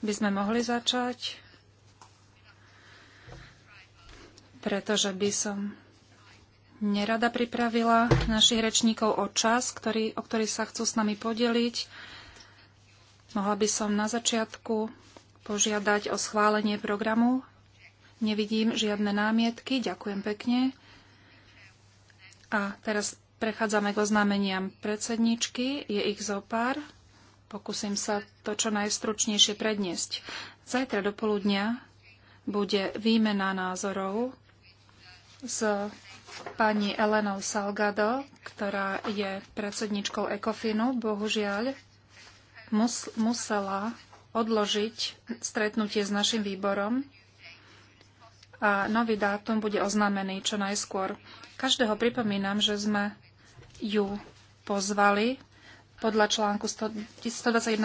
by sme mohli začať, pretože by som nerada pripravila našich rečníkov o čas, ktorý, o ktorý sa chcú s nami podeliť. Mohla by som na začiatku požiadať o schválenie programu. Nevidím žiadne námietky. Ďakujem pekne. A teraz prechádzame k oznámeniam predsedničky. Je ich zo pár. Pokúsim sa to čo najstručnejšie predniesť. Zajtra do poludnia bude výmena názorov s pani Elenou Salgado, ktorá je predsedničkou Ekofinu. Bohužiaľ, mus- musela odložiť stretnutie s našim výborom a nový dátum bude oznámený čo najskôr. Každého pripomínam, že sme ju pozvali podľa článku 121,5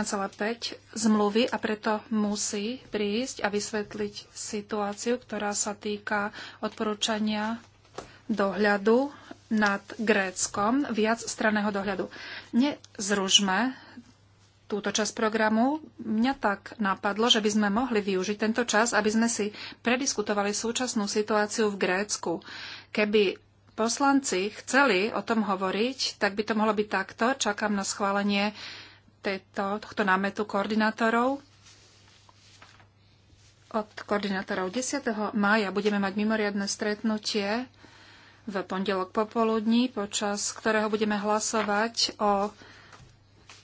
zmluvy a preto musí prísť a vysvetliť situáciu, ktorá sa týka odporúčania dohľadu nad Gréckom, viac straného dohľadu. Nezružme túto časť programu. Mňa tak napadlo, že by sme mohli využiť tento čas, aby sme si prediskutovali súčasnú situáciu v Grécku. Keby poslanci chceli o tom hovoriť, tak by to mohlo byť takto. Čakám na schválenie tejto, tohto námetu koordinátorov. Od koordinátorov 10. mája budeme mať mimoriadne stretnutie v pondelok popoludní, počas ktorého budeme hlasovať o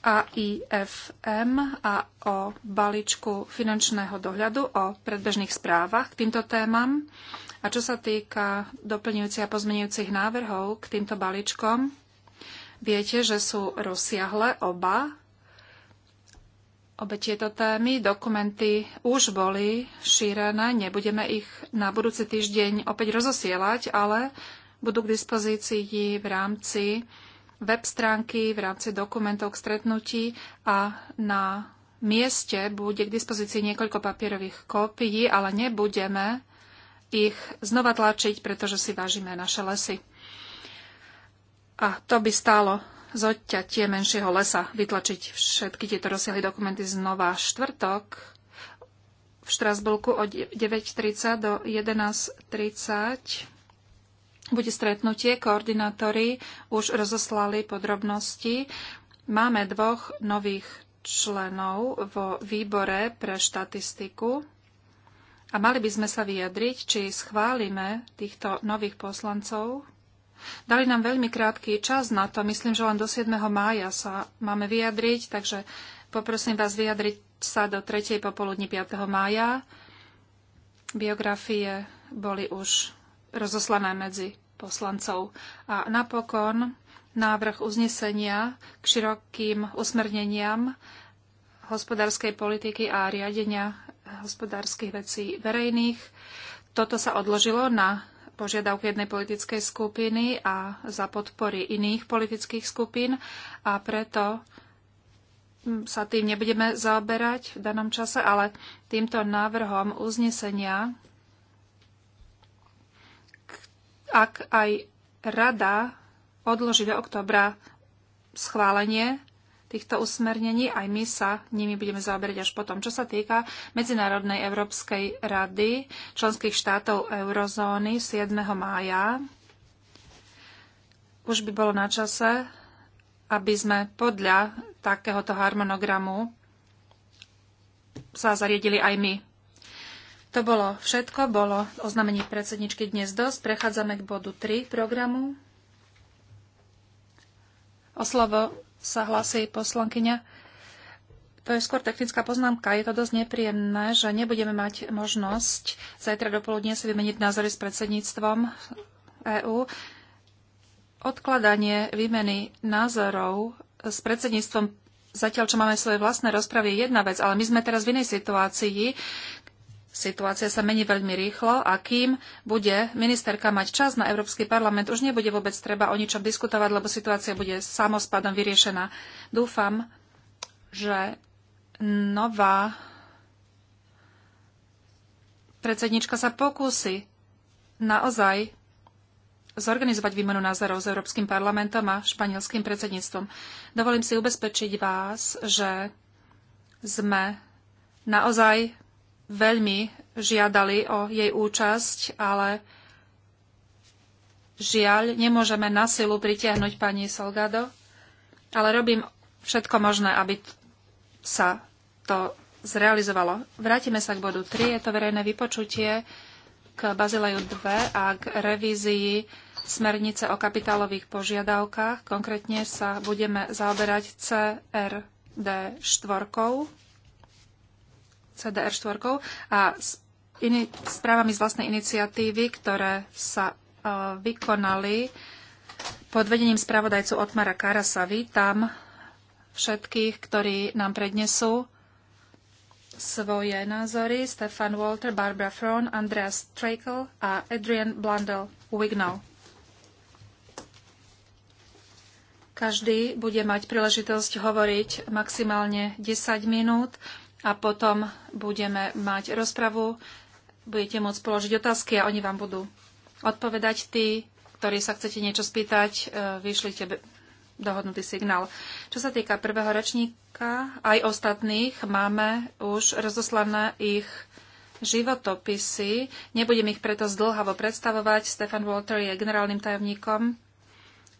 AIFM a o balíčku finančného dohľadu, o predbežných správach k týmto témam. A čo sa týka doplňujúcich a pozmenujúcich návrhov k týmto balíčkom, viete, že sú rozsiahle oba. Obe tieto témy, dokumenty už boli šírené, nebudeme ich na budúci týždeň opäť rozosielať, ale budú k dispozícii v rámci web stránky, v rámci dokumentov k stretnutí a na mieste bude k dispozícii niekoľko papierových kópií, ale nebudeme ich znova tlačiť, pretože si vážime naše lesy. A to by stálo tie menšieho lesa vytlačiť všetky tieto rozsiahle dokumenty znova štvrtok v Štrasburku od 9.30 do 11.30 bude stretnutie. Koordinátori už rozoslali podrobnosti. Máme dvoch nových členov vo výbore pre štatistiku a mali by sme sa vyjadriť, či schválime týchto nových poslancov. Dali nám veľmi krátky čas na to, myslím, že len do 7. mája sa máme vyjadriť, takže poprosím vás vyjadriť sa do 3. popoludní 5. mája. Biografie boli už rozoslané medzi poslancov. A napokon návrh uznesenia k širokým usmerneniam hospodárskej politiky a riadenia hospodárskych vecí verejných. Toto sa odložilo na požiadavku jednej politickej skupiny a za podpory iných politických skupín a preto mm, sa tým nebudeme zaoberať v danom čase, ale týmto návrhom uznesenia, ak aj rada odloží do oktobra schválenie týchto usmernení. Aj my sa nimi budeme zaoberať až potom. Čo sa týka Medzinárodnej Európskej rady členských štátov eurozóny 7. mája, už by bolo na čase, aby sme podľa takéhoto harmonogramu sa zariadili aj my. To bolo všetko, bolo oznámenie predsedničky dnes dosť. Prechádzame k bodu 3 programu. O slovo sa hlási poslankyňa. To je skôr technická poznámka. Je to dosť nepríjemné, že nebudeme mať možnosť zajtra dopoludne si vymeniť názory s predsedníctvom EÚ. Odkladanie výmeny názorov s predsedníctvom zatiaľ, čo máme svoje vlastné rozpravy, je jedna vec, ale my sme teraz v inej situácii, Situácia sa mení veľmi rýchlo a kým bude ministerka mať čas na Európsky parlament, už nebude vôbec treba o ničom diskutovať, lebo situácia bude samospadom vyriešená. Dúfam, že nová predsednička sa pokúsi naozaj zorganizovať výmenu názorov s Európskym parlamentom a španielským predsedníctvom. Dovolím si ubezpečiť vás, že sme naozaj veľmi žiadali o jej účasť, ale žiaľ, nemôžeme na silu pritiahnuť pani Solgado, ale robím všetko možné, aby sa to zrealizovalo. Vrátime sa k bodu 3, je to verejné vypočutie k Bazileju 2 a k revízii smernice o kapitálových požiadavkách. Konkrétne sa budeme zaoberať CRD 4 cdr štvorkou a s ini- správami z vlastnej iniciatívy, ktoré sa uh, vykonali pod vedením spravodajcu Otmara Karasa. Vítam všetkých, ktorí nám prednesú svoje názory. Stefan Walter, Barbara Fron, Andreas Trakel a Adrian Blundell Wignall. Každý bude mať príležitosť hovoriť maximálne 10 minút a potom budeme mať rozpravu, budete môcť položiť otázky a oni vám budú odpovedať. Tí, ktorí sa chcete niečo spýtať, e, vyšlite dohodnutý signál. Čo sa týka prvého ročníka, aj ostatných máme už rozoslané ich životopisy. Nebudem ich preto zdlhavo predstavovať. Stefan Walter je generálnym tajomníkom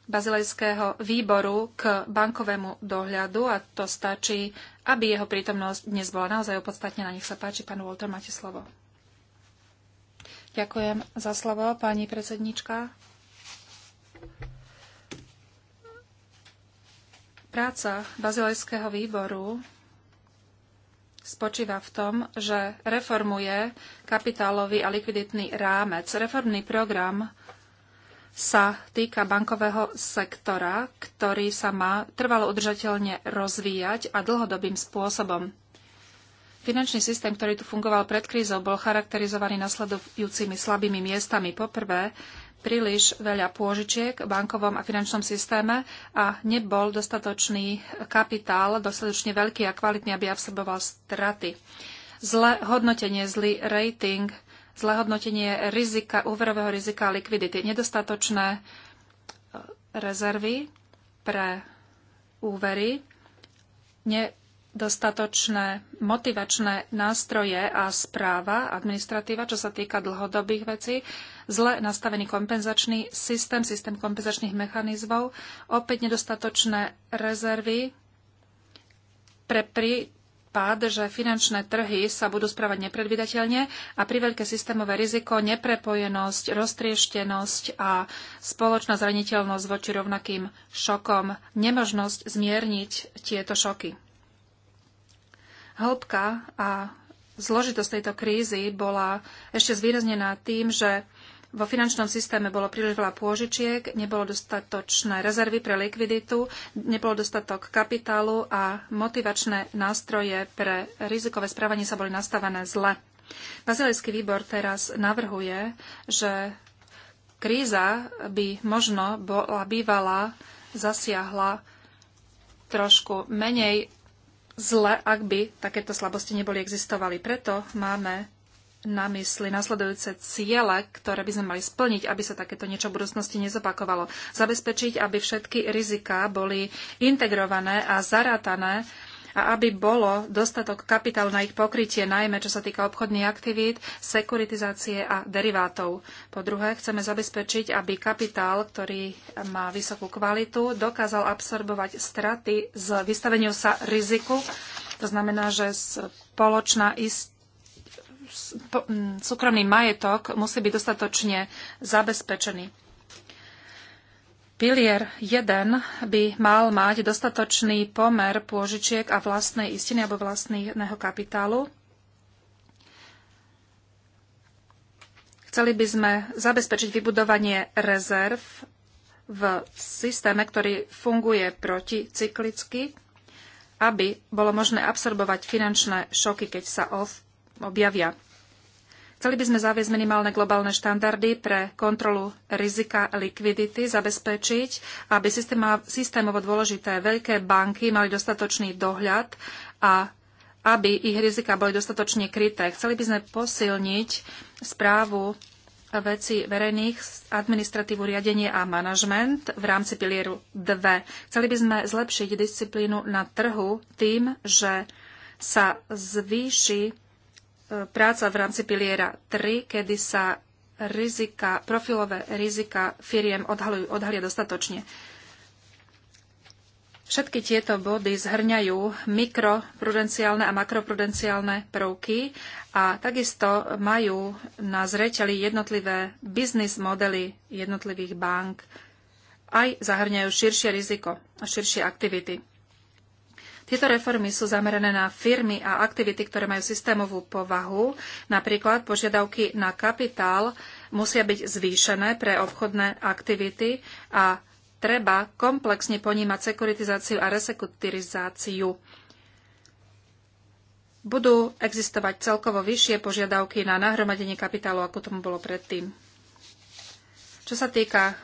bazilejského výboru k bankovému dohľadu a to stačí, aby jeho prítomnosť dnes bola naozaj opodstatnená. Nech sa páči, pán Walter, máte slovo. Ďakujem za slovo, pani predsednička. Práca Bazilejského výboru spočíva v tom, že reformuje kapitálový a likviditný rámec. Reformný program sa týka bankového sektora, ktorý sa má trvalo udržateľne rozvíjať a dlhodobým spôsobom. Finančný systém, ktorý tu fungoval pred krízou, bol charakterizovaný nasledujúcimi slabými miestami. Poprvé, príliš veľa pôžičiek v bankovom a finančnom systéme a nebol dostatočný kapitál, dostatočne veľký a kvalitný, aby absorboval straty. Zlé hodnotenie, zlý rating, zlehodnotenie rizika, úverového rizika a likvidity, nedostatočné e, rezervy pre úvery, nedostatočné motivačné nástroje a správa, administratíva, čo sa týka dlhodobých vecí, zle nastavený kompenzačný systém, systém kompenzačných mechanizmov, opäť nedostatočné rezervy pre prípad, že finančné trhy sa budú správať nepredvydateľne a pri veľké systémové riziko, neprepojenosť, roztrieštenosť a spoločná zraniteľnosť voči rovnakým šokom, nemožnosť zmierniť tieto šoky. Hĺbka a zložitosť tejto krízy bola ešte zvýraznená tým, že vo finančnom systéme bolo príliš veľa pôžičiek, nebolo dostatočné rezervy pre likviditu, nebolo dostatok kapitálu a motivačné nástroje pre rizikové správanie sa boli nastavené zle. Bazilejský výbor teraz navrhuje, že kríza by možno bola bývala zasiahla trošku menej zle, ak by takéto slabosti neboli existovali. Preto máme na mysli nasledujúce ciele, ktoré by sme mali splniť, aby sa takéto niečo v budúcnosti nezopakovalo. Zabezpečiť, aby všetky rizika boli integrované a zarátané a aby bolo dostatok kapitál na ich pokrytie, najmä čo sa týka obchodných aktivít, sekuritizácie a derivátov. Po druhé, chceme zabezpečiť, aby kapitál, ktorý má vysokú kvalitu, dokázal absorbovať straty z vystaveniu sa riziku. To znamená, že spoločná ist súkromný majetok musí byť dostatočne zabezpečený. Pilier 1 by mal mať dostatočný pomer pôžičiek a vlastnej istiny alebo vlastného kapitálu. Chceli by sme zabezpečiť vybudovanie rezerv v systéme, ktorý funguje proticyklicky, aby bolo možné absorbovať finančné šoky, keď sa objavia. Chceli by sme zaviesť minimálne globálne štandardy pre kontrolu rizika likvidity, zabezpečiť, aby systémovo dôležité veľké banky mali dostatočný dohľad a aby ich rizika boli dostatočne kryté. Chceli by sme posilniť správu veci verejných, administratívu, riadenie a manažment v rámci pilieru 2. Chceli by sme zlepšiť disciplínu na trhu tým, že sa zvýši práca v rámci piliera 3, kedy sa rizika, profilové rizika firiem odhalujú, odhalia dostatočne. Všetky tieto body zhrňajú mikroprudenciálne a makroprudenciálne prvky a takisto majú na zreteli jednotlivé biznis modely jednotlivých bank. Aj zahrňajú širšie riziko a širšie aktivity. Tieto reformy sú zamerané na firmy a aktivity, ktoré majú systémovú povahu. Napríklad požiadavky na kapitál musia byť zvýšené pre obchodné aktivity a treba komplexne ponímať sekuritizáciu a resekuritizáciu. Budú existovať celkovo vyššie požiadavky na nahromadenie kapitálu, ako tomu bolo predtým. Čo sa týka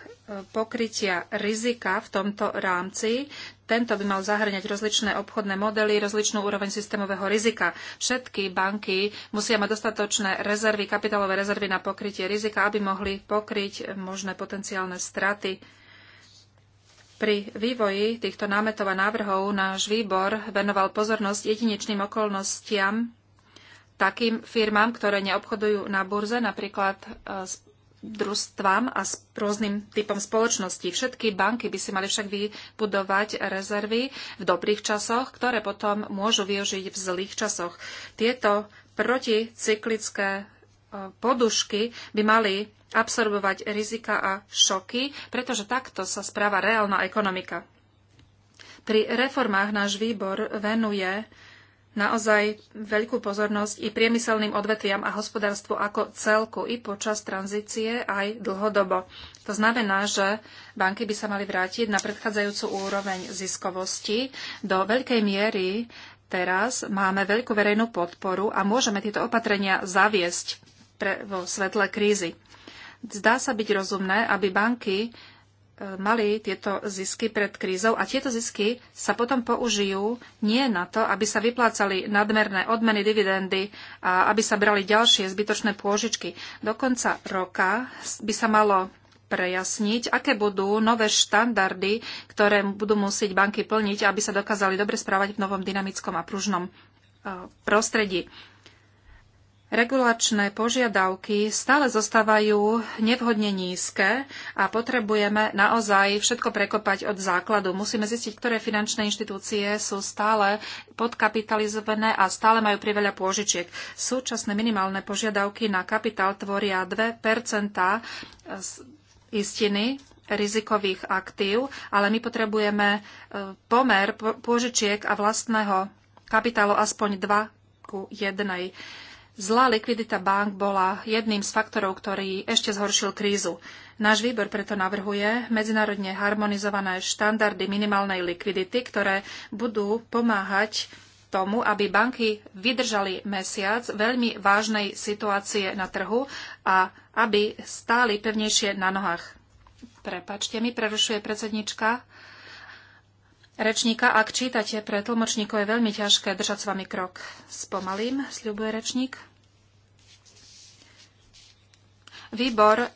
pokrytia rizika v tomto rámci. Tento by mal zahrňať rozličné obchodné modely, rozličnú úroveň systémového rizika. Všetky banky musia mať dostatočné rezervy, kapitálové rezervy na pokrytie rizika, aby mohli pokryť možné potenciálne straty. Pri vývoji týchto námetov a návrhov náš výbor venoval pozornosť jedinečným okolnostiam takým firmám, ktoré neobchodujú na burze, napríklad e, družstvám a s rôznym typom spoločnosti. Všetky banky by si mali však vybudovať rezervy v dobrých časoch, ktoré potom môžu využiť v zlých časoch. Tieto proticyklické e, podušky by mali absorbovať rizika a šoky, pretože takto sa správa reálna ekonomika. Pri reformách náš výbor venuje naozaj veľkú pozornosť i priemyselným odvetviam a hospodárstvu ako celku i počas tranzície aj dlhodobo. To znamená, že banky by sa mali vrátiť na predchádzajúcu úroveň ziskovosti. Do veľkej miery teraz máme veľkú verejnú podporu a môžeme tieto opatrenia zaviesť pre, vo svetle krízy. Zdá sa byť rozumné, aby banky mali tieto zisky pred krízou a tieto zisky sa potom použijú nie na to, aby sa vyplácali nadmerné odmeny, dividendy a aby sa brali ďalšie zbytočné pôžičky. Do konca roka by sa malo prejasniť, aké budú nové štandardy, ktoré budú musieť banky plniť, aby sa dokázali dobre správať v novom dynamickom a pružnom e, prostredí. Regulačné požiadavky stále zostávajú nevhodne nízke a potrebujeme naozaj všetko prekopať od základu. Musíme zistiť, ktoré finančné inštitúcie sú stále podkapitalizované a stále majú priveľa pôžičiek. Súčasné minimálne požiadavky na kapitál tvoria 2 istiny rizikových aktív, ale my potrebujeme e, pomer pôžičiek a vlastného kapitálu aspoň 2 ku 1 Zlá likvidita bank bola jedným z faktorov, ktorý ešte zhoršil krízu. Náš výbor preto navrhuje medzinárodne harmonizované štandardy minimálnej likvidity, ktoré budú pomáhať tomu, aby banky vydržali mesiac veľmi vážnej situácie na trhu a aby stáli pevnejšie na nohách. Prepačte mi, prerušuje predsednička rečníka. Ak čítate pre tlmočníkov, je veľmi ťažké držať s vami krok. Spomalím, sľubuje rečník. Výbor e,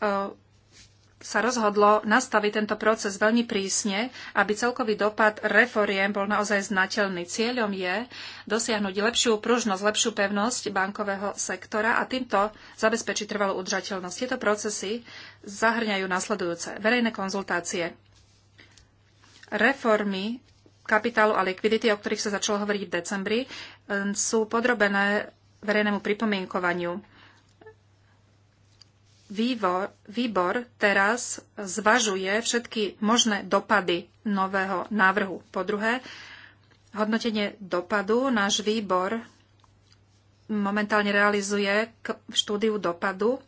sa rozhodlo nastaviť tento proces veľmi prísne, aby celkový dopad reforiem bol naozaj znateľný. Cieľom je dosiahnuť lepšiu pružnosť, lepšiu pevnosť bankového sektora a týmto zabezpečiť trvalú udržateľnosť. Tieto procesy zahrňajú nasledujúce verejné konzultácie, reformy kapitálu a likvidity, o ktorých sa začalo hovoriť v decembri, e, sú podrobené verejnému pripomienkovaniu. Výbor, výbor teraz zvažuje všetky možné dopady nového návrhu. Po druhé, hodnotenie dopadu náš výbor momentálne realizuje k štúdiu dopadu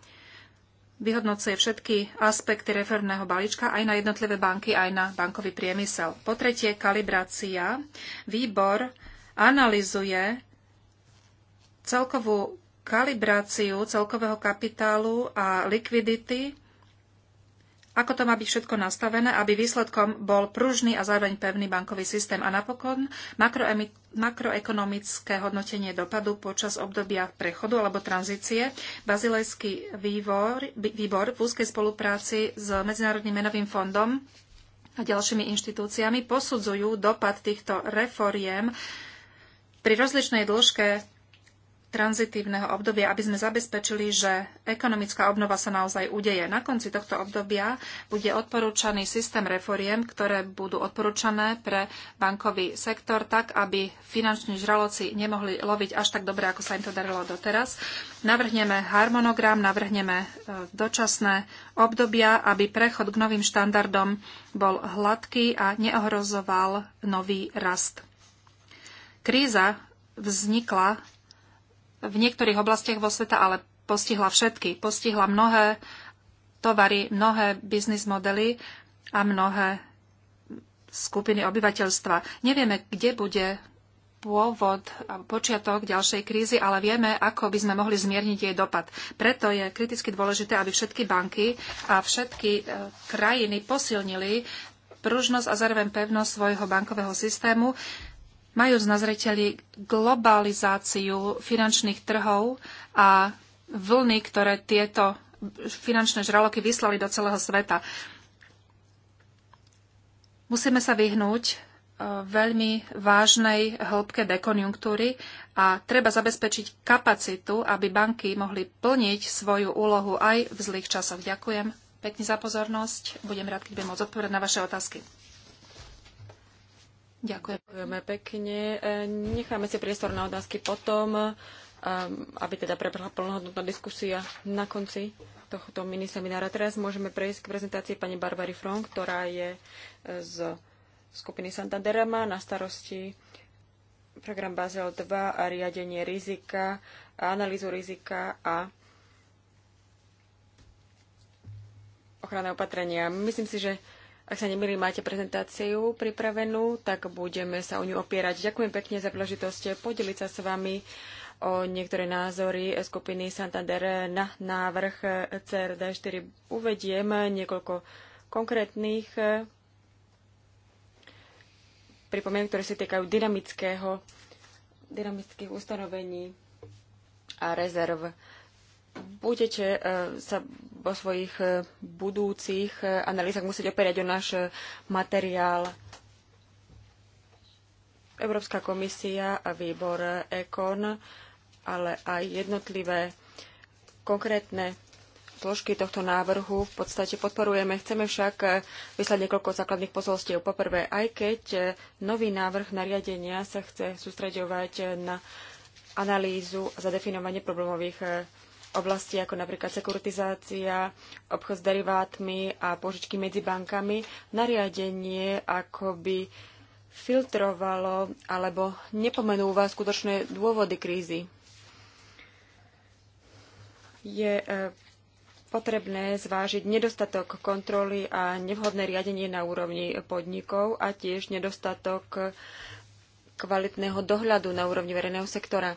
vyhodnocuje všetky aspekty reformného balíčka aj na jednotlivé banky, aj na bankový priemysel. Po tretie, kalibrácia. Výbor analizuje celkovú kalibráciu celkového kapitálu a likvidity, ako to má byť všetko nastavené, aby výsledkom bol pružný a zároveň pevný bankový systém. A napokon makroemi- makroekonomické hodnotenie dopadu počas obdobia prechodu alebo tranzície. Bazilejský výbor, výbor v úzkej spolupráci s Medzinárodným menovým fondom a ďalšími inštitúciami posudzujú dopad týchto reforiem pri rozličnej dĺžke tranzitívneho obdobia, aby sme zabezpečili, že ekonomická obnova sa naozaj udeje. Na konci tohto obdobia bude odporúčaný systém reforiem, ktoré budú odporúčané pre bankový sektor, tak aby finanční žraloci nemohli loviť až tak dobre, ako sa im to darilo doteraz. Navrhneme harmonogram, navrhneme e, dočasné obdobia, aby prechod k novým štandardom bol hladký a neohrozoval nový rast. Kríza vznikla v niektorých oblastiach vo sveta, ale postihla všetky. Postihla mnohé tovary, mnohé biznis modely a mnohé skupiny obyvateľstva. Nevieme, kde bude pôvod a počiatok ďalšej krízy, ale vieme, ako by sme mohli zmierniť jej dopad. Preto je kriticky dôležité, aby všetky banky a všetky e, krajiny posilnili pružnosť a zároveň pevnosť svojho bankového systému majúc na zreteli globalizáciu finančných trhov a vlny, ktoré tieto finančné žraloky vyslali do celého sveta. Musíme sa vyhnúť e, veľmi vážnej hĺbke dekonjunktúry a treba zabezpečiť kapacitu, aby banky mohli plniť svoju úlohu aj v zlých časoch. Ďakujem pekne za pozornosť. Budem rád, keď budem môcť odpovedať na vaše otázky. Ďakujem. Ďakujeme pekne. E, necháme si priestor na otázky potom, e, aby teda prebehla plnohodnotná diskusia na konci tohto miniseminára. Teraz môžeme prejsť k prezentácii pani Barbary Frong, ktorá je e, z skupiny Santanderama. na starosti program Basel 2 a riadenie rizika, a analýzu rizika a ochranné opatrenia. Myslím si, že ak sa nemýlim, máte prezentáciu pripravenú, tak budeme sa o ňu opierať. Ďakujem pekne za príležitosť podeliť sa s vami o niektoré názory skupiny Santander na návrh CRD4. Uvediem niekoľko konkrétnych pripomienok, ktoré sa týkajú dynamického, dynamických ustanovení a rezerv budete e, sa vo svojich e, budúcich e, analýzach musieť operať o náš materiál. Európska komisia a výbor ECON, ale aj jednotlivé konkrétne zložky tohto návrhu v podstate podporujeme. Chceme však vyslať niekoľko základných posolstiev. Poprvé, aj keď nový návrh nariadenia sa chce sústreďovať na analýzu a zadefinovanie problémových oblasti ako napríklad sekuritizácia, obchod s derivátmi a požičky medzi bankami, nariadenie akoby filtrovalo alebo nepomenúva skutočné dôvody krízy. Je e, potrebné zvážiť nedostatok kontroly a nevhodné riadenie na úrovni podnikov a tiež nedostatok kvalitného dohľadu na úrovni verejného sektora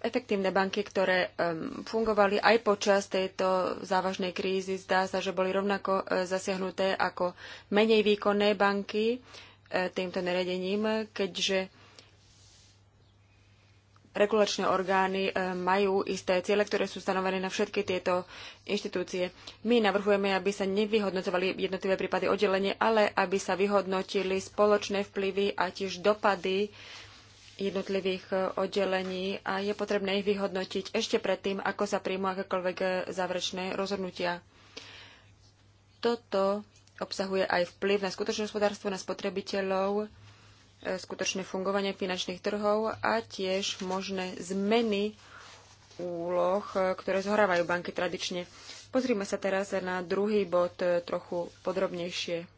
efektívne banky, ktoré fungovali aj počas tejto závažnej krízy, zdá sa, že boli rovnako e, zasiahnuté ako menej výkonné banky e, týmto nariadením, keďže regulačné orgány e, majú isté ciele, ktoré sú stanovené na všetky tieto inštitúcie. My navrhujeme, aby sa nevyhodnocovali jednotlivé prípady oddelenie, ale aby sa vyhodnotili spoločné vplyvy a tiež dopady jednotlivých e, oddelení a je potrebné ich vyhodnotiť ešte predtým, ako sa príjmu akékoľvek e, záverečné rozhodnutia. Toto obsahuje aj vplyv na skutočné hospodárstvo, na spotrebiteľov, e, skutočné fungovanie finančných trhov a tiež možné zmeny úloh, ktoré zhorávajú banky tradične. Pozrime sa teraz na druhý bod trochu podrobnejšie.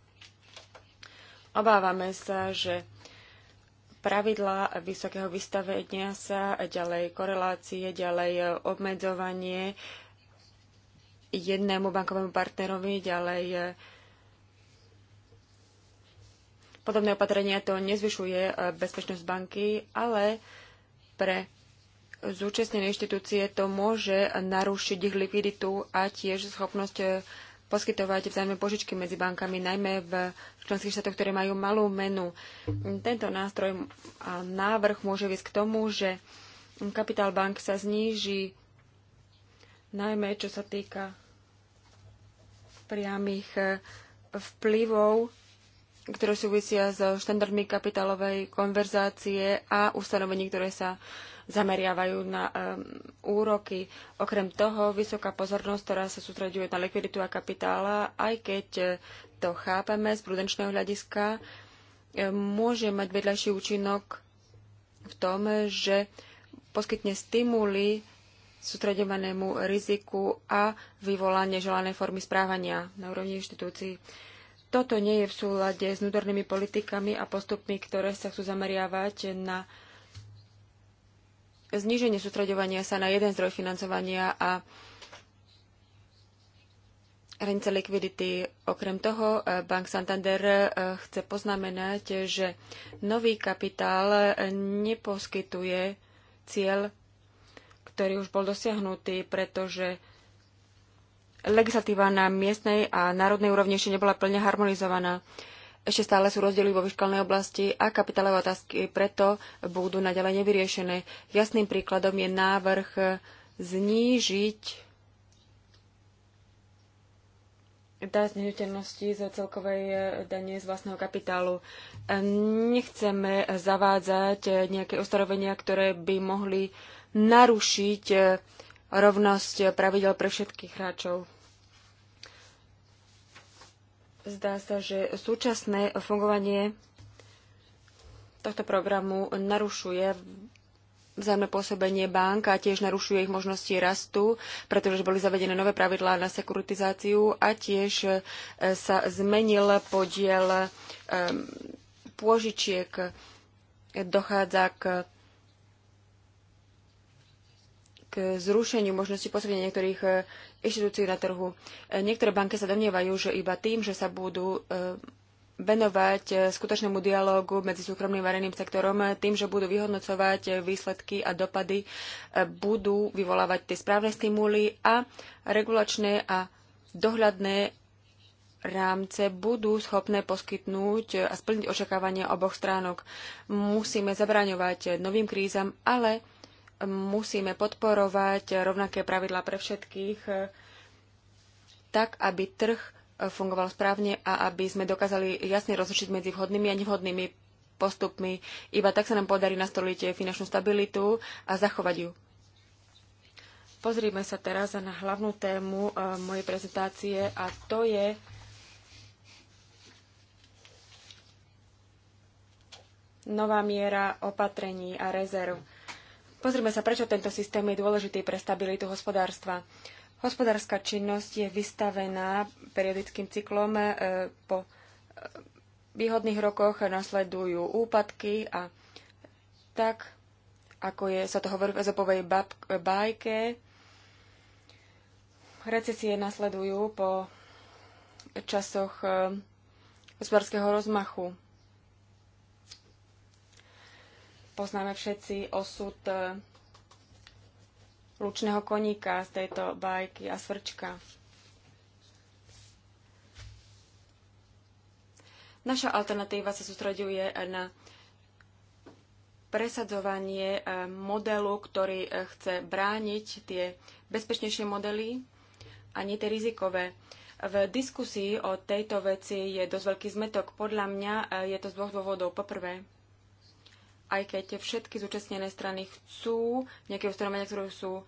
Obávame sa, že pravidlá vysokého vystavenia sa, ďalej korelácie, ďalej obmedzovanie jednému bankovému partnerovi, ďalej e, podobné opatrenia to nezvyšuje e, bezpečnosť banky, ale pre zúčastnené inštitúcie to môže narušiť ich likviditu a tiež schopnosť e, poskytovať vzájomné požičky medzi bankami, najmä v členských štátoch, ktoré majú malú menu. Tento nástroj a návrh môže viesť k tomu, že kapitál bank sa zníži, najmä čo sa týka priamých eh, vplyvov ktoré súvisia so štandardmi kapitálovej konverzácie a ustanovení, ktoré sa zameriavajú na um, úroky. Okrem toho, vysoká pozornosť, ktorá sa sústreďuje na likviditu a kapitála, aj keď to chápeme z prudenčného hľadiska, môže mať vedľajší účinok v tom, že poskytne stimuly sústredovanému riziku a vyvolanie želanej formy správania na úrovni inštitúcií. Toto nie je v súlade s vnútornými politikami a postupmi, ktoré sa chcú zameriavať na zníženie sústreďovania sa na jeden zdroj financovania a hranice likvidity. Okrem toho, eh, Bank Santander eh, chce poznamenať, že nový kapitál eh, neposkytuje cieľ, ktorý už bol dosiahnutý, pretože legislatíva na miestnej a národnej úrovni ešte nebola plne harmonizovaná. Ešte stále sú rozdiely vo fiskálnej oblasti a kapitálové otázky preto budú naďalej nevyriešené. Jasným príkladom je návrh znížiť daň z nehnuteľnosti z celkovej e, dane z vlastného kapitálu. Nechceme zavádzať nejaké ustanovenia, ktoré by mohli narušiť e, rovnosť pravidel pre všetkých hráčov. Zdá sa, že súčasné fungovanie tohto programu narušuje vzájomné pôsobenie bank a tiež narušuje ich možnosti rastu, pretože boli zavedené nové pravidlá na sekuritizáciu a tiež e, sa zmenil podiel e, pôžičiek. Dochádza k k zrušeniu možnosti posúdenia niektorých e, inštitúcií na trhu. E, niektoré banky sa domnievajú, že iba tým, že sa budú e, venovať skutočnému dialógu medzi súkromným a verejným sektorom, tým, že budú vyhodnocovať výsledky a dopady, budú vyvolávať tie správne stimuly a regulačné a dohľadné rámce budú schopné poskytnúť a splniť očakávania oboch stránok. Musíme zabraňovať novým krízam, ale musíme podporovať rovnaké pravidlá pre všetkých, e, tak aby trh e, fungoval správne a aby sme dokázali jasne rozlišiť medzi vhodnými a nevhodnými postupmi. Iba tak sa nám podarí nastoliť finančnú stabilitu a zachovať ju. Pozrime sa teraz na hlavnú tému e, mojej prezentácie a to je nová miera opatrení a rezerv. Pozrime sa, prečo tento systém je dôležitý pre stabilitu hospodárstva. Hospodárska činnosť je vystavená periodickým cyklom. E, po e, výhodných rokoch nasledujú úpadky a tak, ako je, sa to hovorí v ezopovej bajke, recesie nasledujú po časoch e, hospodárskeho rozmachu. Poznáme všetci osud e, lučného koníka z tejto bajky a svrčka. Naša alternatíva sa sústreďuje na presadzovanie e, modelu, ktorý e, chce brániť tie bezpečnejšie modely a nie tie rizikové. V diskusii o tejto veci je dosť veľký zmetok. Podľa mňa je to z dvoch dôvodov. Poprvé, aj keď tie všetky zúčastnené strany chcú nejaké ustanovenia, ktoré sú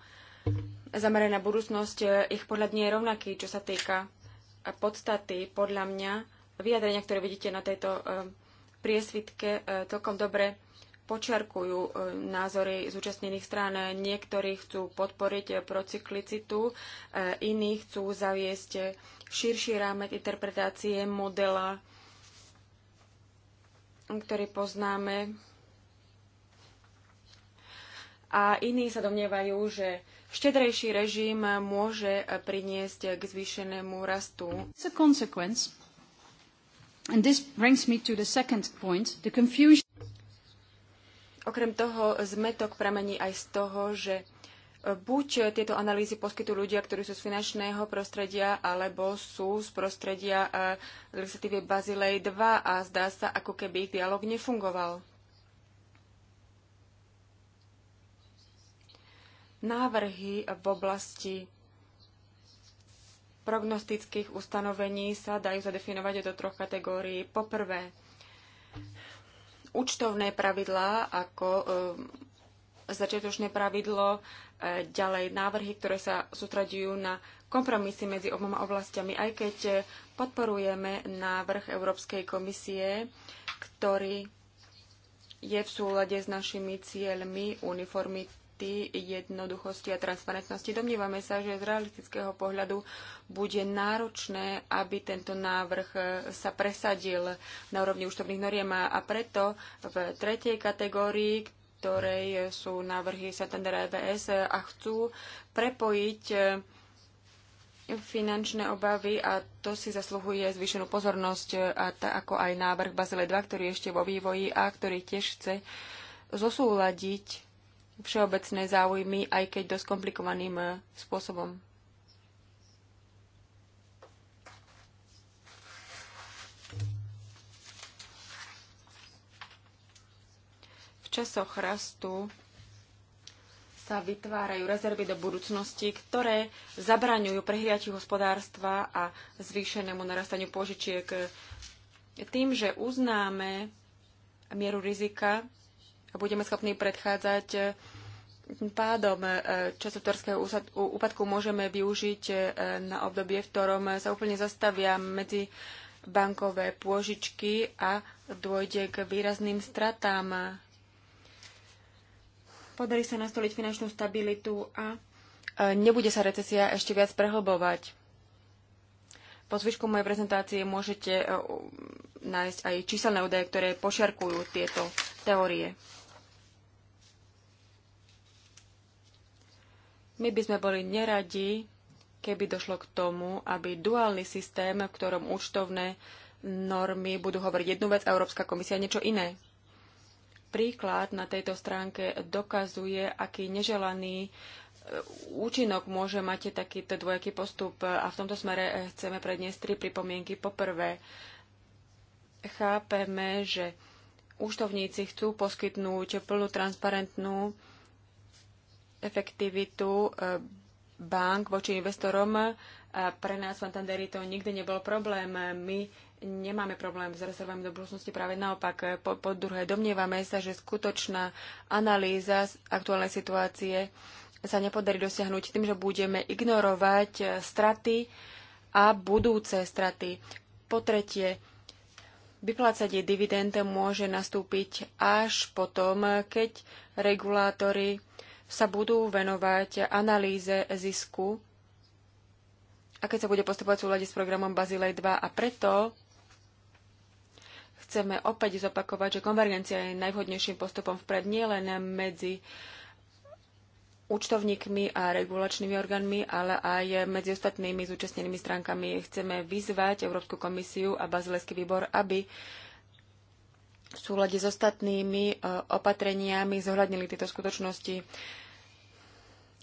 zamerané na budúcnosť, eh, ich podľa nie je rovnaký, čo sa týka eh, podstaty, podľa mňa, vyjadrenia, ktoré vidíte na tejto eh, priesvitke, celkom dobre počiarkujú názory zúčastnených strán. Niektorí chcú podporiť procyklicitu, iní chcú zaviesť širší rámec interpretácie modela, ktorý poznáme a iní sa domnievajú, že štedrejší režim môže priniesť k zvýšenému rastu. Okrem toho zmetok pramení aj z toho, že e, buď tieto analýzy poskytujú ľudia, ktorí sú z finančného prostredia, alebo sú z prostredia e, legislatívy Bazilej 2 a zdá sa, ako keby ich dialog nefungoval. Návrhy v oblasti prognostických ustanovení sa dajú zadefinovať do troch kategórií. Poprvé, účtovné pravidlá ako e, začiatočné pravidlo, e, ďalej návrhy, ktoré sa sústraďujú na kompromisy medzi oboma oblastiami, aj keď podporujeme návrh Európskej komisie, ktorý je v súlade s našimi cieľmi uniformity kvality, jednoduchosti a transparentnosti. Domnívame sa, že z realistického pohľadu bude náročné, aby tento návrh e, sa presadil na úrovni účtovných noriem a preto v tretej kategórii, ktorej sú návrhy Santander EBS e, a chcú prepojiť e, finančné obavy a to si zasluhuje zvýšenú pozornosť, a tak ako aj návrh Bazile 2, ktorý je ešte vo vývoji a ktorý tiež chce zosúladiť všeobecné záujmy, aj keď dosť komplikovaným eh, spôsobom. V časoch rastu sa vytvárajú rezervy do budúcnosti, ktoré zabraňujú prehriatiu hospodárstva a zvýšenému narastaniu požičiek. Tým, že uznáme mieru rizika, budeme schopní predchádzať e, pádom e, časotvorského úpadku môžeme využiť e, na obdobie, v ktorom sa úplne zastavia medzi bankové pôžičky a dôjde k výrazným stratám. Podarí sa nastoliť finančnú stabilitu a nebude sa recesia ešte viac prehlbovať. Po zvyšku mojej prezentácie môžete nájsť aj číselné údaje, ktoré pošarkujú tieto teórie. My by sme boli neradi, keby došlo k tomu, aby duálny systém, v ktorom účtovné normy budú hovoriť jednu vec a Európska komisia niečo iné. Príklad na tejto stránke dokazuje, aký neželaný e, účinok môže mať takýto dvojaký postup a v tomto smere e, chceme predniesť tri pripomienky. Poprvé, chápeme, že účtovníci chcú poskytnúť plnú transparentnú efektivitu e, bank voči investorom. A e, pre nás v Santanderi to nikdy nebol problém. My nemáme problém s rezervami do budúcnosti, práve naopak. Po, po druhé, domnievame sa, že skutočná analýza aktuálnej situácie sa nepodarí dosiahnuť tým, že budeme ignorovať straty a budúce straty. Po tretie, vyplácanie dividend môže nastúpiť až potom, keď regulátory sa budú venovať analýze zisku a keď sa bude postupovať v súlade s programom Bazilej 2 a preto chceme opäť zopakovať, že konvergencia je najvhodnejším postupom vpred nielen medzi účtovníkmi a regulačnými orgánmi, ale aj medzi ostatnými zúčastnenými stránkami. Chceme vyzvať Európsku komisiu a Bazilejský výbor, aby v súlade s ostatnými e, opatreniami zohľadnili tieto skutočnosti.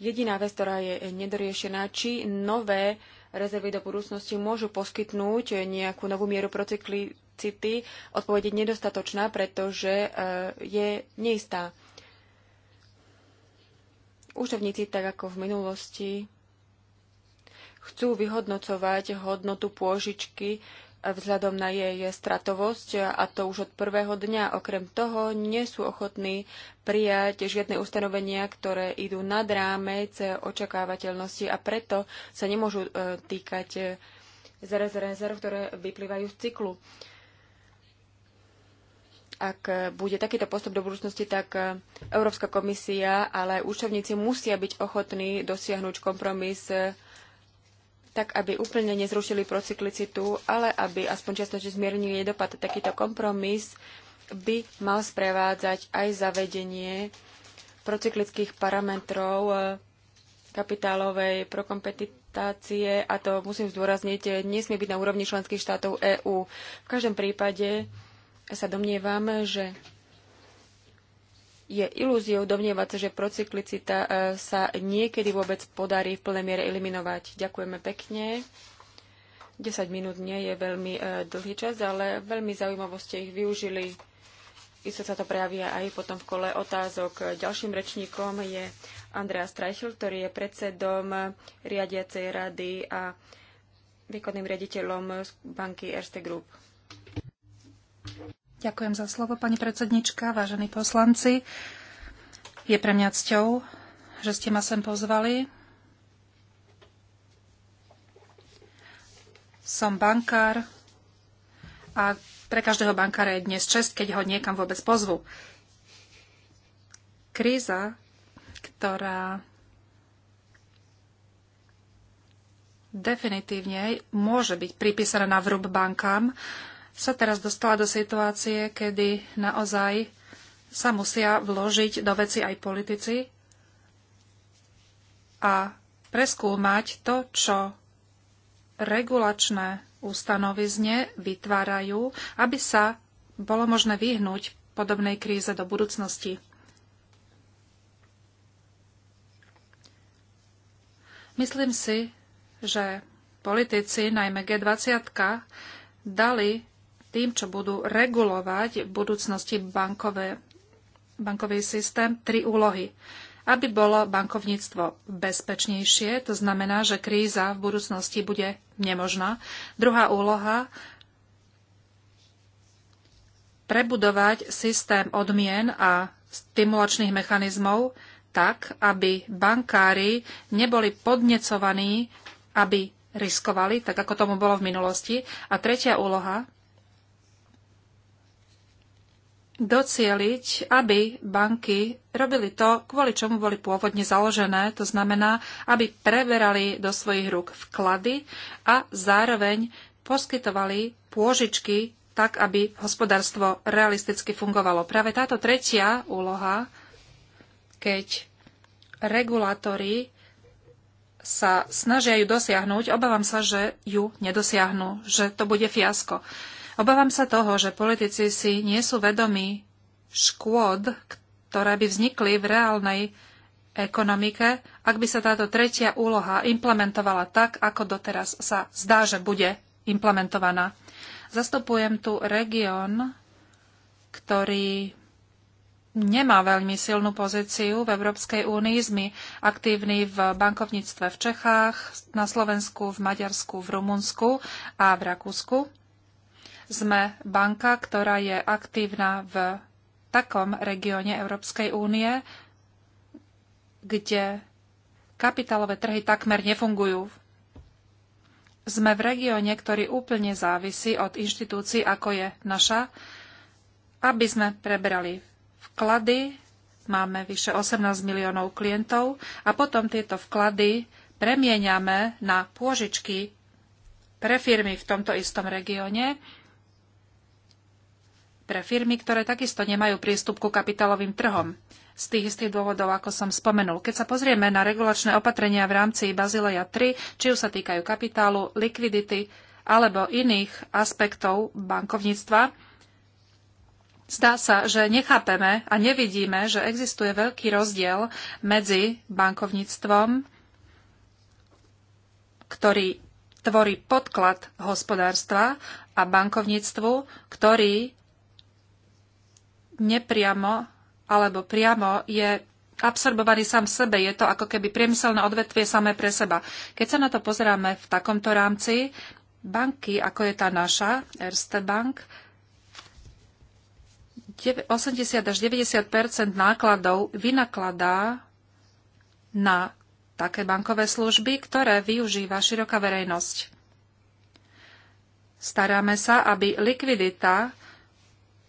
Jediná vec, ktorá je nedoriešená, či nové rezervy do budúcnosti môžu poskytnúť nejakú novú mieru procyklicity, odpovede nedostatočná, pretože e, je neistá. Úštevníci, tak ako v minulosti, chcú vyhodnocovať hodnotu pôžičky vzhľadom na jej stratovosť a to už od prvého dňa. Okrem toho nie sú ochotní prijať žiadne ustanovenia, ktoré idú nad rámec očakávateľnosti a preto sa nemôžu e, týkať e, zrez rezerv, ktoré vyplývajú z cyklu. Ak e, bude takýto postup do budúcnosti, tak Európska komisia, ale účtovníci musia byť ochotní dosiahnuť kompromis tak aby úplne nezrušili procyklicitu, ale aby aspoň čiastočne zmiernili jej dopad. Takýto kompromis by mal sprevádzať aj zavedenie procyklických parametrov e, kapitálovej prokompetitácie, a to musím zdôrazniť, nesmie byť na úrovni členských štátov EÚ. V každom prípade sa domnievam, že je ilúziou domnievať sa, že procyklicita e, sa niekedy vôbec podarí v plnej miere eliminovať. Ďakujeme pekne. 10 minút nie je veľmi e, dlhý čas, ale veľmi zaujímavo ste ich využili. Isto sa to prejavia aj potom v kole otázok. Ďalším rečníkom je Andrea Streichel, ktorý je predsedom e, riadiacej rady a výkonným riaditeľom banky Erste Group. Ďakujem za slovo, pani predsednička, vážení poslanci. Je pre mňa cťou, že ste ma sem pozvali. Som bankár a pre každého bankára je dnes čest, keď ho niekam vôbec pozvu. Kríza, ktorá definitívne môže byť pripísaná na vrúb bankám, sa teraz dostala do situácie, kedy naozaj sa musia vložiť do veci aj politici a preskúmať to, čo regulačné ustanovizne vytvárajú, aby sa bolo možné vyhnúť podobnej kríze do budúcnosti. Myslím si, že politici, najmä G20, dali tým, čo budú regulovať v budúcnosti bankové, bankový systém, tri úlohy. Aby bolo bankovníctvo bezpečnejšie, to znamená, že kríza v budúcnosti bude nemožná. Druhá úloha prebudovať systém odmien a stimulačných mechanizmov tak, aby bankári neboli podnecovaní, aby riskovali, tak ako tomu bolo v minulosti. A tretia úloha docieliť, aby banky robili to, kvôli čomu boli pôvodne založené, to znamená, aby preverali do svojich rúk vklady a zároveň poskytovali pôžičky tak, aby hospodárstvo realisticky fungovalo. Práve táto tretia úloha, keď regulátori sa snažia ju dosiahnuť, obávam sa, že ju nedosiahnu, že to bude fiasko. Uh, Obávam sa toho, že politici si nie sú vedomí škôd, ktoré by vznikli v reálnej ekonomike, ak by sa táto tretia úloha implementovala tak, ako doteraz sa zdá, že bude implementovaná. Zastupujem tu región, ktorý nemá veľmi silnú pozíciu v Európskej únii. Sme aktívni v bankovníctve v Čechách, na Slovensku, v Maďarsku, v Rumunsku a v Rakúsku. Sme banka, ktorá je aktívna v takom regióne Európskej únie, kde kapitálové trhy takmer nefungujú. Sme v regióne, ktorý úplne závisí od inštitúcií, ako je naša, aby sme prebrali vklady, máme vyše 18 miliónov klientov a potom tieto vklady premieňame na pôžičky pre firmy v tomto istom regióne, pre firmy, ktoré takisto nemajú prístup ku kapitálovým trhom. Z tých istých dôvodov, ako som spomenul. Keď sa pozrieme na regulačné opatrenia v rámci Bazileja 3, či už sa týkajú kapitálu, likvidity alebo iných aspektov bankovníctva, Zdá sa, že nechápeme a nevidíme, že existuje veľký rozdiel medzi bankovníctvom, ktorý tvorí podklad hospodárstva a bankovníctvu, ktorý nepriamo alebo priamo je absorbovaný sám v sebe. Je to ako keby priemyselné odvetvie samé pre seba. Keď sa na to pozeráme v takomto rámci, banky, ako je tá naša, Erste Bank, 80 až 90 nákladov vynakladá na také bankové služby, ktoré využíva široká verejnosť. Staráme sa, aby likvidita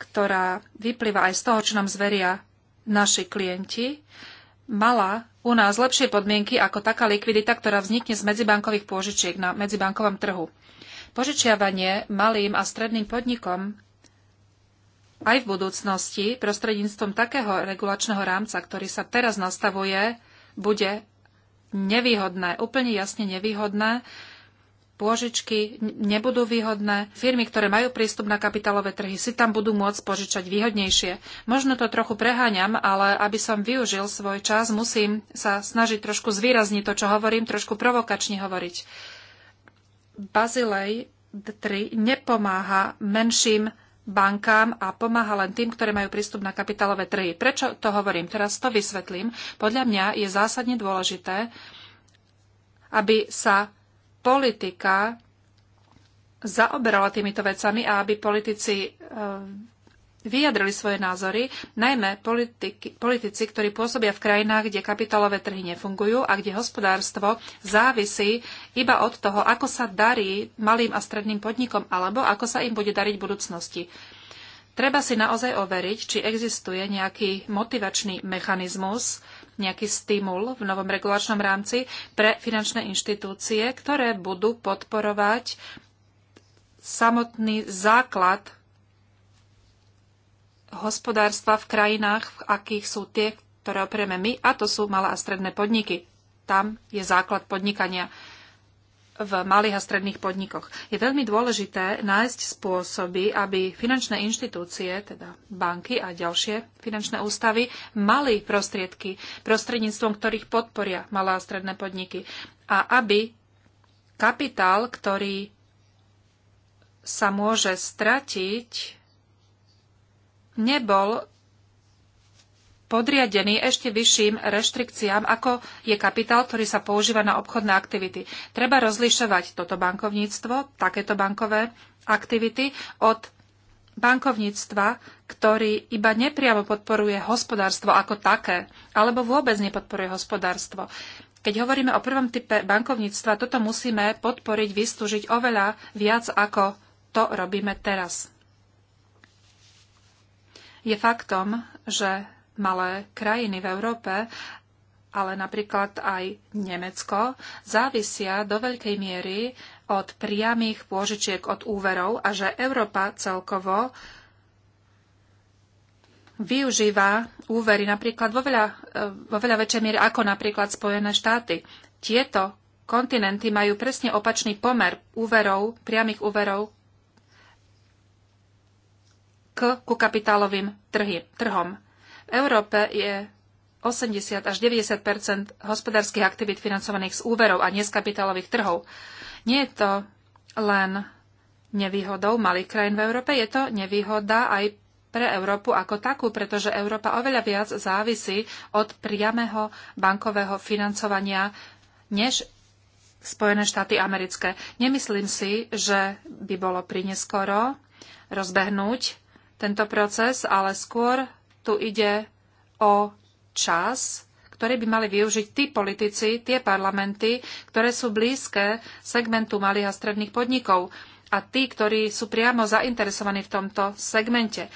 ktorá vyplýva aj z toho, čo nám zveria naši klienti, mala u nás lepšie podmienky ako taká likvidita, ktorá vznikne z medzibankových pôžičiek na medzibankovom trhu. Požičiavanie malým a stredným podnikom aj v budúcnosti prostredníctvom takého regulačného rámca, ktorý sa teraz nastavuje, bude nevýhodné, úplne jasne nevýhodné pôžičky nebudú výhodné. Firmy, ktoré majú prístup na kapitálové trhy, si tam budú môcť požičať výhodnejšie. Možno to trochu preháňam, ale aby som využil svoj čas, musím sa snažiť trošku zvýrazniť to, čo hovorím, trošku provokačne hovoriť. Bazilej 3 nepomáha menším bankám a pomáha len tým, ktoré majú prístup na kapitálové trhy. Prečo to hovorím? Teraz to vysvetlím. Podľa mňa je zásadne dôležité, aby sa politika zaoberala týmito vecami a aby politici eh, vyjadrili svoje názory, najmä politiky, politici, ktorí pôsobia v krajinách, kde kapitálové trhy nefungujú a kde hospodárstvo závisí iba od toho, ako sa darí malým a stredným podnikom alebo ako sa im bude dariť v budúcnosti. Treba si naozaj overiť, či existuje nejaký motivačný mechanizmus, nejaký stimul v novom regulačnom rámci pre finančné inštitúcie, ktoré budú podporovať samotný základ hospodárstva v krajinách, v akých sú tie, ktoré oprieme my, a to sú malé a stredné podniky. Tam je základ podnikania v malých a stredných podnikoch. Je veľmi dôležité nájsť spôsoby, aby finančné inštitúcie, teda banky a ďalšie finančné ústavy, mali prostriedky, prostredníctvom ktorých podporia malé a stredné podniky. A aby kapitál, ktorý sa môže stratiť, nebol podriadený ešte vyšším reštrikciám, ako je kapitál, ktorý sa používa na obchodné aktivity. Treba rozlišovať toto bankovníctvo, takéto bankové aktivity od bankovníctva, ktorý iba nepriamo podporuje hospodárstvo ako také, alebo vôbec nepodporuje hospodárstvo. Keď hovoríme o prvom type bankovníctva, toto musíme podporiť, vystúžiť oveľa viac, ako to robíme teraz. Je faktom, že malé krajiny v Európe, ale napríklad aj Nemecko, závisia do veľkej miery od priamých pôžičiek od úverov a že Európa celkovo využíva úvery napríklad vo veľa, vo veľa väčšej miery, ako napríklad Spojené štáty. Tieto kontinenty majú presne opačný pomer úverov, priamých úverov k, ku kapitálovým trhy, trhom. Európe je 80 až 90 hospodárskych aktivít financovaných z úverov a nie z kapitálových trhov. Nie je to len nevýhodou malých krajín v Európe, je to nevýhoda aj pre Európu ako takú, pretože Európa oveľa viac závisí od priameho bankového financovania než Spojené štáty americké. Nemyslím si, že by bolo prineskoro rozbehnúť tento proces, ale skôr tu ide o čas, ktorý by mali využiť tí politici, tie parlamenty, ktoré sú blízke segmentu malých a stredných podnikov a tí, ktorí sú priamo zainteresovaní v tomto segmente.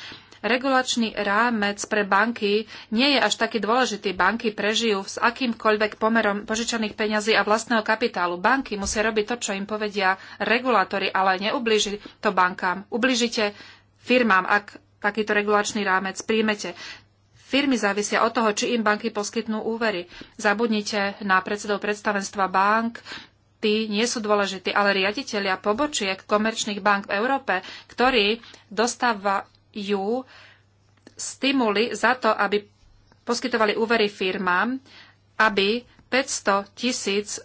Regulačný rámec pre banky nie je až taký dôležitý. Banky prežijú s akýmkoľvek pomerom požičaných peňazí a vlastného kapitálu. Banky musia robiť to, čo im povedia regulátory, ale neublíži to bankám. Ublížite firmám, ak takýto regulačný rámec príjmete. Firmy závisia od toho, či im banky poskytnú úvery. Zabudnite na predsedov predstavenstva bank, tí nie sú dôležití, ale riaditeľia pobočiek komerčných bank v Európe, ktorí dostávajú stimuly za to, aby poskytovali úvery firmám, aby 500 tisíc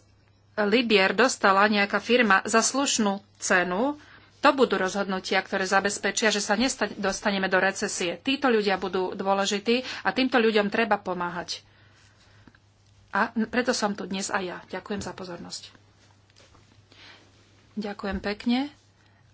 libier dostala nejaká firma za slušnú cenu, to budú rozhodnutia, ktoré zabezpečia, že sa nedostaneme do recesie. Títo ľudia budú dôležití a týmto ľuďom treba pomáhať. A preto som tu dnes aj ja. Ďakujem za pozornosť. Ďakujem pekne.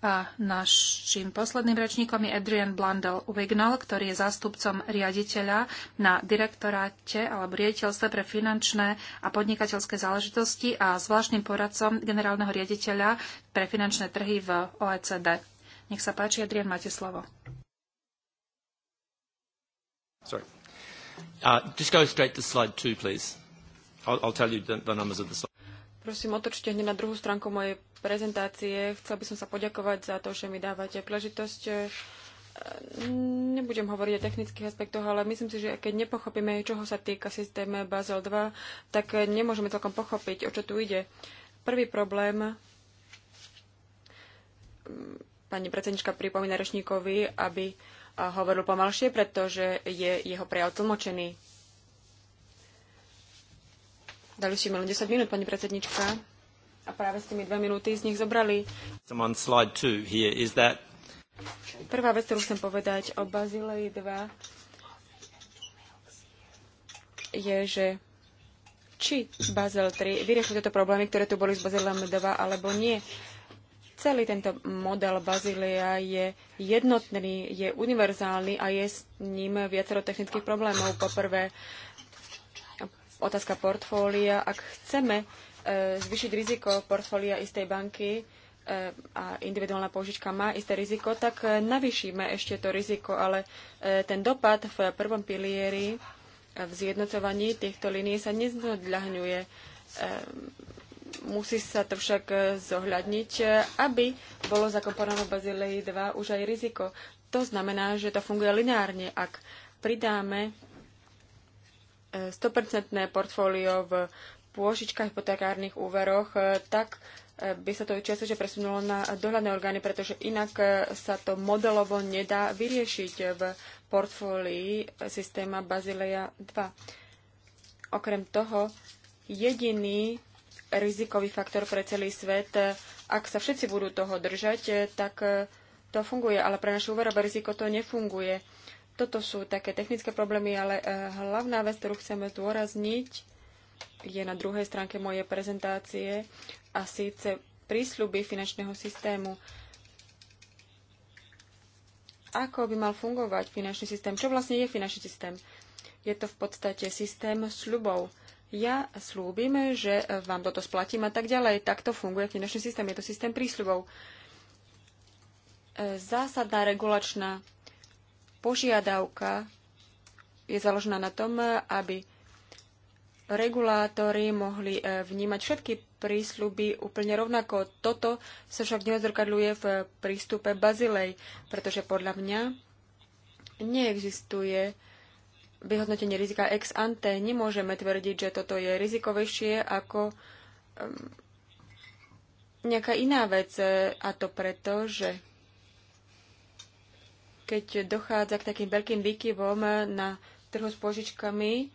A našim posledným rečníkom je Adrian Blundell Wignall, ktorý je zástupcom riaditeľa na direktoráte alebo riaditeľstve pre finančné a podnikateľské záležitosti a zvláštnym poradcom generálneho riaditeľa pre finančné trhy v OECD. Nech sa páči, Adrian, máte slovo. Sorry. Uh, just go straight to slide two, please. I'll, I'll tell you the, the numbers of the slide. Prosím, otočte hneď na druhú stránku mojej prezentácie. Chcel by som sa poďakovať za to, že mi dávate príležitosť. E, nebudem hovoriť o technických aspektoch, ale myslím si, že keď nepochopíme, čoho sa týka systém Basel 2, tak nemôžeme celkom pochopiť, o čo tu ide. Prvý problém, mm, pani predsednička pripomína rečníkovi, aby hovoril pomalšie, pretože je jeho prejav tlmočený. Dali ste mi len 10 minút, pani predsednička. A práve ste mi dve minúty z nich zobrali. Prvá vec, ktorú chcem povedať o Bazilei 2, je, že či Bazel 3 vyrieši tieto problémy, ktoré tu boli s Bazilem 2, alebo nie. Celý tento model Bazília je jednotný, je univerzálny a je s ním viacero technických problémov. Poprvé, prvé, otázka portfólia. Ak chceme e, zvyšiť riziko portfólia istej banky e, a individuálna požička má isté riziko, tak e, navýšime ešte to riziko, ale ten dopad v prvom pilieri v zjednocovaní týchto línií sa nezodľahňuje. Musí sa to však zohľadniť, aby bolo zakomponované v Bazilei 2 už aj riziko. To znamená, že to funguje lineárne. Ak pridáme 100% portfólio v pôžičkách, hypotekárnych úveroch, e, tak e, by sa to čiastočne presunulo na dohľadné orgány, pretože inak e, sa to modelovo nedá vyriešiť v portfólii systéma Bazileja 2. Okrem toho, jediný rizikový faktor pre celý svet, ak sa všetci budú toho držať, tak to funguje, ale pre naše úverové riziko to nefunguje. Toto sú také technické problémy, ale eh, hlavná vec, ktorú chceme zdôrazniť, je na druhej stránke mojej prezentácie a síce prísľuby finančného systému. Ako by mal fungovať finančný systém? Čo vlastne je finančný systém? Je to v podstate systém sľubov ja slúbim, že eh, vám toto splatím a tak ďalej. Takto funguje finančný systém, je to systém prísľubov. Eh, zásadná regulačná požiadavka je založená na tom, aby regulátori mohli e, vnímať všetky prísľuby úplne rovnako. Toto sa však neodzrkadľuje v prístupe Bazilej, pretože podľa mňa neexistuje vyhodnotenie rizika ex ante. Nemôžeme tvrdiť, že toto je rizikovejšie ako nejaká iná vec. E, a to preto, že keď dochádza k takým veľkým výkyvom na trhu s požičkami,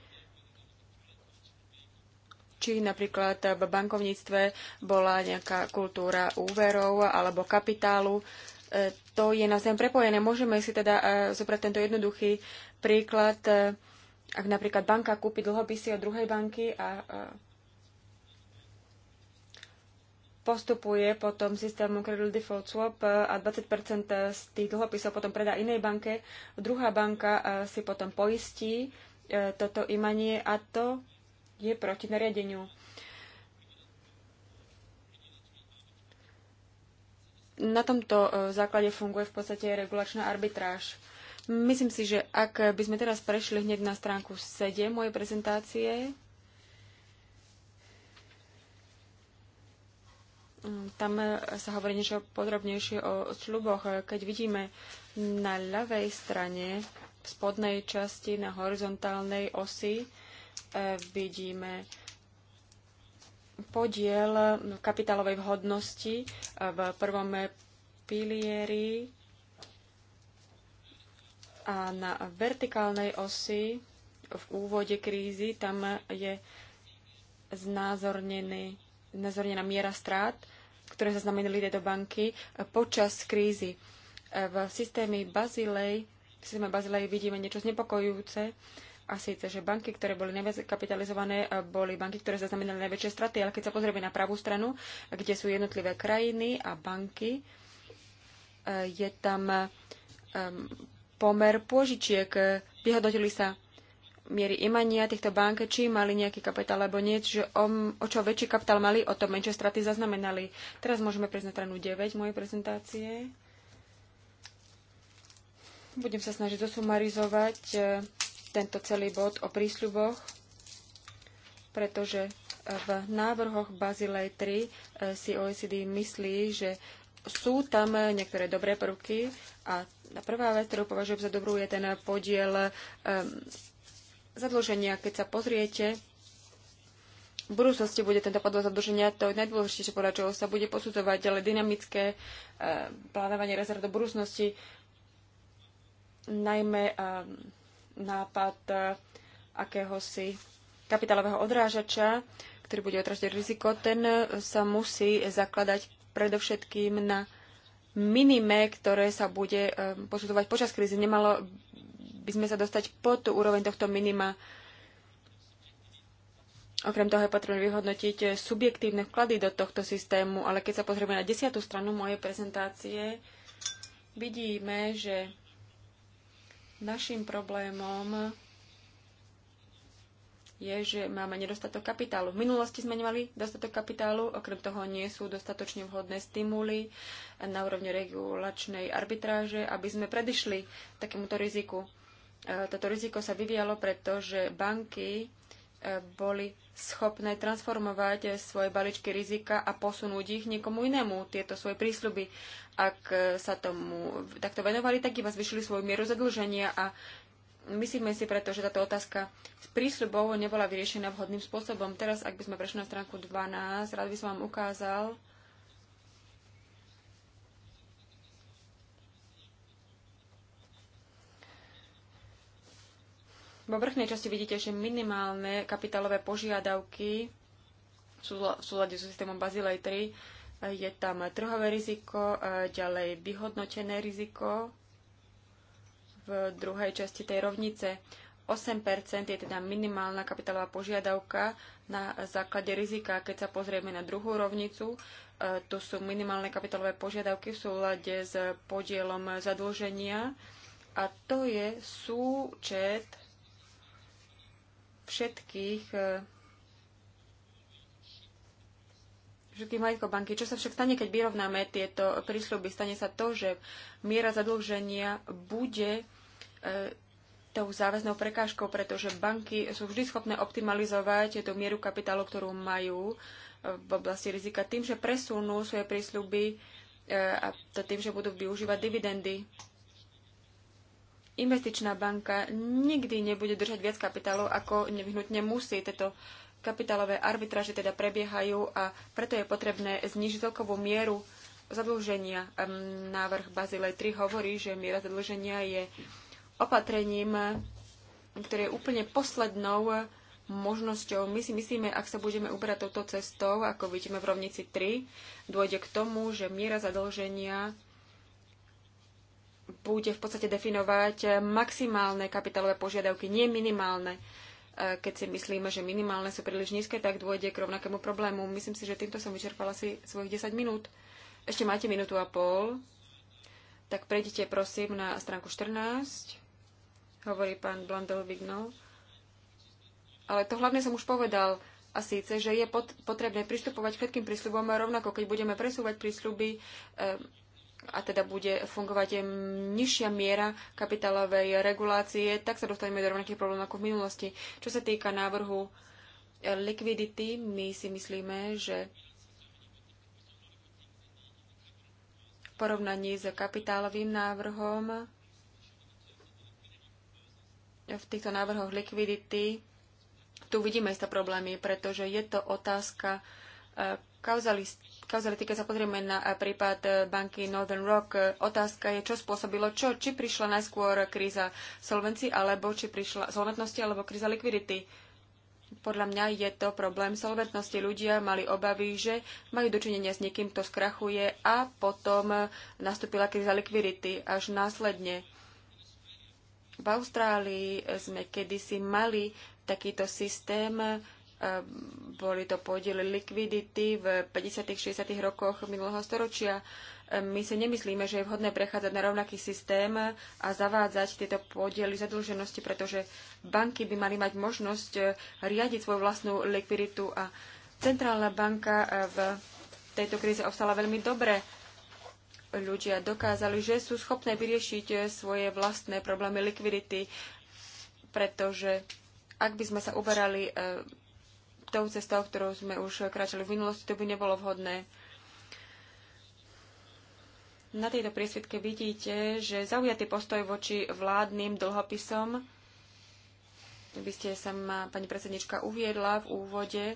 či napríklad v bankovníctve bola nejaká kultúra úverov alebo kapitálu. E, to je zem prepojené. Môžeme si teda e, zobrať tento jednoduchý príklad, e, ak napríklad banka kúpi dlhopisy od druhej banky a postupuje potom systému Credit Default Swap e, a 20 z tých dlhopisov potom predá inej banke. Druhá banka e, si potom poistí e, toto imanie a to je proti nariadeniu. Na tomto základe funguje v podstate regulačná arbitráž. Myslím si, že ak by sme teraz prešli hneď na stránku 7 mojej prezentácie, Tam sa hovorí niečo podrobnejšie o sluboch. Keď vidíme na ľavej strane v spodnej časti na horizontálnej osi eh, vidíme podiel kapitálovej vhodnosti eh, v prvom pilieri a na vertikálnej osi v úvode krízy tam je znázornený, znázornená miera strát ktoré zaznamenali tieto banky e, počas krízy. E, v systéme Bazilej, v systéme Bazilej vidíme niečo znepokojujúce, a síce, že banky, ktoré boli najviac kapitalizované, e, boli banky, ktoré zaznamenali najväčšie straty, ale keď sa pozrieme na pravú stranu, kde sú jednotlivé krajiny a banky, je tam pomer pôžičiek. Vyhodnotili sa miery imania týchto bank, či mali nejaký kapitál alebo nie, čiže o, o čo väčší kapitál mali, o to menšie straty zaznamenali. Teraz môžeme prejsť na stranu 9 mojej prezentácie. Budem sa snažiť zosumarizovať e, tento celý bod o prísľuboch, pretože e, v návrhoch Bazilej 3 e, si OECD myslí, že sú tam niektoré dobré prvky a prvá vec, ktorú považujem za dobrú, je ten podiel zadlženia. Keď sa pozriete, v budúcnosti bude tento podľa zadlženia, to je najdôležitejšie podľa čoho sa bude posudzovať, ale dynamické e, plánovanie rezerv do budúcnosti, najmä e, nápad e, akéhosi kapitálového odrážača, ktorý bude odrážať riziko, ten e, sa musí zakladať predovšetkým na minime, ktoré sa bude e, posudzovať počas krízy. Nemalo by sme sa dostať pod tú úroveň tohto minima. Okrem toho je potrebné vyhodnotiť subjektívne vklady do tohto systému, ale keď sa pozrieme na desiatú stranu mojej prezentácie, vidíme, že našim problémom je, že máme nedostatok kapitálu. V minulosti sme nemali dostatok kapitálu, okrem toho nie sú dostatočne vhodné stimuly na úrovni regulačnej arbitráže, aby sme predišli takémuto riziku. E, toto riziko sa vyvíjalo, pretože banky e, boli schopné transformovať svoje balíčky rizika a posunúť ich niekomu inému, tieto svoje prísľuby. Ak e, sa tomu takto venovali, tak iba zvyšili svoju mieru zadlženia a myslíme si preto, že táto otázka s prísľubov nebola vyriešená vhodným spôsobom. Teraz, ak by sme prešli na stránku 12, rád by som vám ukázal, Vo vrchnej časti vidíte, že minimálne kapitálové požiadavky v súlade so systémom Bazilej 3 je tam trhové riziko, e, ďalej vyhodnotené riziko v druhej časti tej rovnice. 8 je teda minimálna kapitálová požiadavka na základe rizika. Keď sa pozrieme na druhú rovnicu, e, to sú minimálne kapitálové požiadavky v súlade s podielom zadlženia a to je súčet všetkých e, všetkých majetkov banky. Čo sa však stane, keď vyrovnáme tieto prísľuby? Stane sa to, že miera zadlženia bude e, tou záväznou prekážkou, pretože banky sú vždy schopné optimalizovať tú mieru kapitálu, ktorú majú e, v oblasti rizika tým, že presunú svoje prísľuby a to tým, že budú využívať dividendy investičná banka nikdy nebude držať viac kapitálov, ako nevyhnutne musí. Tieto kapitálové arbitráže teda prebiehajú a preto je potrebné znižiť celkovú mieru zadlženia. Návrh Bazilej 3 hovorí, že miera zadlženia je opatrením, ktoré je úplne poslednou možnosťou. My si myslíme, ak sa budeme uberať touto cestou, ako vidíme v rovnici 3, dôjde k tomu, že miera zadlženia bude v podstate definovať eh, maximálne kapitálové požiadavky, nie minimálne. Eh, keď si myslíme, že minimálne sú príliš nízke, tak dôjde k rovnakému problému. Myslím si, že týmto som vyčerpala si svojich 10 minút. Ešte máte minútu a pol. Tak prejdite prosím na stránku 14, hovorí pán Blandel Vigno. Ale to hlavne som už povedal, a síce, že je potrebné pristupovať všetkým prísľubom rovnako, keď budeme presúvať prísľuby, eh, a teda bude fungovať nižšia miera kapitálovej regulácie, tak sa dostaneme do rovnakých problémov ako v minulosti. Čo sa týka návrhu eh, likvidity, my si myslíme, že v porovnaní s kapitálovým návrhom v týchto návrhoch likvidity tu vidíme isté problémy, pretože je to otázka eh, kauzalist ale keď sa pozrieme na prípad banky Northern Rock, otázka je, čo spôsobilo čo? Či prišla najskôr kríza solvenci alebo či prišla solventnosti, alebo kríza likvidity. Podľa mňa je to problém solventnosti. Ľudia mali obavy, že majú dočinenia s niekým, kto skrachuje a potom nastúpila kríza likvidity až následne. V Austrálii sme kedysi mali takýto systém E, boli to podiely likvidity v 50. 60. rokoch minulého storočia. E, my si nemyslíme, že je vhodné prechádzať na rovnaký systém a zavádzať tieto podiely zadlženosti, pretože banky by mali mať možnosť e, riadiť svoju vlastnú likviditu a Centrálna banka v tejto kríze obstala veľmi dobre. Ľudia dokázali, že sú schopné vyriešiť svoje vlastné problémy likvidity, pretože ak by sme sa uberali tou cestou, ktorou sme už kráčali v minulosti, to by nebolo vhodné. Na tejto priesvitke vidíte, že zaujatý postoj voči vládnym dlhopisom, by ste sa ma, pani predsednička, uviedla v úvode,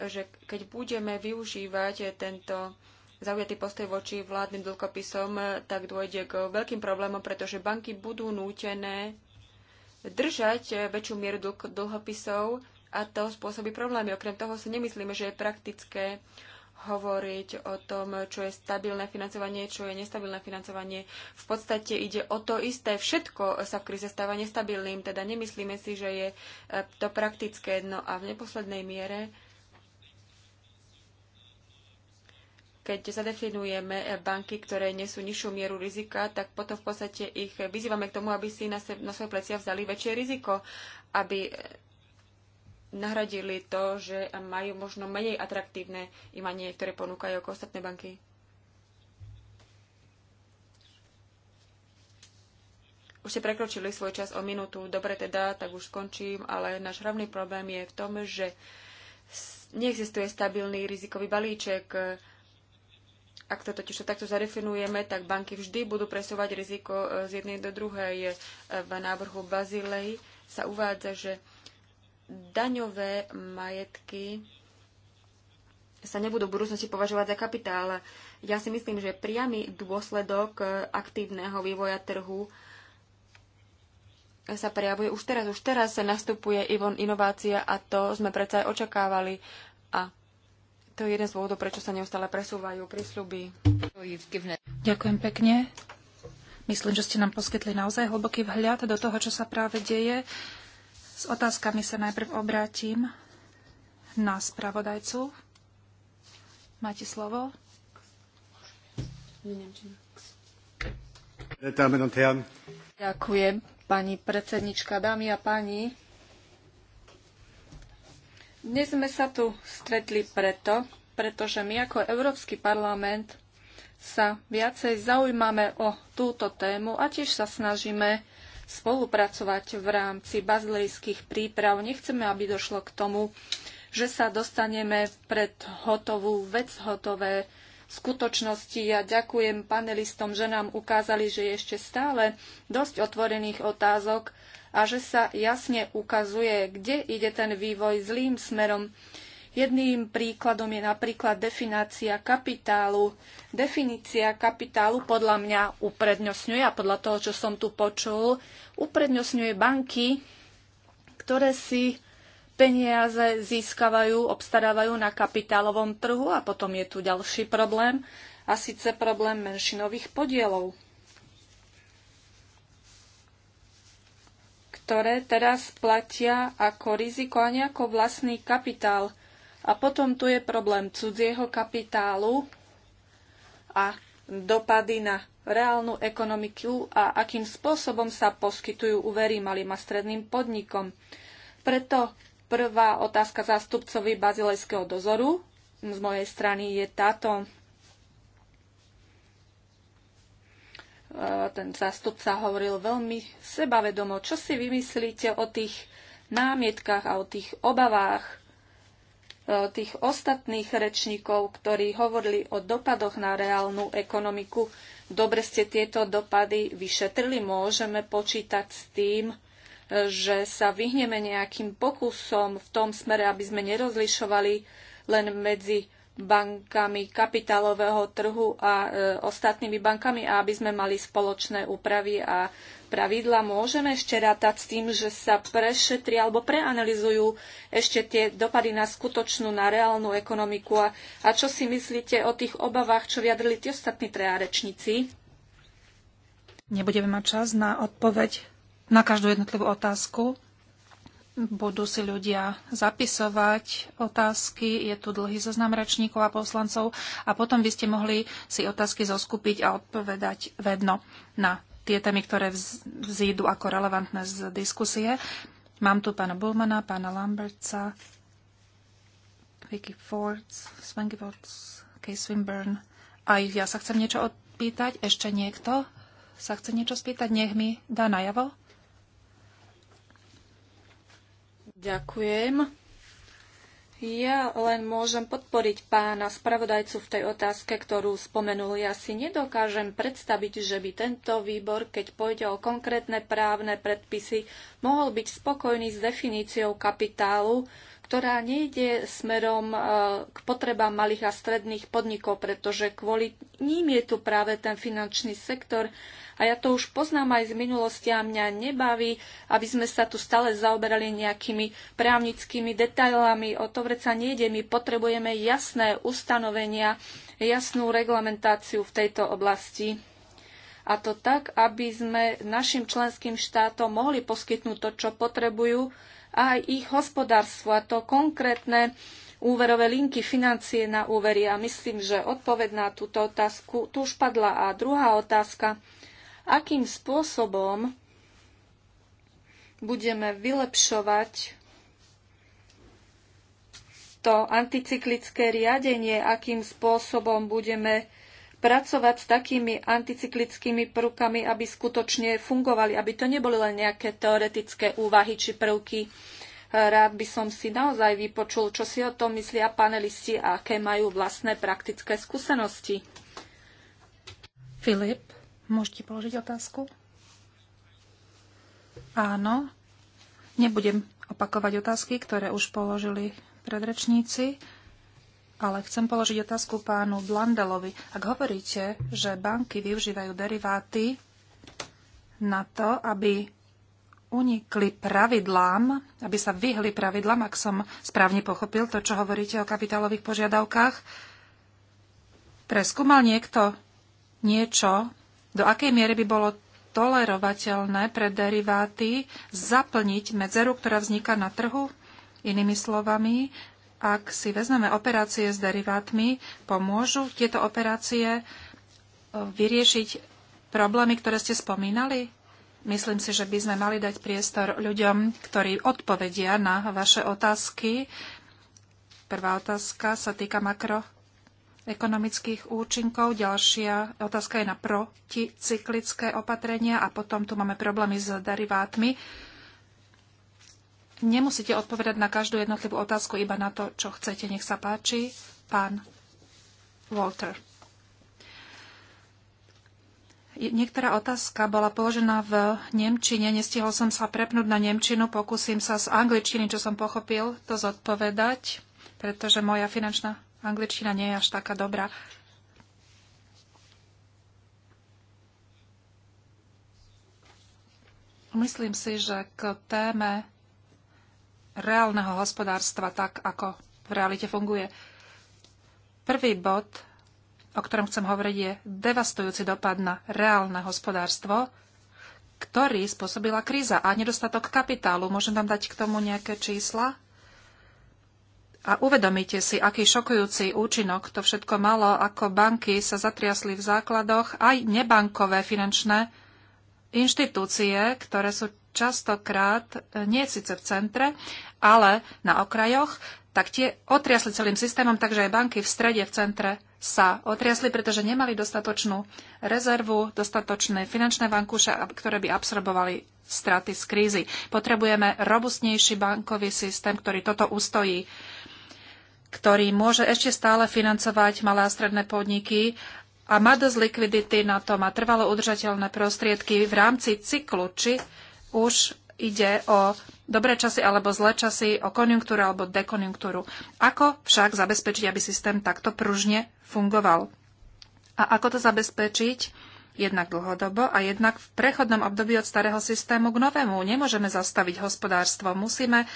že keď budeme využívať tento zaujatý postoj voči vládnym dlhopisom, tak dôjde k veľkým problémom, pretože banky budú nútené držať väčšiu mieru dlhopisov, a to spôsobí problémy. Okrem toho si nemyslíme, že je praktické hovoriť o tom, čo je stabilné financovanie, čo je nestabilné financovanie. V podstate ide o to isté. Všetko sa v kríze stáva nestabilným, teda nemyslíme si, že je eh, to praktické. No a v neposlednej miere, keď zadefinujeme eh, banky, ktoré nesú nižšiu mieru rizika, tak potom v podstate ich eh, vyzývame k tomu, aby si na, na svoje plecia vzali väčšie riziko, aby nahradili to, že majú možno menej atraktívne imanie, ktoré ponúkajú ako ostatné banky? Už ste prekročili svoj čas o minútu. Dobre teda, tak už skončím, ale náš hlavný problém je v tom, že neexistuje stabilný rizikový balíček. Ak to totiž to takto zadefinujeme, tak banky vždy budú presovať riziko eh, z jednej do druhej. V návrhu Bazilej sa uvádza, že daňové majetky sa nebudú v budúcnosti považovať za kapitál. Ja si myslím, že priamy dôsledok aktívneho vývoja trhu sa prejavuje už teraz. Už teraz sa nastupuje inovácia a to sme predsa aj očakávali. A to je jeden z dôvodov, prečo sa neustále presúvajú prísľuby. Ďakujem pekne. Myslím, že ste nám poskytli naozaj hlboký vhľad do toho, čo sa práve deje s otázkami sa najprv obrátim na spravodajcu. Máte slovo? Ďakujem, pani predsednička, dámy a páni. Dnes sme sa tu stretli preto, pretože my ako Európsky parlament sa viacej zaujímame o túto tému a tiež sa snažíme spolupracovať v rámci bazilejských príprav. Nechceme, aby došlo k tomu, že sa dostaneme pred hotovú vec, hotové skutočnosti. Ja ďakujem panelistom, že nám ukázali, že je ešte stále dosť otvorených otázok a že sa jasne ukazuje, kde ide ten vývoj zlým smerom. Jedným príkladom je napríklad definácia kapitálu. Definícia kapitálu podľa mňa uprednostňuje, a podľa toho, čo som tu počul, uprednostňuje banky, ktoré si peniaze získavajú, obstarávajú na kapitálovom trhu a potom je tu ďalší problém, a síce problém menšinových podielov, ktoré teraz platia ako riziko a nejako vlastný kapitál – a potom tu je problém cudzieho kapitálu a dopady na reálnu ekonomiku a akým spôsobom sa poskytujú úvery malým a stredným podnikom. Preto prvá otázka zástupcovi bazilejského dozoru z mojej strany je táto. E, ten zástupca hovoril veľmi sebavedomo. Čo si vymyslíte o tých námietkách a o tých obavách Eh, tých ostatných rečníkov, ktorí hovorili o dopadoch na reálnu ekonomiku. Dobre ste tieto dopady vyšetrili. Môžeme počítať s tým, eh, že sa vyhneme nejakým pokusom v tom smere, aby sme nerozlišovali len medzi bankami kapitálového trhu a e, ostatnými bankami a aby sme mali spoločné úpravy a pravidla. Môžeme ešte rátať s tým, že sa prešetri alebo preanalizujú ešte tie dopady na skutočnú, na reálnu ekonomiku. A, a čo si myslíte o tých obavách, čo vyjadrili tie ostatní trejárečníci? Nebudeme mať čas na odpoveď na každú jednotlivú otázku. Budú si ľudia zapisovať otázky, je tu dlhý zoznam rečníkov a poslancov a potom by ste mohli si otázky zoskupiť a odpovedať vedno na tie témy, ktoré vzídu ako relevantné z diskusie. Mám tu pána Bulmana, pána Lambertsa, Vicky Ford, Svengy Fords, Kay Swinburne. Aj ja sa chcem niečo odpýtať. Ešte niekto sa chce niečo spýtať? Nech mi dá najavo. Ďakujem. Ja len môžem podporiť pána spravodajcu v tej otázke, ktorú spomenul. Ja si nedokážem predstaviť, že by tento výbor, keď pôjde o konkrétne právne predpisy, mohol byť spokojný s definíciou kapitálu, ktorá nejde smerom e, k potrebám malých a stredných podnikov, pretože kvôli ním je tu práve ten finančný sektor. A ja to už poznám aj z minulosti a mňa nebaví, aby sme sa tu stále zaoberali nejakými právnickými detailami. O to vreca nejde. My potrebujeme jasné ustanovenia, jasnú reglamentáciu v tejto oblasti. A to tak, aby sme našim členským štátom mohli poskytnúť to, čo potrebujú, a aj ich hospodárstvo a to konkrétne úverové linky financie na úvery. A myslím, že odpoveď na túto otázku tu už padla. A druhá otázka, akým spôsobom budeme vylepšovať to anticyklické riadenie, akým spôsobom budeme pracovať s takými anticyklickými prvkami, aby skutočne fungovali, aby to neboli len nejaké teoretické úvahy či prvky. Rád by som si naozaj vypočul, čo si o tom myslia panelisti a aké majú vlastné praktické skúsenosti. Filip, môžete položiť otázku? Áno. Nebudem opakovať otázky, ktoré už položili predrečníci. Ale chcem položiť otázku pánu Blandelovi. Ak hovoríte, že banky využívajú deriváty na to, aby unikli pravidlám, aby sa vyhli pravidlám, ak som správne pochopil to, čo hovoríte o kapitálových požiadavkách, preskúmal niekto niečo, do akej miery by bolo tolerovateľné pre deriváty zaplniť medzeru, ktorá vzniká na trhu? Inými slovami, ak si vezmeme operácie s derivátmi, pomôžu tieto operácie e, vyriešiť problémy, ktoré ste spomínali? Myslím si, že by sme mali dať priestor ľuďom, ktorí odpovedia na vaše otázky. Prvá otázka sa týka makroekonomických účinkov, ďalšia otázka je na proticyklické opatrenia a potom tu máme problémy s derivátmi. Nemusíte odpovedať na každú jednotlivú otázku, iba na to, čo chcete. Nech sa páči, pán Walter. Niektorá otázka bola položená v Nemčine. Nestihol som sa prepnúť na Nemčinu. Pokúsim sa z angličtiny, čo som pochopil, to zodpovedať, pretože moja finančná angličtina nie je až taká dobrá. Myslím si, že k téme reálneho hospodárstva tak, ako v realite funguje. Prvý bod, o ktorom chcem hovoriť, je devastujúci dopad na reálne hospodárstvo, ktorý spôsobila kríza a nedostatok kapitálu. Môžem vám dať k tomu nejaké čísla? A uvedomíte si, aký šokujúci účinok to všetko malo, ako banky sa zatriasli v základoch, aj nebankové finančné inštitúcie, ktoré sú častokrát e, nie síce v centre, ale na okrajoch, tak tie otriasli celým systémom, takže aj banky v strede, v centre sa otriasli, pretože nemali dostatočnú rezervu, dostatočné finančné vankúše, ktoré by absorbovali straty z krízy. Potrebujeme robustnejší bankový systém, ktorý toto ustojí, ktorý môže ešte stále financovať malé a stredné podniky a má dosť likvidity na to, má trvalo udržateľné prostriedky v rámci cyklu, či už ide o dobré časy alebo zlé časy, o konjunktúru alebo dekonjunktúru. Ako však zabezpečiť, aby systém takto pružne fungoval? A ako to zabezpečiť jednak dlhodobo a jednak v prechodnom období od starého systému k novému? Nemôžeme zastaviť hospodárstvo, musíme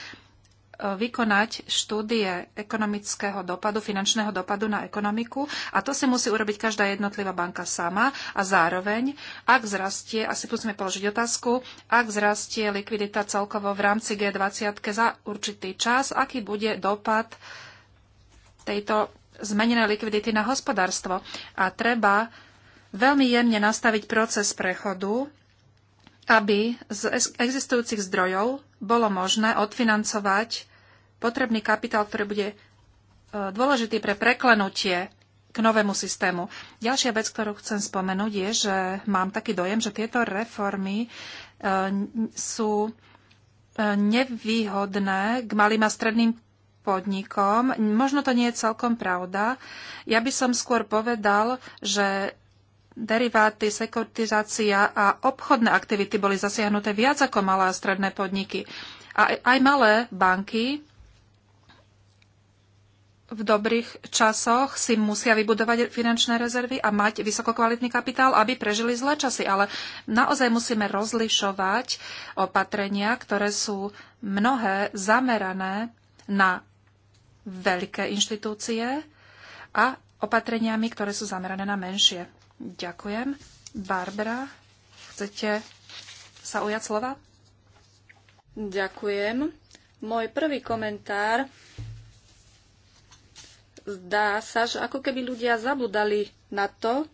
vykonať štúdie ekonomického dopadu, finančného dopadu na ekonomiku a to si musí urobiť každá jednotlivá banka sama a zároveň, ak zrastie, asi musíme položiť otázku, ak zrastie likvidita celkovo v rámci G20 za určitý čas, aký bude dopad tejto zmenené likvidity na hospodárstvo a treba veľmi jemne nastaviť proces prechodu, aby z existujúcich zdrojov bolo možné odfinancovať potrebný kapitál, ktorý bude e, dôležitý pre preklenutie k novému systému. Ďalšia vec, ktorú chcem spomenúť, je, že mám taký dojem, že tieto reformy e, sú e, nevýhodné k malým a stredným podnikom. Možno to nie je celkom pravda. Ja by som skôr povedal, že deriváty, sekuritizácia a obchodné aktivity boli zasiahnuté viac ako malé a stredné podniky. A aj malé banky v dobrých časoch si musia vybudovať finančné rezervy a mať vysokokvalitný kapitál, aby prežili zlé časy. Ale naozaj musíme rozlišovať opatrenia, ktoré sú mnohé zamerané na veľké inštitúcie a opatreniami, ktoré sú zamerané na menšie. Ďakujem. Barbara, chcete sa ujať slova? Ďakujem. Môj prvý komentár zdá sa, že ako keby ľudia zabudali na to, e,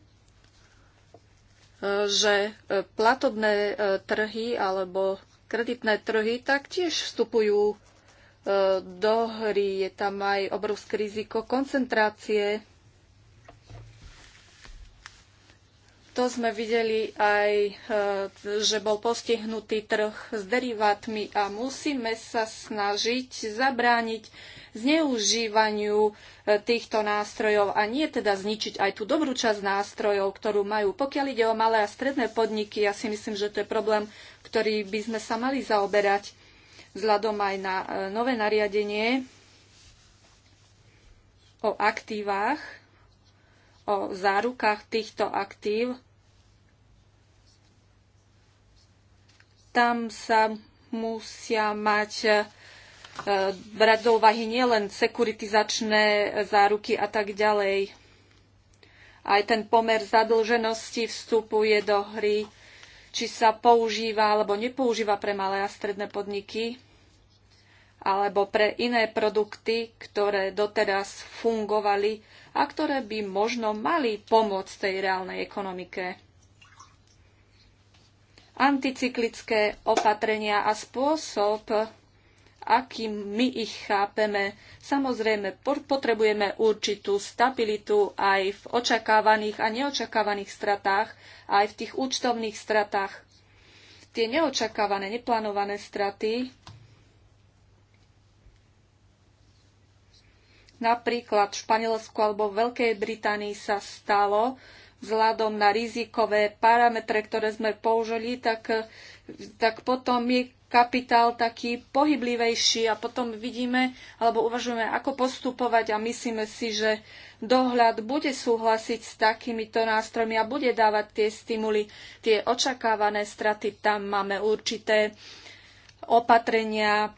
že e, platobné e, trhy alebo kreditné trhy tak tiež vstupujú do hry. Je tam aj obrovské riziko koncentrácie To sme videli aj, e, že bol postihnutý trh s derivátmi a musíme sa snažiť zabrániť zneužívaniu e, týchto nástrojov a nie teda zničiť aj tú dobrú časť nástrojov, ktorú majú. Pokiaľ ide o malé a stredné podniky, ja si myslím, že to je problém, ktorý by sme sa mali zaoberať vzhľadom aj na e, nové nariadenie o aktívach, o zárukách týchto aktív tam sa musia mať e, brať do úvahy nielen sekuritizačné záruky a tak ďalej. Aj ten pomer zadlženosti vstupuje do hry, či sa používa alebo nepoužíva pre malé a stredné podniky alebo pre iné produkty, ktoré doteraz fungovali a ktoré by možno mali pomôcť tej reálnej ekonomike anticyklické opatrenia a spôsob, akým my ich chápeme. Samozrejme, potrebujeme určitú stabilitu aj v očakávaných a neočakávaných stratách, aj v tých účtovných stratách. Tie neočakávané, neplánované straty napríklad v Španielsku alebo v Veľkej Británii sa stalo, vzhľadom na rizikové parametre, ktoré sme použili, tak, tak potom je kapitál taký pohyblivejší a potom vidíme alebo uvažujeme, ako postupovať a myslíme si, že dohľad bude súhlasiť s takýmito nástrojmi a bude dávať tie stimuly, tie očakávané straty. Tam máme určité opatrenia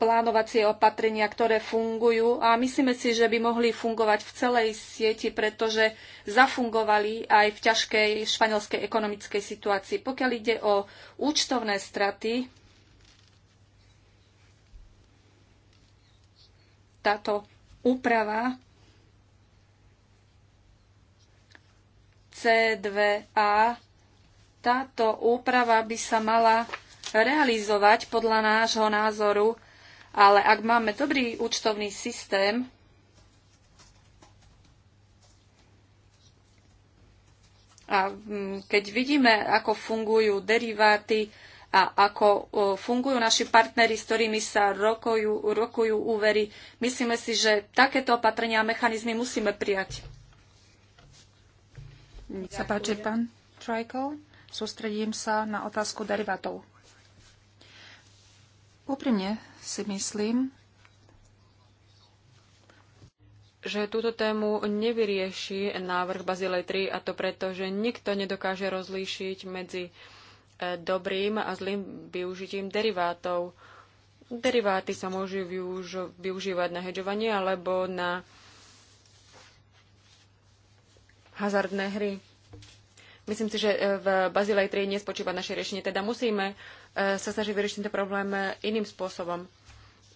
plánovacie opatrenia, ktoré fungujú a myslíme si, že by mohli fungovať v celej sieti, pretože zafungovali aj v ťažkej španielskej ekonomickej situácii. Pokiaľ ide o účtovné straty, táto úprava C2A, táto úprava by sa mala realizovať podľa nášho názoru, ale ak máme dobrý účtovný systém, A mm, keď vidíme, ako fungujú deriváty a ako fungujú naši partnery, s ktorými sa rokujú, rokujú úvery, myslíme si, že takéto opatrenia a mechanizmy musíme prijať. Sa páči, pán Trajko. Sústredím sa na otázku derivátov. Úprimne si myslím, že túto tému nevyrieši návrh Bazilej 3 a to preto, že nikto nedokáže rozlíšiť medzi e, dobrým a zlým využitím derivátov. Deriváty sa môžu využ- využívať na hedžovanie alebo na hazardné hry. Myslím si, že e, v Bazilej 3 nespočíva naše riešenie, teda musíme sa snaží vyriešiť tento problém iným spôsobom.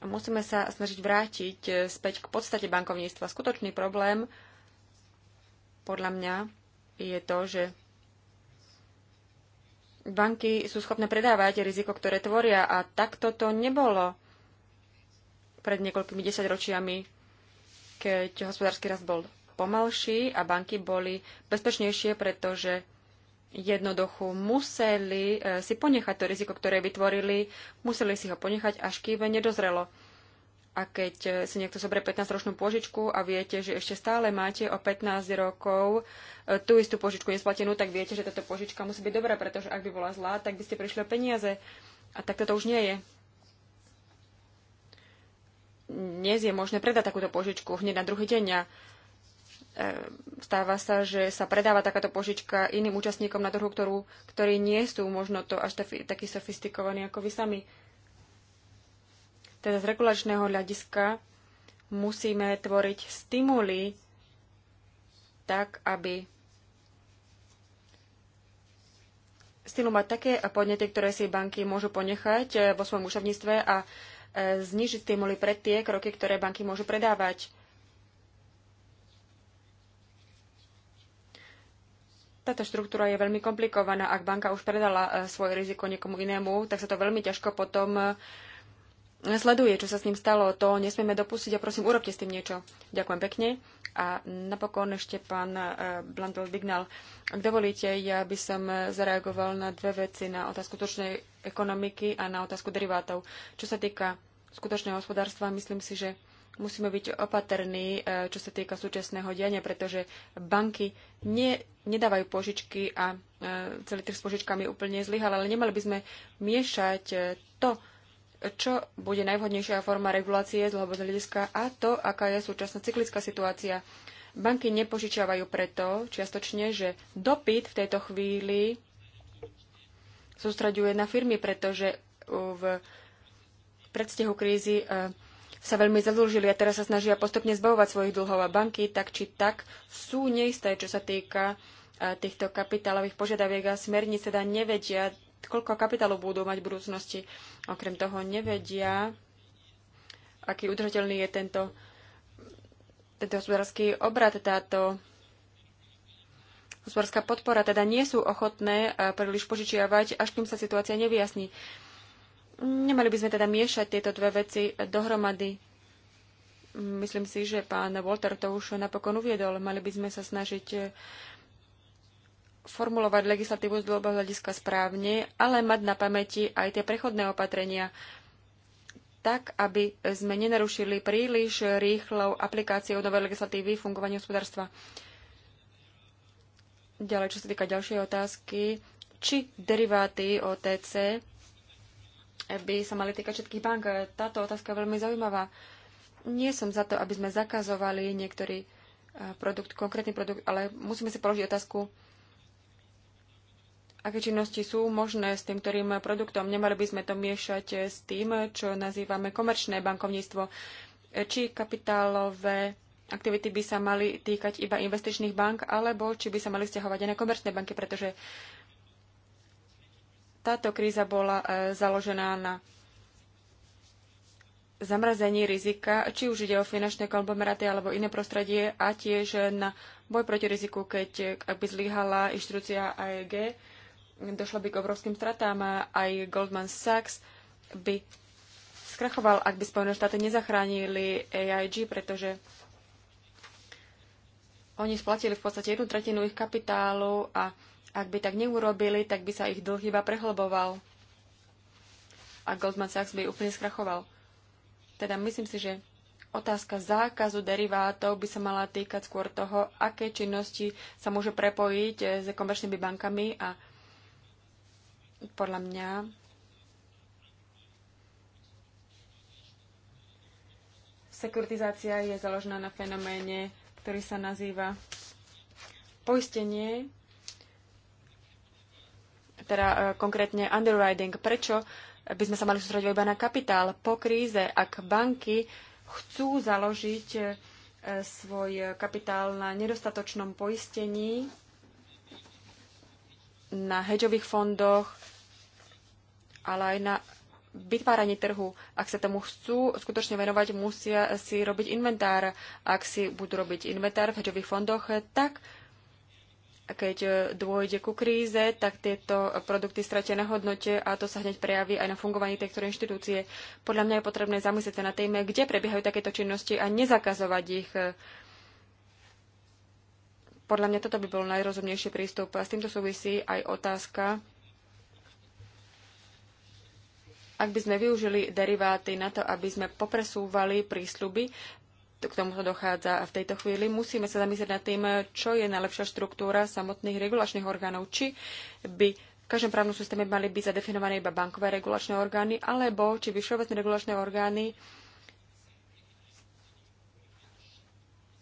Musíme sa snažiť vrátiť eh, späť k podstate bankovníctva. Skutočný problém podľa mňa je to, že banky sú schopné predávať riziko, ktoré tvoria a takto to nebolo pred niekoľkými desaťročiami, keď hospodársky rast bol pomalší a banky boli bezpečnejšie, pretože jednoducho museli e, si ponechať to riziko, ktoré vytvorili, museli si ho ponechať, až kýve nedozrelo. A keď e, si niekto zobrie 15-ročnú požičku a viete, že ešte stále máte o 15 rokov e, tú istú požičku nesplatenú, tak viete, že táto požička musí byť dobrá, pretože ak by bola zlá, tak by ste prišli o peniaze. A tak toto už nie je. Dnes je možné predať takúto požičku hneď na druhý deň a E, stáva sa, že sa predáva takáto požička iným účastníkom na trhu, ktorú, ktorí nie sú možno to až takí sofistikovaní ako vy sami. Teda z regulačného hľadiska musíme tvoriť stimuly tak, aby stimuly mať také podnety, ktoré si banky môžu ponechať e, vo svojom účovníctve a e, znižiť stimuly pre tie kroky, ktoré banky môžu predávať. Táto štruktúra je veľmi komplikovaná. Ak banka už predala e, svoje riziko niekomu inému, tak sa to veľmi ťažko potom e, sleduje, čo sa s ním stalo. To nesmieme dopustiť a prosím, urobte s tým niečo. Ďakujem pekne. A napokon ešte pán e, Blantel Dignal. Ak dovolíte, ja by som zareagoval na dve veci, na otázku točnej ekonomiky a na otázku derivátov. Čo sa týka skutočného hospodárstva, myslím si, že musíme byť opatrní, e, čo sa týka súčasného diania, pretože banky nie, nedávajú požičky a e, celý trh s požičkami úplne zlyhal, ale nemali by sme miešať e, to, čo bude najvhodnejšia forma regulácie z dlhodobého hľadiska a to, aká je súčasná cyklická situácia. Banky nepožičiavajú preto čiastočne, že dopyt v tejto chvíli sústraďuje na firmy, pretože v predstihu krízy sa veľmi zadlžili a teraz sa snažia postupne zbavovať svojich dlhov a banky, tak či tak sú neisté, čo sa týka týchto kapitálových požiadaviek a smerníc teda nevedia, koľko kapitálu budú mať v budúcnosti. Okrem toho nevedia, aký udržateľný je tento, tento hospodársky obrad, táto hospodárska podpora. Teda nie sú ochotné príliš požičiavať, až kým sa situácia nevyjasní. Nemali by sme teda miešať tieto dve veci dohromady. Myslím si, že pán Walter to už napokon uviedol. Mali by sme sa snažiť formulovať legislatívu z dlhodobého hľadiska správne, ale mať na pamäti aj tie prechodné opatrenia, tak, aby sme nenarušili príliš rýchlou aplikáciou novej legislatívy fungovania hospodárstva. Ďalej, čo sa týka ďalšej otázky, či deriváty OTC by sa mali týkať všetkých bank. Táto otázka je veľmi zaujímavá. Nie som za to, aby sme zakazovali niektorý e, produkt, konkrétny produkt, ale musíme si položiť otázku, aké činnosti sú možné s tým, ktorým produktom. Nemali by sme to miešať s tým, čo nazývame komerčné bankovníctvo, či kapitálové aktivity by sa mali týkať iba investičných bank, alebo či by sa mali stiahovať aj na komerčné banky, pretože táto kríza bola e, založená na zamrazení rizika, či už ide o finančné konglomeráty alebo iné prostredie a tiež na boj proti riziku, keď ak by zlyhala inštitúcia AEG, došlo by k obrovským stratám. a Aj Goldman Sachs by skrachoval, ak by Spojené štáty nezachránili AIG, pretože oni splatili v podstate jednu tretinu ich kapitálu a ak by tak neurobili, tak by sa ich dlh iba prehlboval a Goldman Sachs by úplne skrachoval. Teda myslím si, že otázka zákazu derivátov by sa mala týkať skôr toho, aké činnosti sa môže prepojiť eh, s komerčnými bankami a podľa mňa sekuritizácia je založená na fenoméne, ktorý sa nazýva poistenie teda e, konkrétne underwriting. Prečo by sme sa mali sústrediť iba na kapitál? Po kríze, ak banky chcú založiť e, svoj kapitál na nedostatočnom poistení, na hedžových fondoch, ale aj na vytváraní trhu. Ak sa tomu chcú skutočne venovať, musia si robiť inventár. Ak si budú robiť inventár v hedžových fondoch, e, tak keď e, dôjde ku kríze, tak tieto produkty stratia na hodnote a to sa hneď prejaví aj na fungovaní tejto inštitúcie. Podľa mňa je potrebné zamyslieť sa na téme, kde prebiehajú takéto činnosti a nezakazovať ich. Podľa mňa toto by bol najrozumnejší prístup. A s týmto súvisí aj otázka, ak by sme využili deriváty na to, aby sme popresúvali prísľuby, k tomu sa dochádza. A v tejto chvíli musíme sa zamyslieť nad tým, čo je najlepšia štruktúra samotných regulačných orgánov. Či by v každom právnom systéme mali byť zadefinované iba bankové regulačné orgány, alebo či by všeobecné regulačné orgány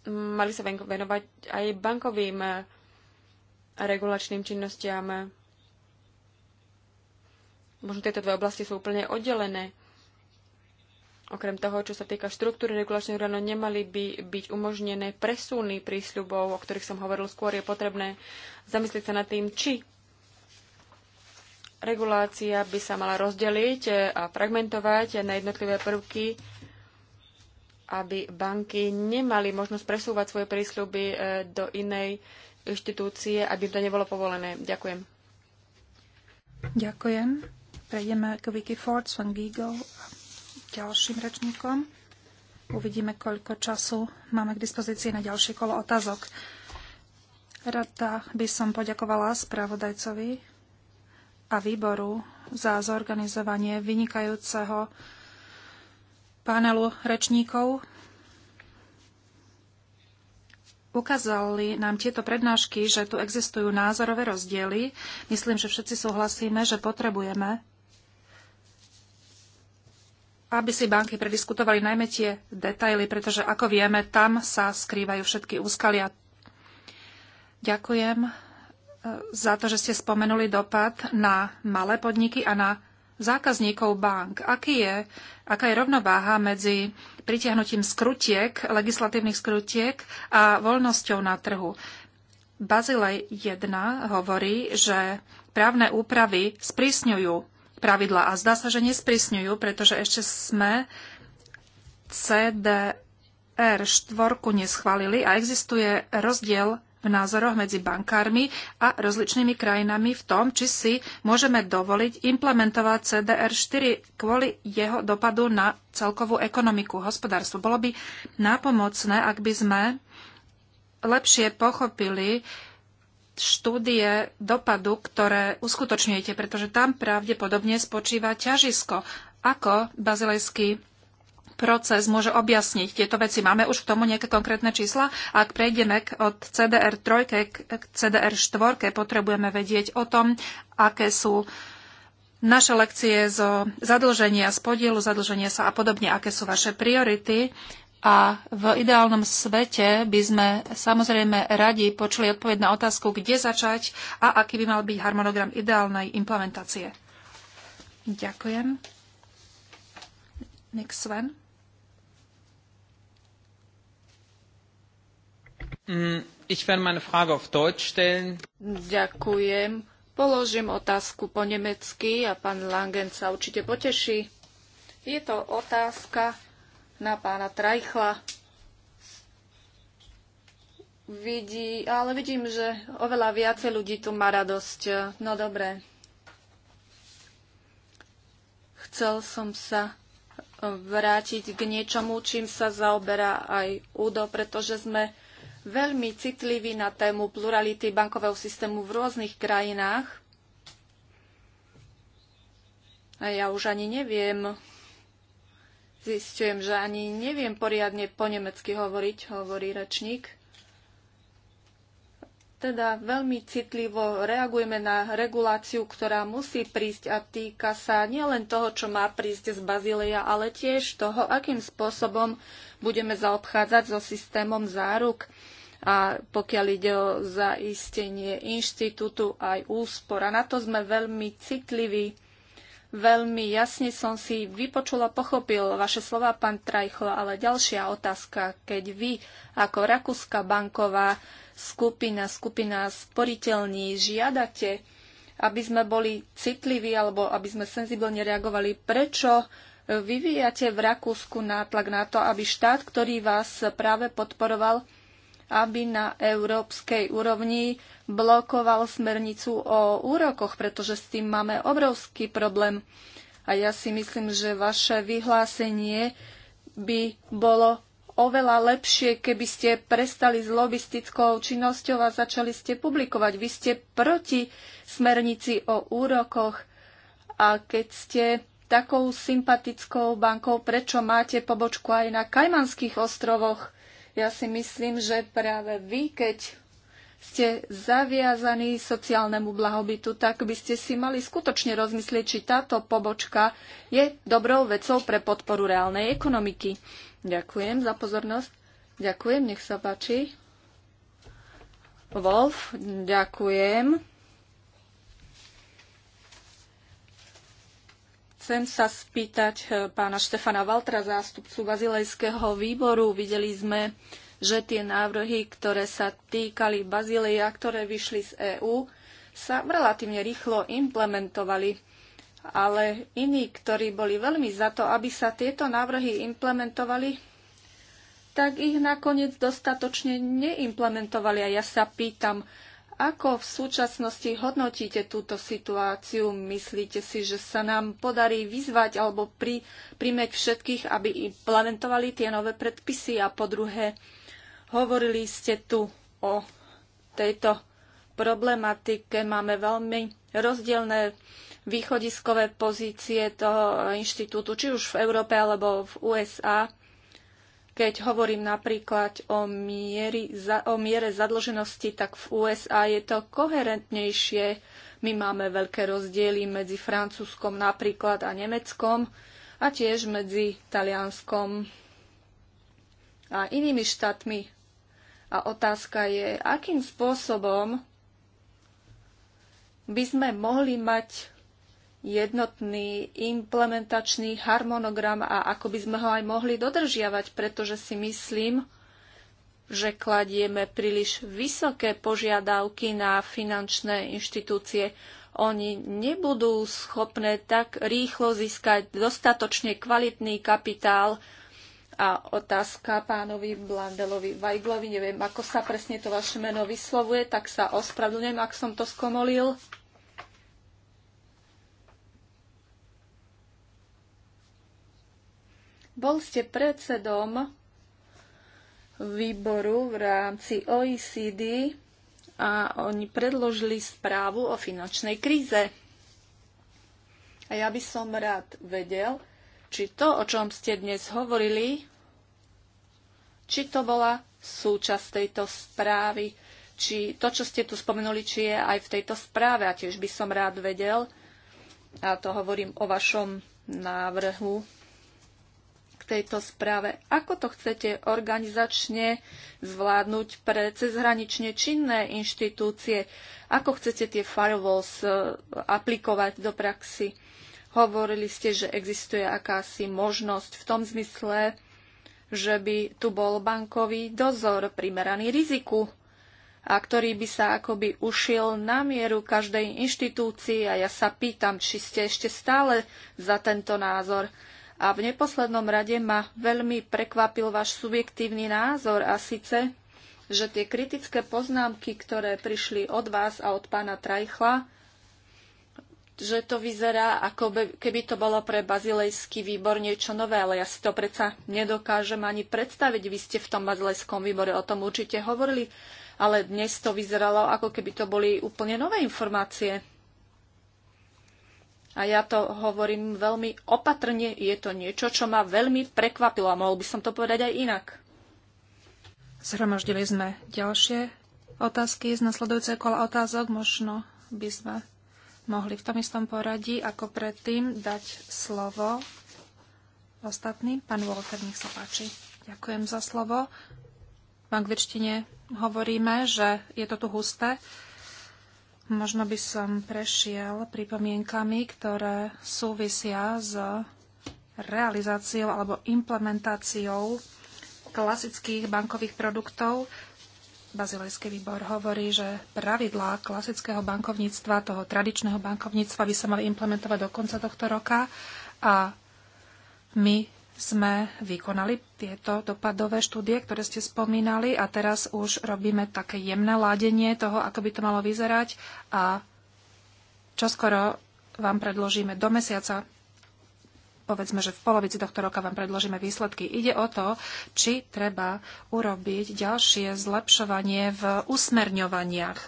mali sa venovať aj bankovým eh, regulačným činnostiam. Možno tieto dve oblasti sú úplne oddelené. Okrem toho, čo sa týka štruktúry regulačných orgánov, nemali by byť umožnené presuny prísľubov, o ktorých som hovoril skôr. Je potrebné zamyslieť sa nad tým, či regulácia by sa mala rozdeliť a fragmentovať na jednotlivé prvky, aby banky nemali možnosť presúvať svoje prísľuby e, do inej inštitúcie, aby to nebolo povolené. Ďakujem. Ďakujem. Prejdeme k Vicky Ford, Sven Giegel ďalším rečníkom. Uvidíme, koľko času máme k dispozícii na ďalšie kolo otázok. Rada by som poďakovala spravodajcovi a výboru za zorganizovanie vynikajúceho panelu rečníkov. Ukázali nám tieto prednášky, že tu existujú názorové rozdiely. Myslím, že všetci súhlasíme, že potrebujeme aby si banky prediskutovali najmä tie detaily, pretože ako vieme, tam sa skrývajú všetky úskalia. Ďakujem e, za to, že ste spomenuli dopad na malé podniky a na zákazníkov bank. Aký je, aká je rovnováha medzi pritiahnutím skrutiek, legislatívnych skrutiek a voľnosťou na trhu? Bazilej 1 hovorí, že právne úpravy sprísňujú pravidla. A zdá sa, že nesprísňujú, pretože ešte sme CDR štvorku neschválili a existuje rozdiel v názoroch medzi bankármi a rozličnými krajinami v tom, či si môžeme dovoliť implementovať CDR 4 kvôli jeho dopadu na celkovú ekonomiku, hospodárstvo. Bolo by nápomocné, ak by sme lepšie pochopili, štúdie dopadu, ktoré uskutočňujete, pretože tam pravdepodobne spočíva ťažisko. Ako bazilejský proces môže objasniť tieto veci? Máme už k tomu nejaké konkrétne čísla? Ak prejdeme od CDR 3 k CDR 4, potrebujeme vedieť o tom, aké sú naše lekcie zo zadlženia, z podielu zadlženia sa a podobne, aké sú vaše priority a v ideálnom svete by sme samozrejme radi počuli odpoveď na otázku, kde začať a aký by mal byť harmonogram ideálnej implementácie. Ďakujem. Nick Sven. Mm, ich werde meine Frage auf Deutsch stellen. Ďakujem. Položím otázku po nemecky a pán Langen sa určite poteší. Je to otázka na pána Trajchla. Vidí, ale vidím, že oveľa viacej ľudí tu má radosť. No dobre. Chcel som sa vrátiť k niečomu, čím sa zaoberá aj údo, pretože sme veľmi citliví na tému plurality bankového systému v rôznych krajinách. A ja už ani neviem, Zistujem, že ani neviem poriadne po nemecky hovoriť, hovorí rečník. Teda veľmi citlivo reagujeme na reguláciu, ktorá musí prísť a týka sa nielen toho, čo má prísť z Bazília, ale tiež toho, akým spôsobom budeme zaobchádzať so systémom záruk a pokiaľ ide o zaistenie inštitútu aj úspor. A na to sme veľmi citliví Veľmi jasne som si vypočula, pochopil vaše slova, pán Trajchl, ale ďalšia otázka, keď vy ako Rakúska banková skupina, skupina sporiteľní žiadate, aby sme boli citliví alebo aby sme senzibilne reagovali, prečo vyvíjate v Rakúsku nátlak na to, aby štát, ktorý vás práve podporoval, aby na európskej úrovni blokoval smernicu o úrokoch, pretože s tým máme obrovský problém. A ja si myslím, že vaše vyhlásenie by bolo oveľa lepšie, keby ste prestali s lobistickou činnosťou a začali ste publikovať. Vy ste proti smernici o úrokoch a keď ste takou sympatickou bankou, prečo máte pobočku aj na Kajmanských ostrovoch? Ja si myslím, že práve vy, keď ste zaviazaní sociálnemu blahobytu, tak by ste si mali skutočne rozmyslieť, či táto pobočka je dobrou vecou pre podporu reálnej ekonomiky. Ďakujem za pozornosť. Ďakujem, nech sa páči. Wolf, ďakujem. Chcem sa spýtať eh, pána Štefana Valtra, zástupcu Bazilejského výboru. Videli sme, že tie návrhy, ktoré sa týkali Bazileja, ktoré vyšli z EÚ, sa relatívne rýchlo implementovali. Ale iní, ktorí boli veľmi za to, aby sa tieto návrhy implementovali, tak ich nakoniec dostatočne neimplementovali. A ja sa pýtam, ako v súčasnosti hodnotíte túto situáciu? Myslíte si, že sa nám podarí vyzvať alebo pri, primeť všetkých, aby implementovali tie nové predpisy? A po druhé, hovorili ste tu o tejto problematike. Máme veľmi rozdielne východiskové pozície toho inštitútu, či už v Európe alebo v USA. Keď hovorím napríklad o, miery, o miere zadlženosti, tak v USA je to koherentnejšie. My máme veľké rozdiely medzi Francúzskom napríklad a Nemeckom a tiež medzi Talianskom a inými štátmi. A otázka je, akým spôsobom by sme mohli mať jednotný implementačný harmonogram a ako by sme ho aj mohli dodržiavať, pretože si myslím, že kladieme príliš vysoké požiadavky na finančné inštitúcie. Oni nebudú schopné tak rýchlo získať dostatočne kvalitný kapitál, a otázka pánovi Blandelovi Vajglovi, neviem, ako sa presne to vaše meno vyslovuje, tak sa ospravedlňujem, ak som to skomolil. Bol ste predsedom výboru v rámci OECD a oni predložili správu o finančnej kríze. A ja by som rád vedel, či to, o čom ste dnes hovorili, či to bola súčasť tejto správy, či to, čo ste tu spomenuli, či je aj v tejto správe. A tiež by som rád vedel, a to hovorím o vašom návrhu tejto správe. Ako to chcete organizačne zvládnuť pre cezhranične činné inštitúcie? Ako chcete tie firewalls e, aplikovať do praxi? Hovorili ste, že existuje akási možnosť v tom zmysle, že by tu bol bankový dozor primeraný riziku a ktorý by sa akoby ušil na mieru každej inštitúcii a ja sa pýtam, či ste ešte stále za tento názor. A v neposlednom rade ma veľmi prekvapil váš subjektívny názor a síce, že tie kritické poznámky, ktoré prišli od vás a od pána Trajchla, že to vyzerá, ako keby to bolo pre bazilejský výbor niečo nové, ale ja si to predsa nedokážem ani predstaviť. Vy ste v tom bazilejskom výbore o tom určite hovorili, ale dnes to vyzeralo, ako keby to boli úplne nové informácie. A ja to hovorím veľmi opatrne, je to niečo, čo ma veľmi prekvapilo a mohol by som to povedať aj inak. Zhromaždili sme ďalšie otázky z nasledujúceho kola otázok. Možno by sme mohli v tom istom poradí ako predtým dať slovo ostatným. Pán Walter, nech sa páči. Ďakujem za slovo. V angličtine hovoríme, že je to tu husté. Možno by som prešiel pripomienkami, ktoré súvisia s realizáciou alebo implementáciou klasických bankových produktov. Bazilejský výbor hovorí, že pravidlá klasického bankovníctva, toho tradičného bankovníctva by sa mali implementovať do konca tohto roka a my sme vykonali tieto dopadové štúdie, ktoré ste spomínali a teraz už robíme také jemné ládenie toho, ako by to malo vyzerať a čoskoro vám predložíme do mesiaca povedzme, že v polovici tohto roka vám predložíme výsledky. Ide o to, či treba urobiť ďalšie zlepšovanie v usmerňovaniach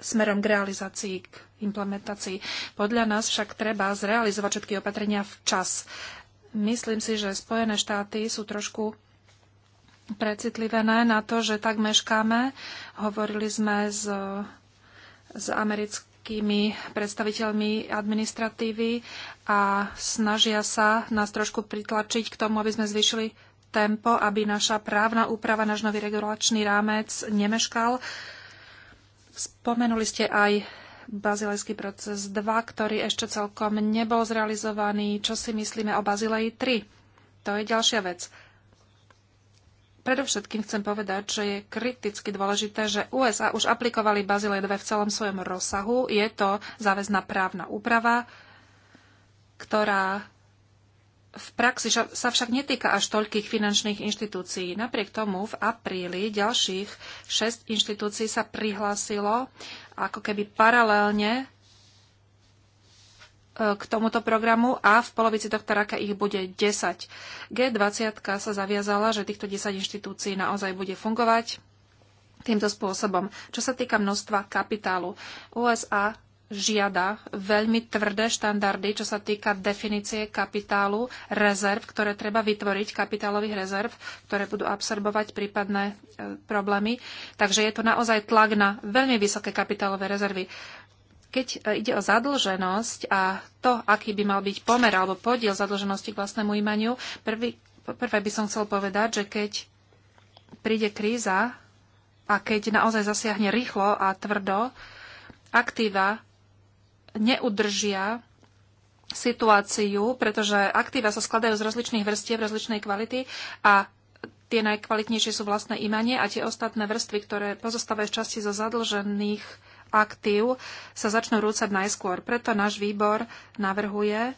smerom k realizácii, k implementácii. Podľa nás však treba zrealizovať všetky opatrenia včas. Myslím si, že Spojené štáty sú trošku precitlivené na to, že tak meškáme. Hovorili sme s, s americkými predstaviteľmi administratívy a snažia sa nás trošku pritlačiť k tomu, aby sme zvyšili tempo, aby naša právna úprava, náš nový regulačný rámec nemeškal. Spomenuli ste aj bazilejský proces 2, ktorý ešte celkom nebol zrealizovaný. Čo si myslíme o Bazileji 3? To je ďalšia vec. Predovšetkým chcem povedať, že je kriticky dôležité, že USA už aplikovali Bazilej 2 v celom svojom rozsahu. Je to záväzná právna úprava, ktorá v praxi sa však netýka až toľkých finančných inštitúcií. Napriek tomu v apríli ďalších 6 inštitúcií sa prihlásilo ako keby paralelne e, k tomuto programu a v polovici tohto roka ich bude 10. G20 sa zaviazala, že týchto 10 inštitúcií naozaj bude fungovať týmto spôsobom. Čo sa týka množstva kapitálu, USA žiada veľmi tvrdé štandardy, čo sa týka definície kapitálu, rezerv, ktoré treba vytvoriť, kapitálových rezerv, ktoré budú absorbovať prípadné e, problémy. Takže je to naozaj tlak na veľmi vysoké kapitálové rezervy. Keď e, ide o zadlženosť a to, aký by mal byť pomer alebo podiel zadlženosti k vlastnému imaniu, prvý, prvé by som chcel povedať, že keď príde kríza a keď naozaj zasiahne rýchlo a tvrdo, aktíva neudržia situáciu, pretože aktíva sa skladajú z rozličných vrstiev, rozličnej kvality a tie najkvalitnejšie sú vlastné imanie a tie ostatné vrstvy, ktoré pozostávajú z časti zo zadlžených aktív, sa začnú rúcať najskôr. Preto náš výbor navrhuje,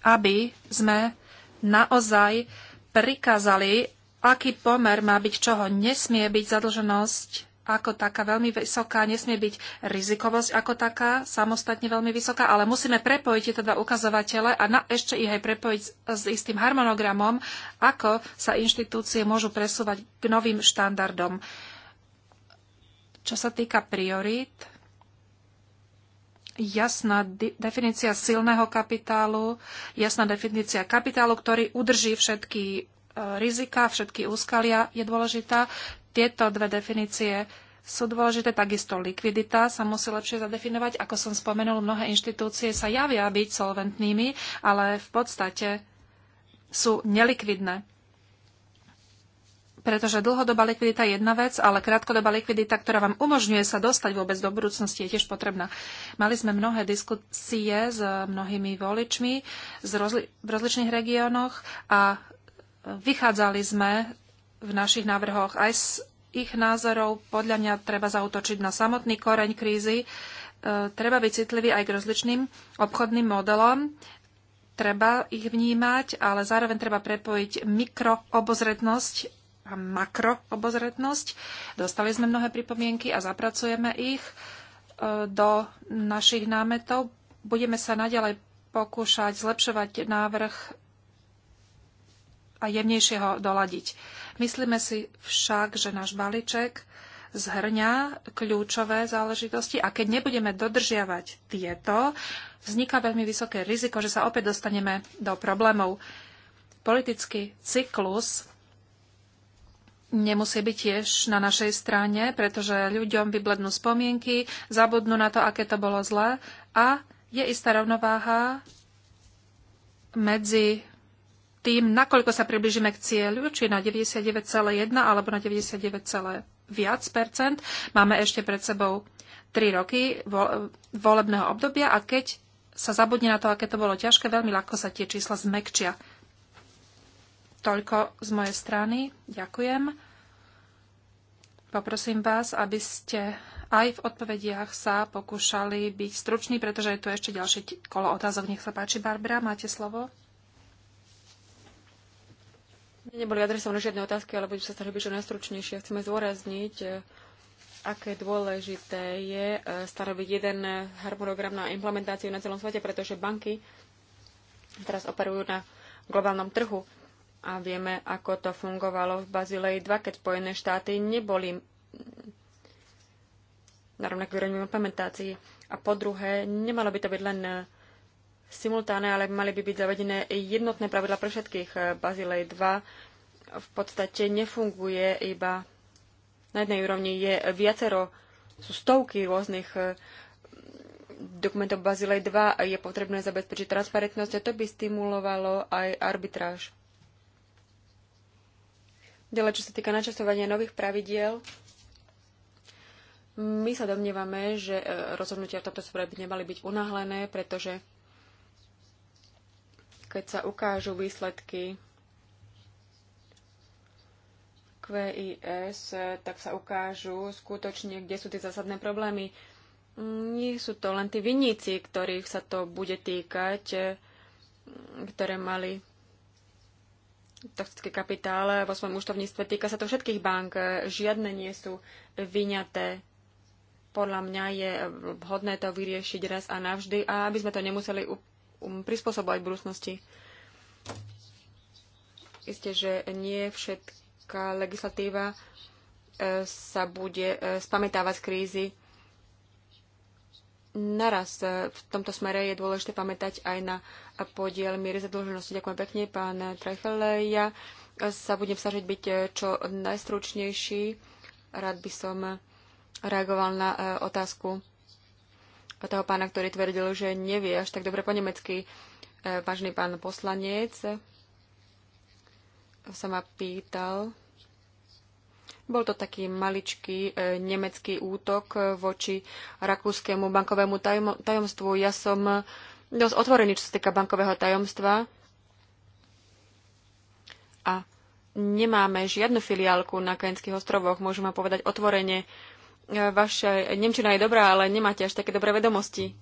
aby sme naozaj prikázali, aký pomer má byť, čoho nesmie byť zadlženosť ako taká veľmi vysoká, nesmie byť rizikovosť ako taká samostatne veľmi vysoká, ale musíme prepojiť tieto dva ukazovatele a na, ešte ich aj prepojiť s, s istým harmonogramom, ako sa inštitúcie môžu presúvať k novým štandardom. Čo sa týka priorít, jasná definícia silného kapitálu, jasná definícia kapitálu, ktorý udrží všetky e, rizika, všetky úskalia je dôležitá. Tieto dve definície sú dôležité, takisto likvidita sa musí lepšie zadefinovať. Ako som spomenul, mnohé inštitúcie sa javia byť solventnými, ale v podstate sú nelikvidné. Pretože dlhodobá likvidita je jedna vec, ale krátkodobá likvidita, ktorá vám umožňuje sa dostať vôbec do budúcnosti, je tiež potrebná. Mali sme mnohé diskusie s mnohými voličmi z rozli- v rozličných regiónoch a vychádzali sme v našich návrhoch aj z ich názorov. Podľa mňa treba zautočiť na samotný koreň krízy. E, treba byť citlivý aj k rozličným obchodným modelom. Treba ich vnímať, ale zároveň treba prepojiť mikroobozretnosť a makroobozretnosť. Dostali sme mnohé pripomienky a zapracujeme ich e, do našich námetov. Budeme sa naďalej pokúšať zlepšovať návrh a jemnejšie ho doladiť. Myslíme si však, že náš balíček zhrňa kľúčové záležitosti a keď nebudeme dodržiavať tieto, vzniká veľmi vysoké riziko, že sa opäť dostaneme do problémov. Politický cyklus nemusí byť tiež na našej strane, pretože ľuďom vyblednú spomienky, zabudnú na to, aké to bolo zlé a je istá rovnováha medzi tým, nakoľko sa približíme k cieľu, či na 99,1 alebo na 99, viac percent. Máme ešte pred sebou 3 roky volebného obdobia a keď sa zabudne na to, aké to bolo ťažké, veľmi ľahko sa tie čísla zmekčia. Toľko z mojej strany. Ďakujem. Poprosím vás, aby ste aj v odpovediach sa pokúšali byť struční, pretože je tu ešte ďalšie kolo otázok. Nech sa páči, Barbara, máte slovo. Neboli adresované žiadne otázky, ale budem sa snažiť byť čo najstručnejšie. Chceme zdôrazniť, e, aké dôležité je e, stanoviť jeden harmonogram na implementáciu na celom svete, pretože banky teraz operujú na globálnom trhu a vieme, ako to fungovalo v Bazilei 2, keď Spojené štáty neboli na rovnaký úrovni implementácii. A po druhé, nemalo by to byť len simultánne ale mali by byť zavedené jednotné pravidla pre všetkých. Bazilej 2 v podstate nefunguje iba na jednej úrovni. Je viacero, sú stovky rôznych eh, dokumentov Bazilej 2 je potrebné zabezpečiť transparentnosť a to by stimulovalo aj arbitráž. Ďalej, čo sa týka načasovania nových pravidiel, my sa domnievame, že eh, rozhodnutia v tomto smere by nemali byť unáhlené, pretože keď sa ukážu výsledky QIS, tak sa ukážu skutočne, kde sú tie zásadné problémy. Nie sú to len tí vinníci, ktorých sa to bude týkať, ktoré mali toxické kapitále vo svojom účtovníctve. Týka sa to všetkých bank. Žiadne nie sú vyňaté. Podľa mňa je vhodné to vyriešiť raz a navždy a aby sme to nemuseli Um, prispôsobovať v budúcnosti. Isté, že nie všetká legislatíva e, sa bude e, spamätávať z krízy. Naraz e, v tomto smere je dôležité pamätať aj na podiel miery zadlženosti. Ďakujem pekne, pán Trechel. Ja sa budem snažiť byť čo najstručnejší. Rád by som reagoval na otázku toho pána, ktorý tvrdil, že nevie až tak dobre po nemecky. E, vážny pán poslanec sa ma pýtal. Bol to taký maličký e, nemecký útok voči rakúskému bankovému tajomstvu. Ja som dosť otvorený, čo sa týka bankového tajomstva. A nemáme žiadnu filiálku na Kajenských ostrovoch, Môžeme povedať otvorene. E, vaša Nemčina je dobrá, ale nemáte až také dobré vedomosti.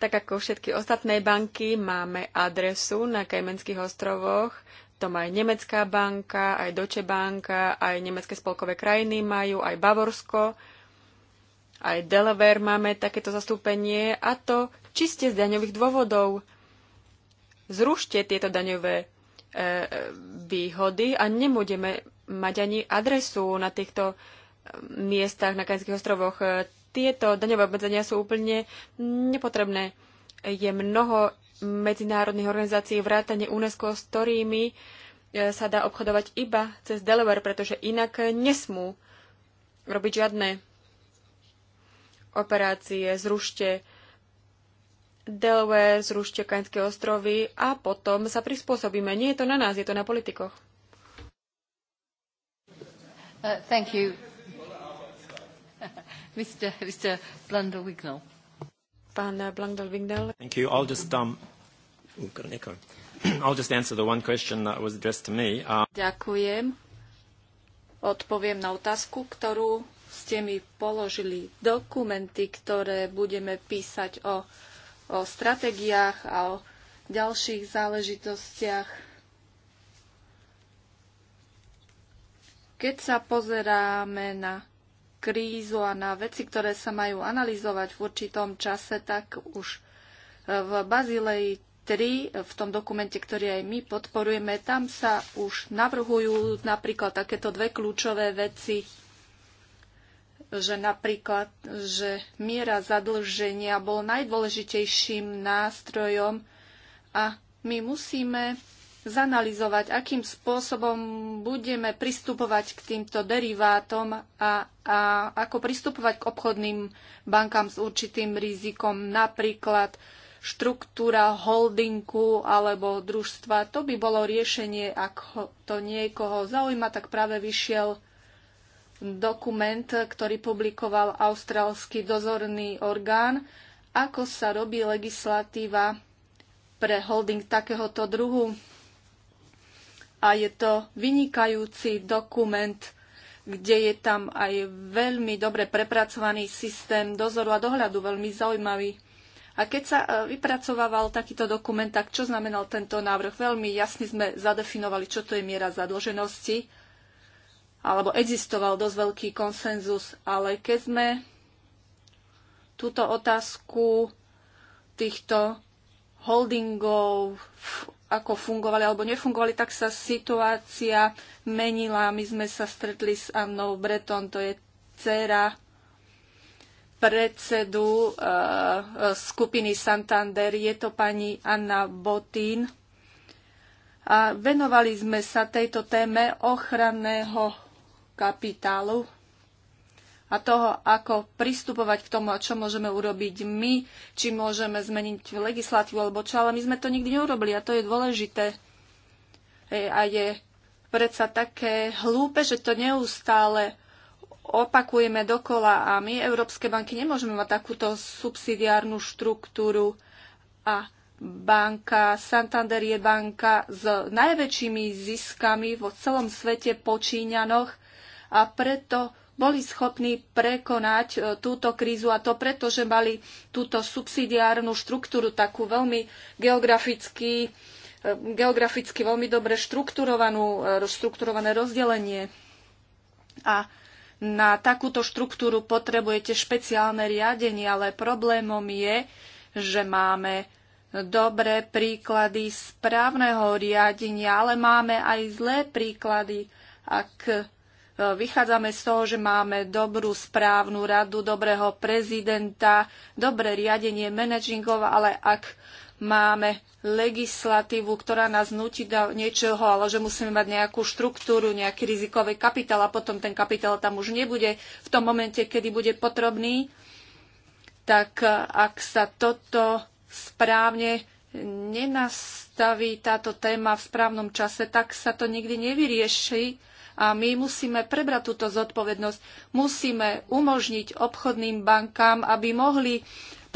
Tak ako všetky ostatné banky, máme adresu na Kajmenských ostrovoch. To má aj Nemecká banka, aj Deutsche banka, aj Nemecké spolkové krajiny majú, aj Bavorsko, aj Delaware máme takéto zastúpenie a to čiste z daňových dôvodov. Zrušte tieto daňové e, e, výhody a nebudeme mať ani adresu na týchto eh, miestach na Kanských ostrovoch. Eh, tieto daňové obmedzenia sú úplne nepotrebné. Je mnoho medzinárodných organizácií vrátane UNESCO, s ktorými eh, sa dá obchodovať iba cez Delaware, pretože inak nesmú robiť žiadne operácie, zrušte Delaware, zrušte Kanské ostrovy a potom sa prispôsobíme. Nie je to na nás, je to na politikoch. Uh, thank you. Mr. Mr. Blundell Thank you. I'll just um, I'll just answer the one question that was addressed to me. Uh, Ďakujem. Odpoviem na otázku, ktorú ste mi položili. Dokumenty, ktoré budeme písať o, o stratégiách a o ďalších záležitostiach Keď sa pozeráme na krízu a na veci, ktoré sa majú analyzovať v určitom čase, tak už e, v Bazilei 3, v tom dokumente, ktorý aj my podporujeme, tam sa už navrhujú napríklad takéto dve kľúčové veci, že napríklad, že miera zadlženia bol najdôležitejším nástrojom a my musíme zanalizovať, akým spôsobom budeme pristupovať k týmto derivátom a, a ako pristupovať k obchodným bankám s určitým rizikom, napríklad štruktúra holdingu alebo družstva. To by bolo riešenie, ak to niekoho zaujíma, tak práve vyšiel dokument, ktorý publikoval austrálsky dozorný orgán, ako sa robí legislatíva pre holding takéhoto druhu a je to vynikajúci dokument, kde je tam aj veľmi dobre prepracovaný systém dozoru a dohľadu, veľmi zaujímavý. A keď sa e, vypracovával takýto dokument, tak čo znamenal tento návrh? Veľmi jasne sme zadefinovali, čo to je miera zadlženosti, alebo existoval dosť veľký konsenzus, ale keď sme túto otázku týchto holdingov v ako fungovali alebo nefungovali, tak sa situácia menila. My sme sa stretli s Annou Breton, to je dcera predsedu eh, skupiny Santander. Je to pani Anna Botín. A venovali sme sa tejto téme ochranného kapitálu a toho, ako pristupovať k tomu, a čo môžeme urobiť my, či môžeme zmeniť legislatívu alebo čo, ale my sme to nikdy neurobili a to je dôležité. Hej, a je predsa také hlúpe, že to neustále opakujeme dokola a my, Európske banky, nemôžeme mať takúto subsidiárnu štruktúru a banka, Santander je banka s najväčšími ziskami vo celom svete počíňanoch a preto boli schopní prekonať e, túto krízu a to preto, že mali túto subsidiárnu štruktúru, takú veľmi geograficky, e, geograficky veľmi dobre štrukturovanú, e, štrukturované rozdelenie. A na takúto štruktúru potrebujete špeciálne riadenie, ale problémom je, že máme dobré príklady správneho riadenia, ale máme aj zlé príklady. Ak Vychádzame z toho, že máme dobrú správnu radu, dobrého prezidenta, dobré riadenie managingov, ale ak máme legislatívu, ktorá nás nutí do niečoho, ale že musíme mať nejakú štruktúru, nejaký rizikový kapitál a potom ten kapitál tam už nebude v tom momente, kedy bude potrebný, tak eh, ak sa toto správne nenastaví táto téma v správnom čase, tak sa to nikdy nevyrieši a my musíme prebrať túto zodpovednosť. Musíme umožniť obchodným bankám, aby mohli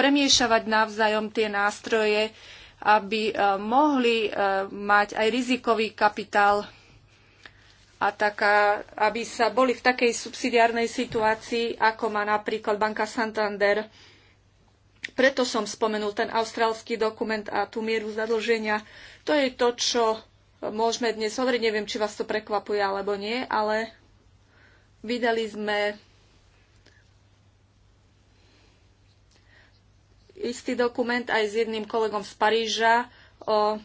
premiešavať navzájom tie nástroje, aby e, mohli e, mať aj rizikový kapitál a taká, aby sa boli v takej subsidiárnej situácii, ako má napríklad banka Santander. Preto som spomenul ten austrálsky dokument a tú mieru zadlženia. To je to, čo môžeme dnes hovoriť. Neviem, či vás to prekvapuje alebo nie, ale vydali sme istý dokument aj s jedným kolegom z Paríža o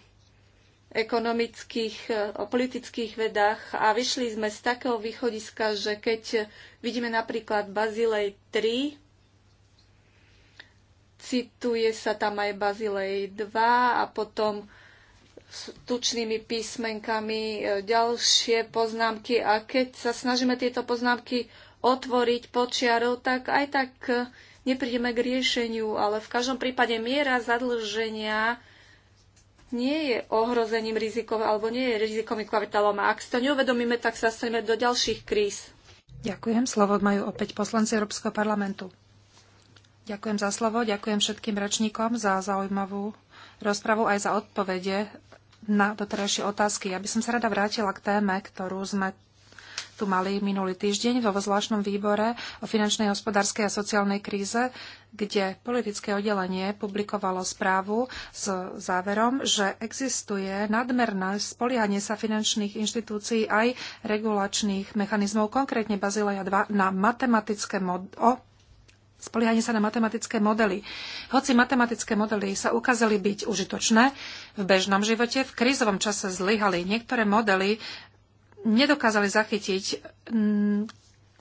ekonomických, o politických vedách a vyšli sme z takého východiska, že keď vidíme napríklad Bazilej 3, cituje sa tam aj Bazilej 2 a potom s tučnými písmenkami, e, ďalšie poznámky a keď sa snažíme tieto poznámky otvoriť počiarov, tak aj tak e, neprídeme k riešeniu, ale v každom prípade miera zadlženia nie je ohrozením rizikov alebo nie je rizikovým kapitálom. A ak si to neuvedomíme, tak sa stojíme do ďalších kríz. Ďakujem. Slovo majú opäť poslanci Európskeho parlamentu. Ďakujem za slovo, ďakujem všetkým rečníkom za zaujímavú rozpravu aj za odpovede na doterajšie otázky. Ja by som sa rada vrátila k téme, ktorú sme tu mali minulý týždeň vo zvláštnom výbore o finančnej, hospodárskej a sociálnej kríze, kde politické oddelenie publikovalo správu s záverom, že existuje nadmerné spoliehanie sa finančných inštitúcií aj regulačných mechanizmov, konkrétne Bazileja 2, na matematické mod- o spoliehanie sa na matematické modely. Hoci matematické modely sa ukázali byť užitočné v bežnom živote, v krízovom čase zlyhali. Niektoré modely nedokázali zachytiť mm,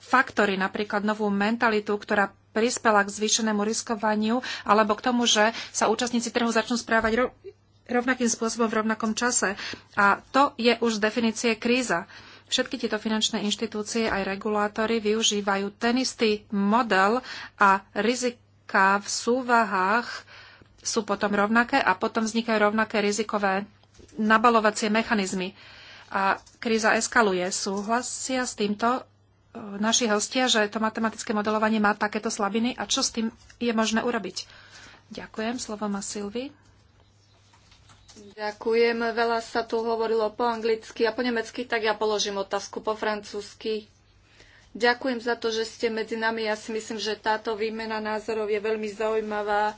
faktory, napríklad novú mentalitu, ktorá prispela k zvýšenému riskovaniu alebo k tomu, že sa účastníci trhu začnú správať rovnakým spôsobom v rovnakom čase. A to je už z definície kríza. Všetky tieto finančné inštitúcie aj regulátory využívajú ten istý model a rizika v súvahách sú potom rovnaké a potom vznikajú rovnaké rizikové nabalovacie mechanizmy. A kríza eskaluje. Súhlasia s týmto e, naši hostia, že to matematické modelovanie má takéto slabiny a čo s tým je možné urobiť? Ďakujem. Slovo má Silvi. Ďakujem. Veľa sa tu hovorilo po anglicky a po nemecky, tak ja položím otázku po francúzsky. Ďakujem za to, že ste medzi nami. Ja si myslím, že táto výmena názorov je veľmi zaujímavá.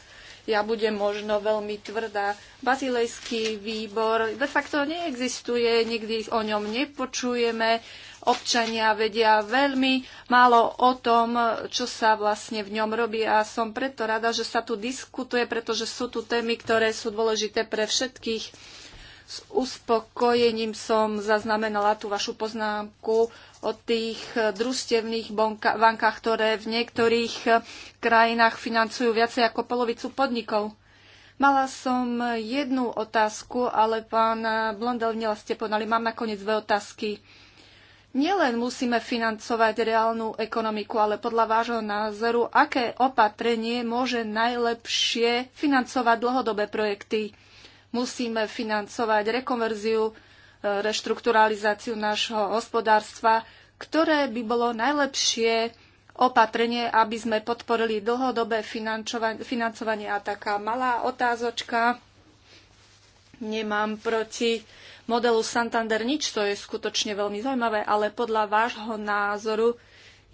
Ja budem možno veľmi tvrdá. Bazilejský výbor de facto neexistuje, nikdy o ňom nepočujeme občania vedia veľmi málo o tom, čo sa vlastne v ňom robí a som preto rada, že sa tu diskutuje, pretože sú tu témy, ktoré sú dôležité pre všetkých. S uspokojením som zaznamenala tú vašu poznámku o tých družstevných bankách, ktoré v niektorých krajinách financujú viacej ako polovicu podnikov. Mala som jednu otázku, ale pán Blondel, ste podali. Mám nakoniec dve otázky. Nielen musíme financovať reálnu ekonomiku, ale podľa vášho názoru, aké opatrenie môže najlepšie financovať dlhodobé projekty? Musíme financovať rekonverziu, e, reštrukturalizáciu nášho hospodárstva, ktoré by bolo najlepšie opatrenie, aby sme podporili dlhodobé financovanie. A taká malá otázočka, nemám proti modelu Santander nič, to je skutočne veľmi zaujímavé, ale podľa vášho názoru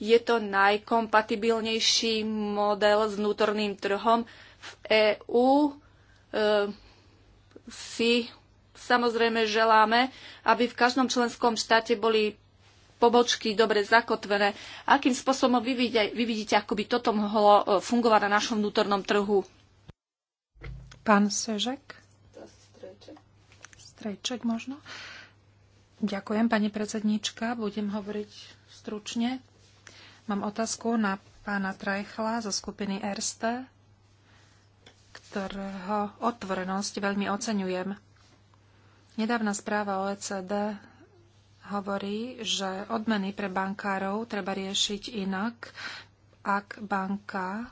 je to najkompatibilnejší model s vnútorným trhom v EÚ. E, si samozrejme želáme, aby v každom členskom štáte boli pobočky dobre zakotvené. Akým spôsobom vy vidíte, vy vidíte ako by toto mohlo e, fungovať na našom vnútornom trhu? Pán Sežek strejček možno. Ďakujem, pani predsednička. Budem hovoriť stručne. Mám otázku na pána Trajchla zo skupiny Erste, ktorého otvorenosť veľmi oceňujem. Nedávna správa OECD hovorí, že odmeny pre bankárov treba riešiť inak, ak banka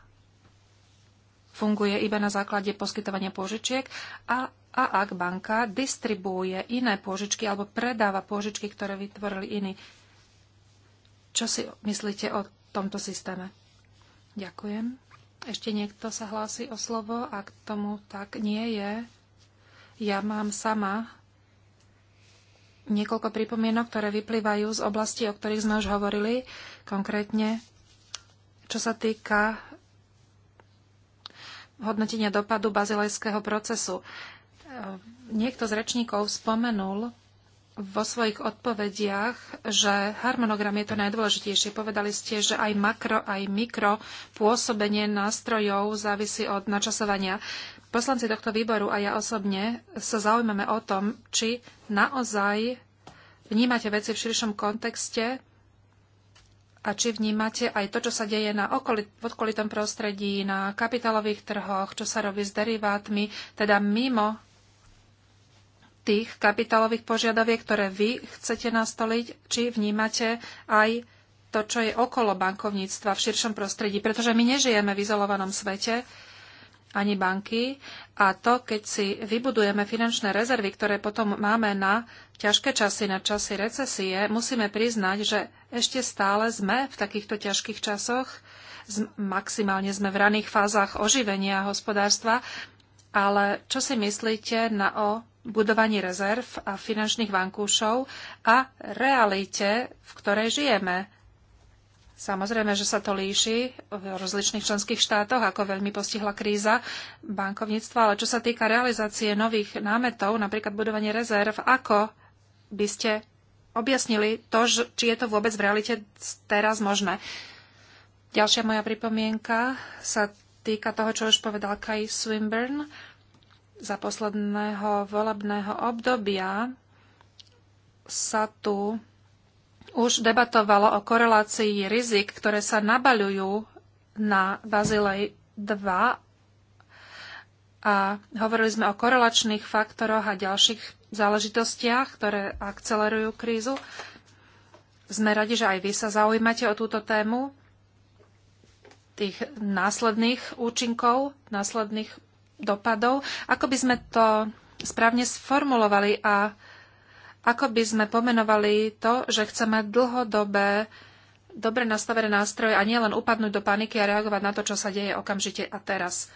funguje iba na základe poskytovania požičiek a a ak banka distribuuje iné pôžičky alebo predáva pôžičky, ktoré vytvorili iní. Čo si myslíte o tomto systéme? Ďakujem. Ešte niekto sa hlási o slovo? k tomu tak nie je, ja mám sama niekoľko pripomienok, ktoré vyplývajú z oblasti, o ktorých sme už hovorili, konkrétne čo sa týka hodnotenia dopadu bazilejského procesu niekto z rečníkov spomenul vo svojich odpovediach, že harmonogram je to najdôležitejšie. Povedali ste, že aj makro, aj mikro pôsobenie nástrojov závisí od načasovania. Poslanci tohto výboru a ja osobne sa zaujímame o tom, či naozaj vnímate veci v širšom kontexte a či vnímate aj to, čo sa deje na okolit- v okolitom prostredí, na kapitálových trhoch, čo sa robí s derivátmi, teda mimo tých kapitálových požiadaviek, ktoré vy chcete nastoliť, či vnímate aj to, čo je okolo bankovníctva v širšom prostredí, pretože my nežijeme v izolovanom svete, ani banky. A to, keď si vybudujeme finančné rezervy, ktoré potom máme na ťažké časy, na časy recesie, musíme priznať, že ešte stále sme v takýchto ťažkých časoch. Maximálne sme v raných fázach oživenia hospodárstva. Ale čo si myslíte na o budovaní rezerv a finančných vankúšov a realite, v ktorej žijeme. Samozrejme, že sa to líši v rozličných členských štátoch, ako veľmi postihla kríza bankovníctva, ale čo sa týka realizácie nových námetov, napríklad budovanie rezerv, ako by ste objasnili to, či je to vôbec v realite teraz možné. Ďalšia moja pripomienka sa týka toho, čo už povedal Kai Swinburne za posledného volebného obdobia sa tu už debatovalo o korelácii rizik, ktoré sa nabaľujú na Bazilej 2 a hovorili sme o korelačných faktoroch a ďalších záležitostiach, ktoré akcelerujú krízu. Sme radi, že aj vy sa zaujímate o túto tému tých následných účinkov, následných dopadov. Ako by sme to správne sformulovali a ako by sme pomenovali to, že chceme dlhodobé, dobre nastavené nástroje a nielen upadnúť do paniky a reagovať na to, čo sa deje okamžite a teraz.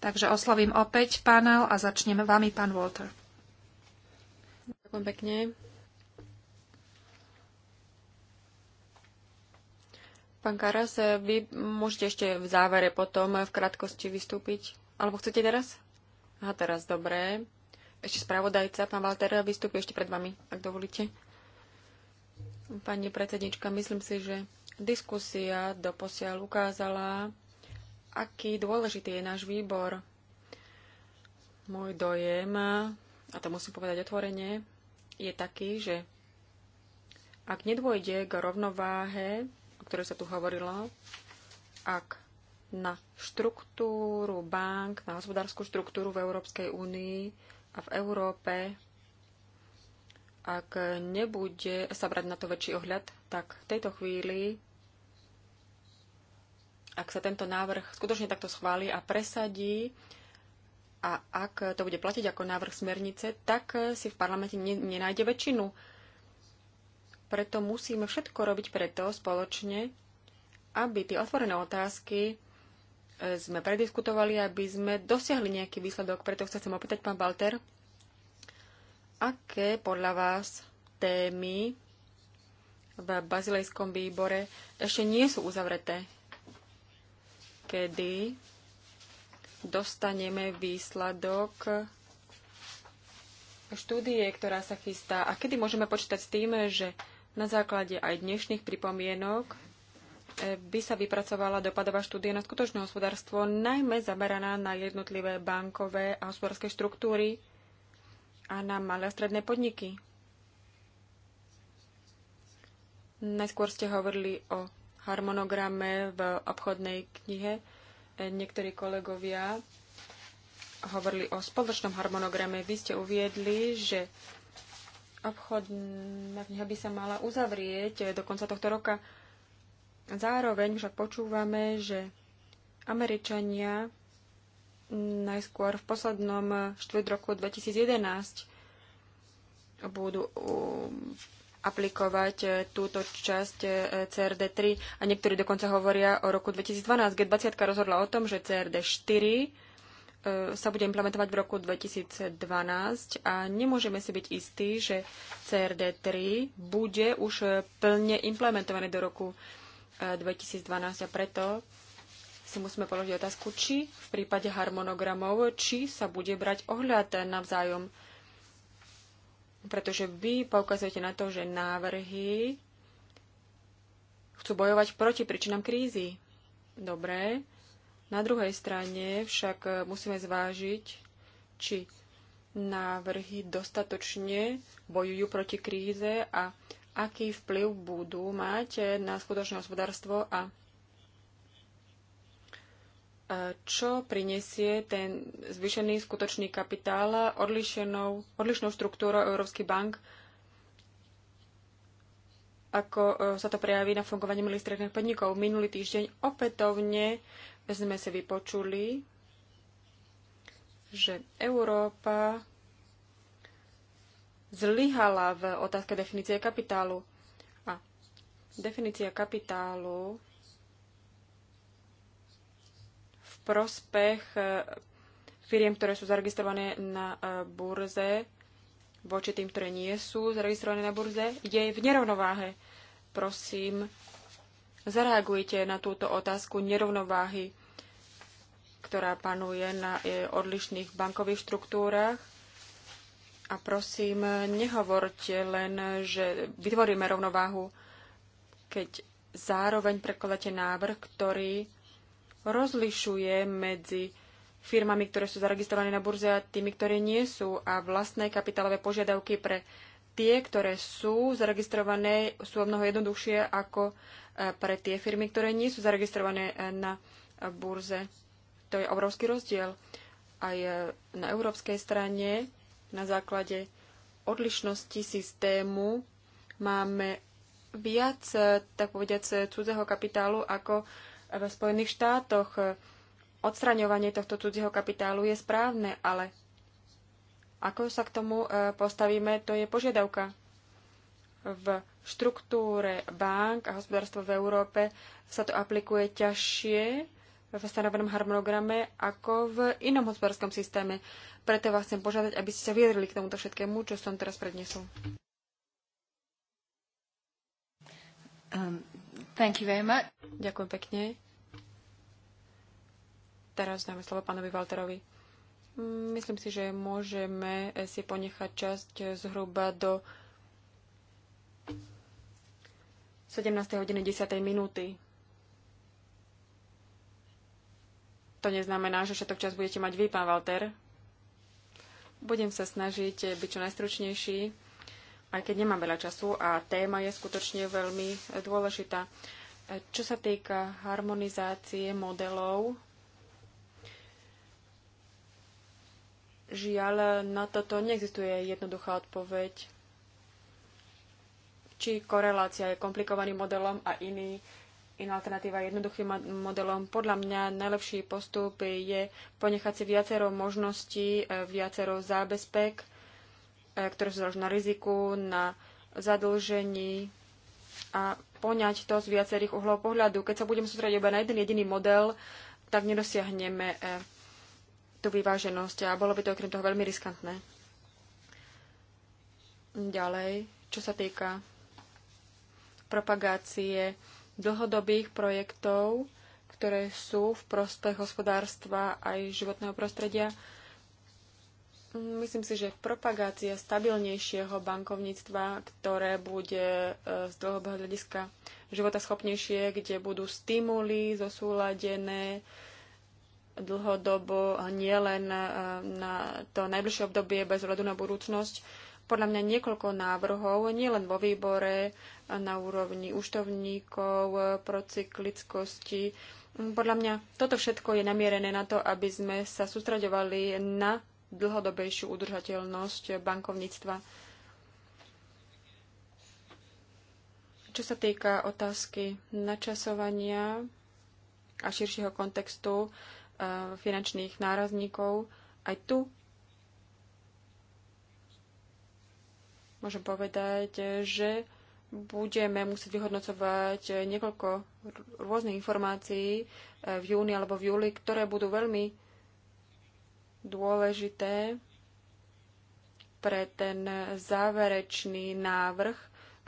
Takže oslovím opäť panel a začneme vami, pán Walter. Ďakujem pekne. Pán Karas, vy môžete ešte v závere potom v krátkosti vystúpiť. Alebo chcete teraz? Aha, teraz, dobré. Ešte spravodajca, pán Walter, vystúpi ešte pred vami, ak dovolíte. Pani predsednička, myslím si, že diskusia doposiaľ ukázala, aký dôležitý je náš výbor. Môj dojem, a to musím povedať otvorene, je taký, že ak nedôjde k rovnováhe o ktorej sa tu hovorilo, ak na štruktúru bank, na hospodárskú štruktúru v Európskej únii a v Európe, ak nebude sa brať na to väčší ohľad, tak v tejto chvíli, ak sa tento návrh skutočne takto schváli a presadí, a ak to bude platiť ako návrh smernice, tak si v parlamente nenájde väčšinu preto musíme všetko robiť preto spoločne, aby tie otvorené otázky e, sme prediskutovali, aby sme dosiahli nejaký výsledok. Preto chcem opýtať, pán Balter, aké podľa vás témy v bazilejskom výbore ešte nie sú uzavreté, kedy dostaneme výsledok štúdie, ktorá sa chystá. A kedy môžeme počítať s tým, že na základe aj dnešných pripomienok eh, by sa vypracovala dopadová štúdia na skutočné hospodárstvo, najmä zameraná na jednotlivé bankové a hospodárske štruktúry a na malé a stredné podniky. Najskôr ste hovorili o harmonograme v obchodnej knihe. Eh, niektorí kolegovia hovorili o spoločnom harmonograme. Vy ste uviedli, že Obchodná kniha by sa mala uzavrieť do konca tohto roka. Zároveň však počúvame, že Američania najskôr v poslednom štvrt roku 2011 budú um, aplikovať e, túto časť e, CRD3 a niektorí dokonca hovoria o roku 2012. G20 rozhodla o tom, že CRD4 E, sa bude implementovať v roku 2012 a nemôžeme si byť istí, že CRD3 bude už plne implementované do roku 2012 e, a preto si musíme položiť otázku, či v prípade harmonogramov, či sa bude brať ohľad navzájom. Pretože vy poukazujete na to, že návrhy chcú bojovať proti príčinám krízy. Dobre, na druhej strane však e, musíme zvážiť, či návrhy dostatočne bojujú proti kríze a aký vplyv budú mať e, na skutočné hospodárstvo a e, čo prinesie ten zvyšený skutočný kapitál odlišenou, odlišnou štruktúrou Európskych bank, ako sa to prejaví na fungovaní malých stredných podnikov. Minulý týždeň opätovne sme si vypočuli, že Európa zlyhala v otázke definície kapitálu. A definícia kapitálu v prospech e, firiem, ktoré sú zaregistrované na e, burze, voči tým, ktoré nie sú zaregistrované na burze, je v nerovnováhe. Prosím, zareagujete na túto otázku nerovnováhy, ktorá panuje na e, odlišných bankových štruktúrach. A prosím, nehovorte len, že vytvoríme rovnováhu, keď zároveň prekladáte návrh, ktorý rozlišuje medzi firmami, ktoré sú zaregistrované na burze a tými, ktoré nie sú a vlastné kapitálové požiadavky pre tie, ktoré sú zaregistrované, sú o mnoho jednoduchšie ako e, pre tie firmy, ktoré nie sú zaregistrované e, na burze. To je obrovský rozdiel. Aj e, na európskej strane na základe odlišnosti systému máme viac, tak povediať, cudzého kapitálu ako v Spojených štátoch. Odstraňovanie tohto cudzieho kapitálu je správne, ale ako sa k tomu e, postavíme, to je požiadavka. V štruktúre bank a hospodárstva v Európe sa to aplikuje ťažšie v stanovenom harmonograme ako v inom hospodárskom systéme. Preto vás chcem požiadať, aby ste sa vyjadrili k tomuto všetkému, čo som teraz prednesol. Um, thank you very much. Ďakujem pekne. Teraz dáme slovo pánovi Walterovi. Myslím si, že môžeme si ponechať časť zhruba do 17. hodiny 10. minúty. To neznamená, že všetok čas budete mať vy, pán Walter. Budem sa snažiť byť čo najstručnejší, aj keď nemám veľa času a téma je skutočne veľmi dôležitá. Čo sa týka harmonizácie modelov, Žiaľ, na toto neexistuje jednoduchá odpoveď. Či korelácia je komplikovaným modelom a iný, iná alternatíva je jednoduchým modelom. Podľa mňa najlepší postup je ponechať si viacero možností, e, viacero zábezpek, e, ktoré sú založené na riziku, na zadlžení a poňať to z viacerých uhlov pohľadu. Keď sa budeme sústrediť iba na jeden jediný model, tak nedosiahneme e, tú vyváženosť a bolo by to okrem toho veľmi riskantné. Ďalej, čo sa týka propagácie dlhodobých projektov, ktoré sú v prospech hospodárstva aj životného prostredia. Myslím si, že propagácia stabilnejšieho bankovníctva, ktoré bude e, z dlhodobého hľadiska života schopnejšie, kde budú stimuly zosúladené dlhodobo, nielen e, na to najbližšie obdobie bez hľadu na budúcnosť. Podľa mňa niekoľko návrhov, nielen vo výbore, na úrovni úštovníkov, e, procyklickosti. Podľa mňa toto všetko je namierené na to, aby sme sa sústraďovali na dlhodobejšiu udržateľnosť bankovníctva. Čo sa týka otázky načasovania a širšieho kontextu, Eh, finančných nárazníkov. Aj tu môžem povedať, že budeme musieť vyhodnocovať niekoľko rôznych informácií eh, v júni alebo v júli, ktoré budú veľmi dôležité pre ten záverečný návrh,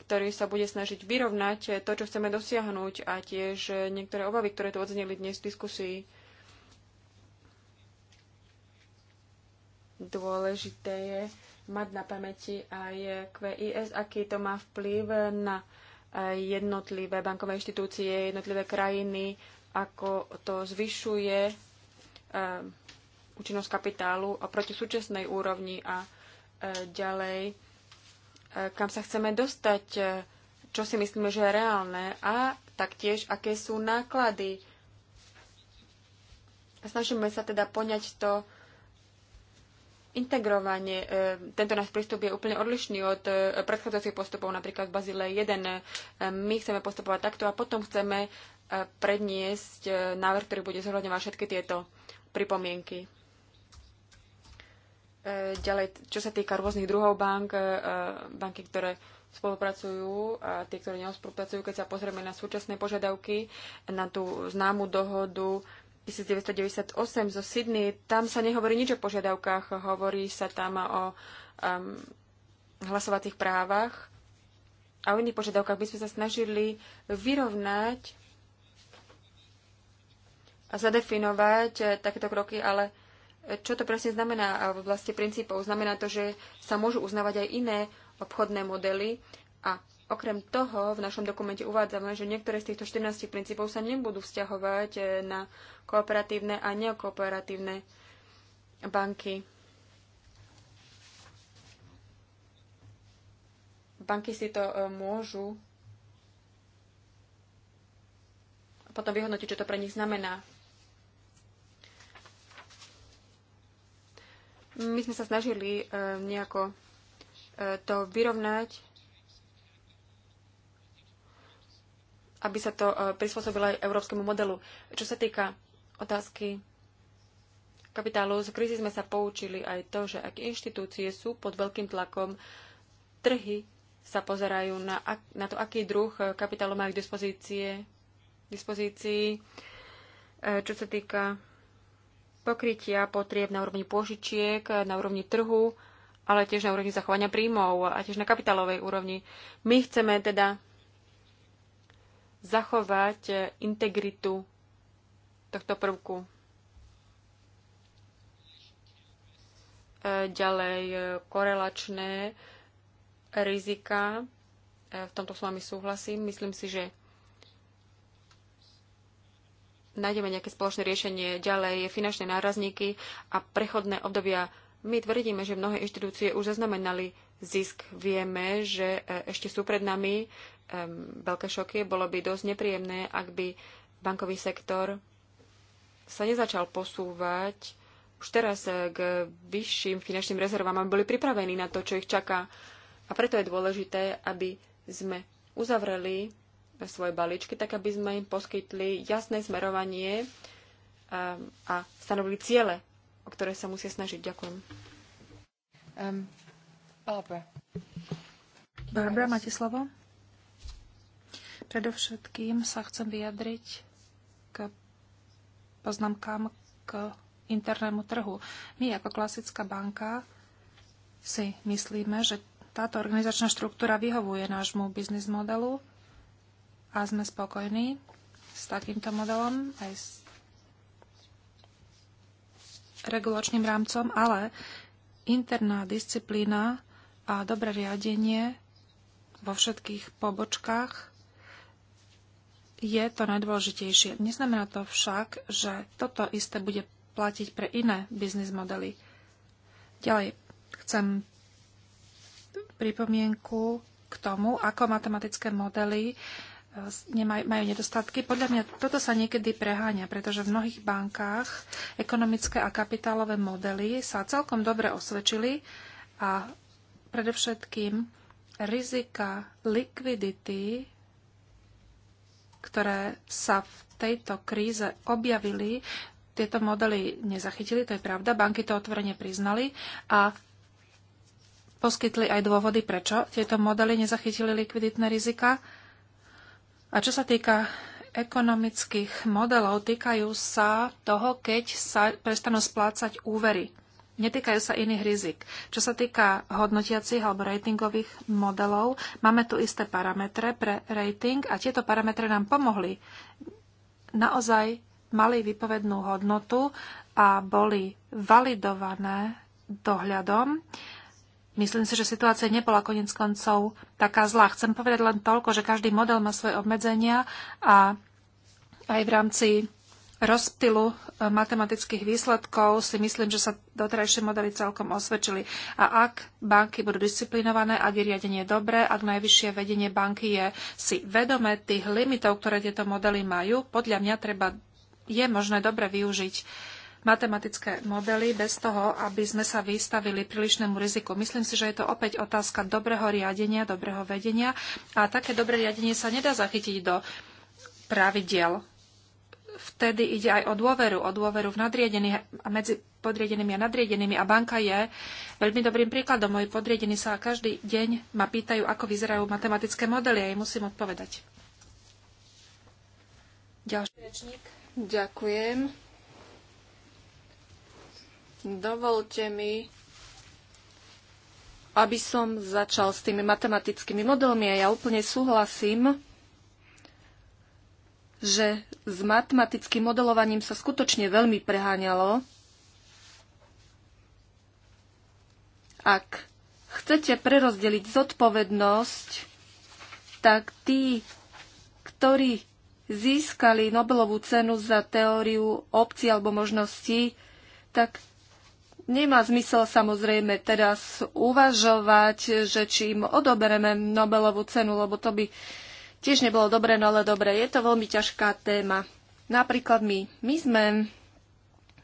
ktorý sa bude snažiť vyrovnať to, čo chceme dosiahnuť a tiež niektoré obavy, ktoré tu odzneli dnes v diskusii. Dôležité je mať na pamäti aj QIS, aký to má vplyv na e, jednotlivé bankové inštitúcie, jednotlivé krajiny, ako to zvyšuje e, účinnosť kapitálu oproti súčasnej úrovni a e, ďalej, kam sa chceme dostať, čo si myslíme, že je reálne a taktiež, aké sú náklady. Snažíme sa teda poňať to integrovanie. E, tento náš prístup je úplne odlišný od e, predchádzajúcich postupov, napríklad v Bazile 1. E, my chceme postupovať takto a potom chceme predniesť návrh, ktorý bude zhľadňovať všetky tieto pripomienky. Ďalej, čo sa týka rôznych druhov bank, banky, ktoré spolupracujú a tie, ktoré spolupracujú, keď sa pozrieme na súčasné požiadavky, na tú známu dohodu 1998 zo Sydney, tam sa nehovorí nič o požiadavkách, hovorí sa tam o um, hlasovacích právach a o iných požiadavkách. My sme sa snažili vyrovnať a zadefinovať eh, takéto kroky, ale eh, čo to presne znamená v oblasti princípov? Znamená to, že sa môžu uznávať aj iné obchodné modely a Okrem toho v našom dokumente uvádzame, že niektoré z týchto 14 princípov sa nebudú vzťahovať e, na kooperatívne a neokooperatívne banky. Banky si to e, môžu potom vyhodnotiť, čo to pre nich znamená. My sme sa snažili e, nejako to vyrovnať aby sa to e, prispôsobilo aj európskemu modelu. Čo sa týka otázky kapitálu, z krízy sme sa poučili aj to, že ak inštitúcie sú pod veľkým tlakom, trhy sa pozerajú na, na to, aký druh e, kapitálu majú k dispozícii, e, čo sa týka pokrytia potrieb na úrovni pôžičiek, na úrovni trhu, ale tiež na úrovni zachovania príjmov a tiež na kapitálovej úrovni. My chceme teda zachovať e, integritu tohto prvku. E, ďalej e, korelačné rizika. V tomto s vami súhlasím. Myslím si, že nájdeme nejaké spoločné riešenie. Ďalej finančné nárazníky a prechodné obdobia. My tvrdíme, že mnohé inštitúcie už zaznamenali zisk. Vieme, že ešte sú pred nami veľké šoky. Bolo by dosť nepríjemné, ak by bankový sektor sa nezačal posúvať už teraz eh, k vyšším finančným rezervám, aby boli pripravení na to, čo ich čaká. A preto je dôležité, aby sme uzavreli svoje balíčky, tak aby sme im poskytli jasné smerovanie a, a stanovili ciele, o ktoré sa musia snažiť. Ďakujem. Um, Barbara. Barbara, máte slovo? Predovšetkým sa chcem vyjadriť k poznámkám k internému trhu. My ako klasická banka si myslíme, že táto organizačná štruktúra vyhovuje nášmu biznis modelu a sme spokojní s takýmto modelom aj s regulačným rámcom, ale interná disciplína a dobré riadenie vo všetkých pobočkách je to najdôležitejšie. Neznamená to však, že toto isté bude platiť pre iné biznis modely. Ďalej chcem pripomienku k tomu, ako matematické modely e, majú nedostatky. Podľa mňa toto sa niekedy preháňa, pretože v mnohých bankách ekonomické a kapitálové modely sa celkom dobre osvedčili a predovšetkým rizika likvidity ktoré sa v tejto kríze objavili, tieto modely nezachytili, to je pravda, banky to otvorene priznali a poskytli aj dôvody, prečo tieto modely nezachytili likviditné rizika. A čo sa týka ekonomických modelov, týkajú sa toho, keď sa prestanú splácať úvery netýkajú sa iných rizik. Čo sa týka hodnotiacich alebo ratingových modelov, máme tu isté parametre pre rating a tieto parametre nám pomohli. Naozaj mali vypovednú hodnotu a boli validované dohľadom. Myslím si, že situácia nebola konec koncov taká zlá. Chcem povedať len toľko, že každý model má svoje obmedzenia a aj v rámci rozptylu e, matematických výsledkov si myslím, že sa doterajšie modely celkom osvedčili. A ak banky budú disciplinované, ak je riadenie dobré, ak najvyššie vedenie banky je si vedomé tých limitov, ktoré tieto modely majú, podľa mňa treba, je možné dobre využiť matematické modely bez toho, aby sme sa vystavili prílišnému riziku. Myslím si, že je to opäť otázka dobrého riadenia, dobrého vedenia a také dobré riadenie sa nedá zachytiť do pravidiel vtedy ide aj o dôveru, o dôveru v nadriedených a medzi podriedenými a nadriedenými. A banka je veľmi dobrým príkladom. Moji podriedení sa každý deň ma pýtajú, ako vyzerajú matematické modely a ja im musím odpovedať. Ďalší rečník. Ďakujem. Dovolte mi, aby som začal s tými matematickými modelmi a ja úplne súhlasím že s matematickým modelovaním sa skutočne veľmi preháňalo. Ak chcete prerozdeliť zodpovednosť, tak tí, ktorí získali Nobelovú cenu za teóriu obci alebo možností, tak nemá zmysel samozrejme teraz uvažovať, že či im odobereme Nobelovú cenu, lebo to by tiež nebolo dobre, no ale dobre, je to veľmi ťažká téma. Napríklad my, my sme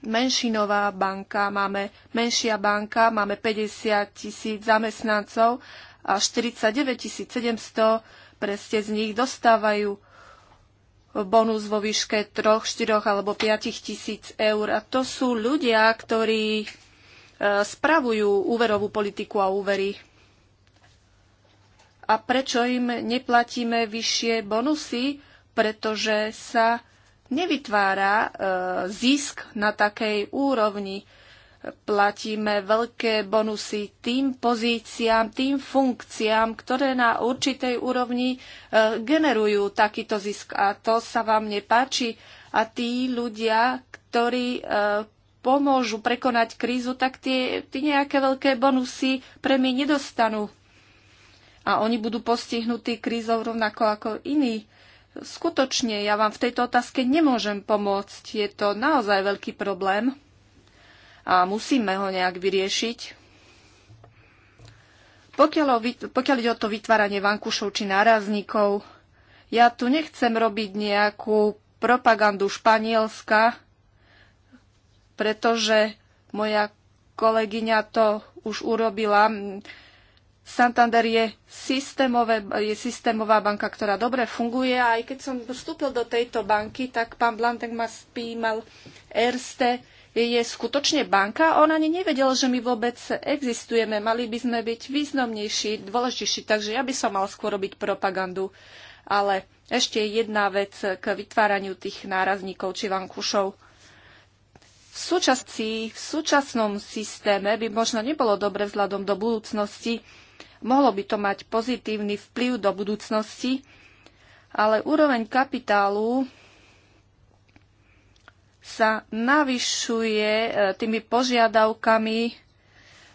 menšinová banka, máme menšia banka, máme 50 tisíc zamestnancov a 49 700 preste z nich dostávajú bonus vo výške 3, 4 alebo 5 tisíc eur. A to sú ľudia, ktorí e, spravujú úverovú politiku a úvery. A prečo im neplatíme vyššie bonusy? Pretože sa nevytvára e, zisk na takej úrovni. Platíme veľké bonusy tým pozíciám, tým funkciám, ktoré na určitej úrovni e, generujú takýto zisk. A to sa vám nepáči. A tí ľudia, ktorí e, pomôžu prekonať krízu, tak tie, tie nejaké veľké bonusy pre mňa nedostanú a oni budú postihnutí krízou rovnako ako iní. Skutočne ja vám v tejto otázke nemôžem pomôcť. Je to naozaj veľký problém a musíme ho nejak vyriešiť. Pokiaľ, o, pokiaľ ide o to vytváranie vankušov či nárazníkov, ja tu nechcem robiť nejakú propagandu Španielska, pretože moja kolegyňa to už urobila. Santander je, systémové, je systémová banka, ktorá dobre funguje a aj keď som vstúpil do tejto banky, tak pán Blantek ma spýmal Erste, je skutočne banka. On ani nevedel, že my vôbec existujeme. Mali by sme byť významnejší, dôležitejší, takže ja by som mal skôr robiť propagandu. Ale ešte jedna vec k vytváraniu tých nárazníkov či vankušov. V, súčasci, v súčasnom systéme by možno nebolo dobre vzhľadom do budúcnosti Mohlo by to mať pozitívny vplyv do budúcnosti, ale úroveň kapitálu sa navyšuje e, tými požiadavkami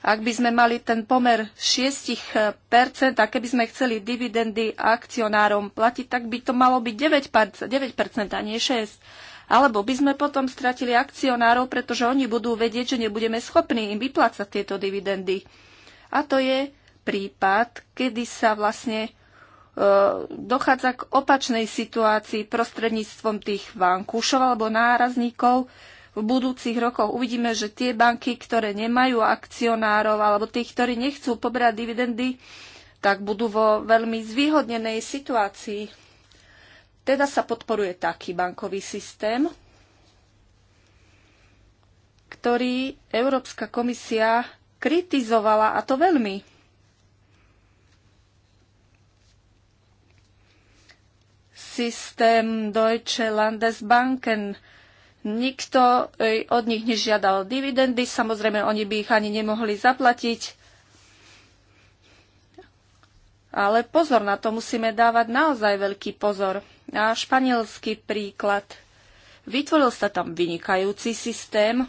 ak by sme mali ten pomer 6% a keby sme chceli dividendy akcionárom platiť, tak by to malo byť 9%, 9% a nie 6%. Alebo by sme potom stratili akcionárov, pretože oni budú vedieť, že nebudeme schopní im vyplácať tieto dividendy. A to je prípad, kedy sa vlastne e, dochádza k opačnej situácii prostredníctvom tých vankúšov alebo nárazníkov. V budúcich rokoch uvidíme, že tie banky, ktoré nemajú akcionárov alebo tých, ktorí nechcú poberať dividendy, tak budú vo veľmi zvýhodnenej situácii. Teda sa podporuje taký bankový systém, ktorý Európska komisia kritizovala a to veľmi systém Deutsche Landesbanken. Nikto e, od nich nežiadal dividendy, samozrejme oni by ich ani nemohli zaplatiť. Ale pozor, na to musíme dávať naozaj veľký pozor. A španielský príklad. Vytvoril sa tam vynikajúci systém,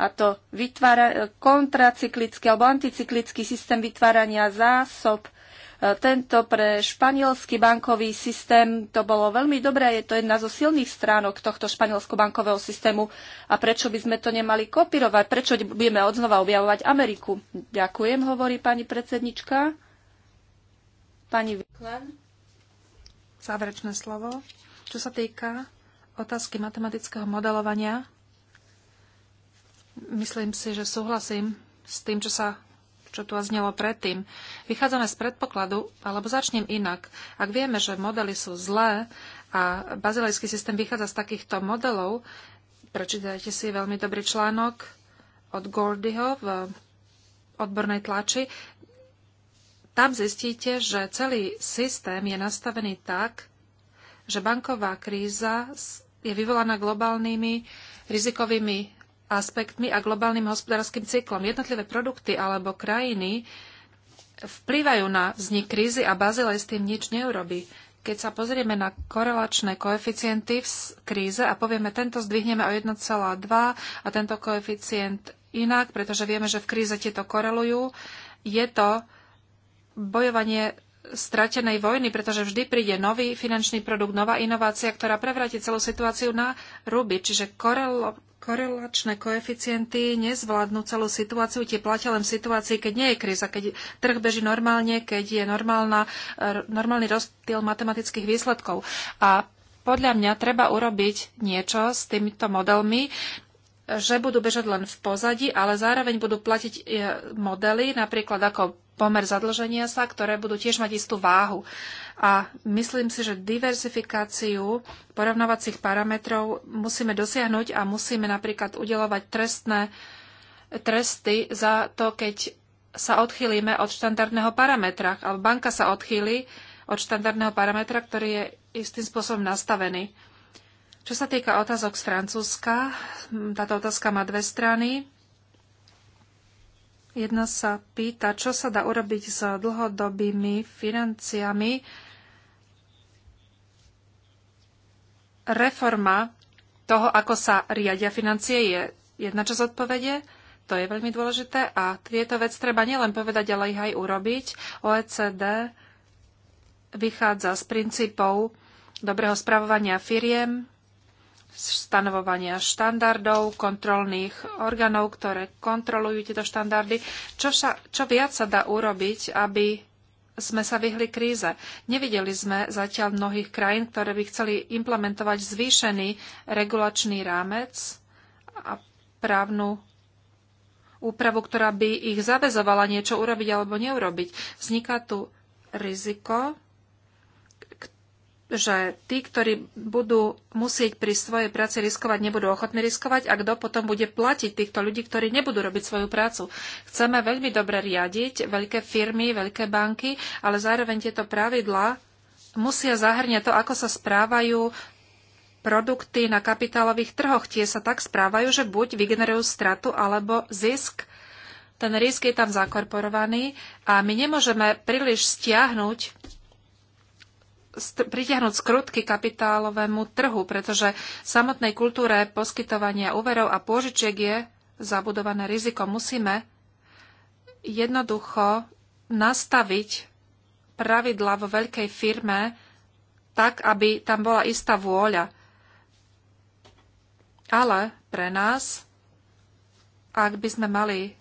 a to vytvára, kontracyklický alebo anticyklický systém vytvárania zásob tento pre španielský bankový systém to bolo veľmi dobré, je to jedna zo silných stránok tohto španielsko-bankového systému a prečo by sme to nemali kopírovať, prečo budeme odznova objavovať Ameriku. Ďakujem, hovorí pani predsednička. Pani Viklen. Záverečné slovo. Čo sa týka otázky matematického modelovania, myslím si, že súhlasím s tým, čo sa čo tu aznelo predtým. Vychádzame z predpokladu, alebo začnem inak. Ak vieme, že modely sú zlé a bazilejský systém vychádza z takýchto modelov, prečítajte si veľmi dobrý článok od Gordyho v odbornej tlači. Tam zistíte, že celý systém je nastavený tak, že banková kríza je vyvolaná globálnymi rizikovými aspektmi a globálnym hospodárskym cyklom. Jednotlivé produkty alebo krajiny vplývajú na vznik krízy a Bazilej s tým nič neurobi. Keď sa pozrieme na korelačné koeficienty v kríze a povieme, tento zdvihneme o 1,2 a tento koeficient inak, pretože vieme, že v kríze tieto korelujú, je to bojovanie stratenej vojny, pretože vždy príde nový finančný produkt, nová inovácia, ktorá prevráti celú situáciu na ruby. Čiže korelo, korelačné koeficienty nezvládnu celú situáciu, tie platia len v situácii, keď nie je kríza, keď trh beží normálne, keď je normálna, normálny rozdiel matematických výsledkov. A podľa mňa treba urobiť niečo s týmito modelmi, že budú bežať len v pozadí, ale zároveň budú platiť e, modely, napríklad ako pomer zadlženia sa, ktoré budú tiež mať istú váhu a myslím si, že diverzifikáciu porovnávacích parametrov musíme dosiahnuť a musíme napríklad udelovať trestné tresty za to, keď sa odchýlime od štandardného parametra, alebo banka sa odchýli od štandardného parametra, ktorý je istým spôsobom nastavený. Čo sa týka otázok z Francúzska, táto otázka má dve strany. Jedna sa pýta, čo sa dá urobiť s dlhodobými financiami, reforma toho, ako sa riadia financie, je jedna časť odpovede. To je veľmi dôležité a tieto vec treba nielen povedať, ale ich aj urobiť. OECD vychádza z princípov dobrého spravovania firiem, stanovovania štandardov, kontrolných orgánov, ktoré kontrolujú tieto štandardy. Čo, vša, čo viac sa dá urobiť, aby sme sa vyhli kríze. Nevideli sme zatiaľ mnohých krajín, ktoré by chceli implementovať zvýšený regulačný rámec a právnu úpravu, ktorá by ich zavezovala niečo urobiť alebo neurobiť. Vzniká tu riziko, že tí, ktorí budú musieť pri svojej práci riskovať, nebudú ochotní riskovať a kto potom bude platiť týchto ľudí, ktorí nebudú robiť svoju prácu. Chceme veľmi dobre riadiť veľké firmy, veľké banky, ale zároveň tieto pravidlá musia zahrňať to, ako sa správajú produkty na kapitálových trhoch. Tie sa tak správajú, že buď vygenerujú stratu alebo zisk. Ten risk je tam zakorporovaný a my nemôžeme príliš stiahnuť pritiahnuť skrutky kapitálovému trhu, pretože v samotnej kultúre poskytovania úverov a pôžičiek je zabudované riziko. Musíme jednoducho nastaviť pravidla vo veľkej firme tak, aby tam bola istá vôľa. Ale pre nás, ak by sme mali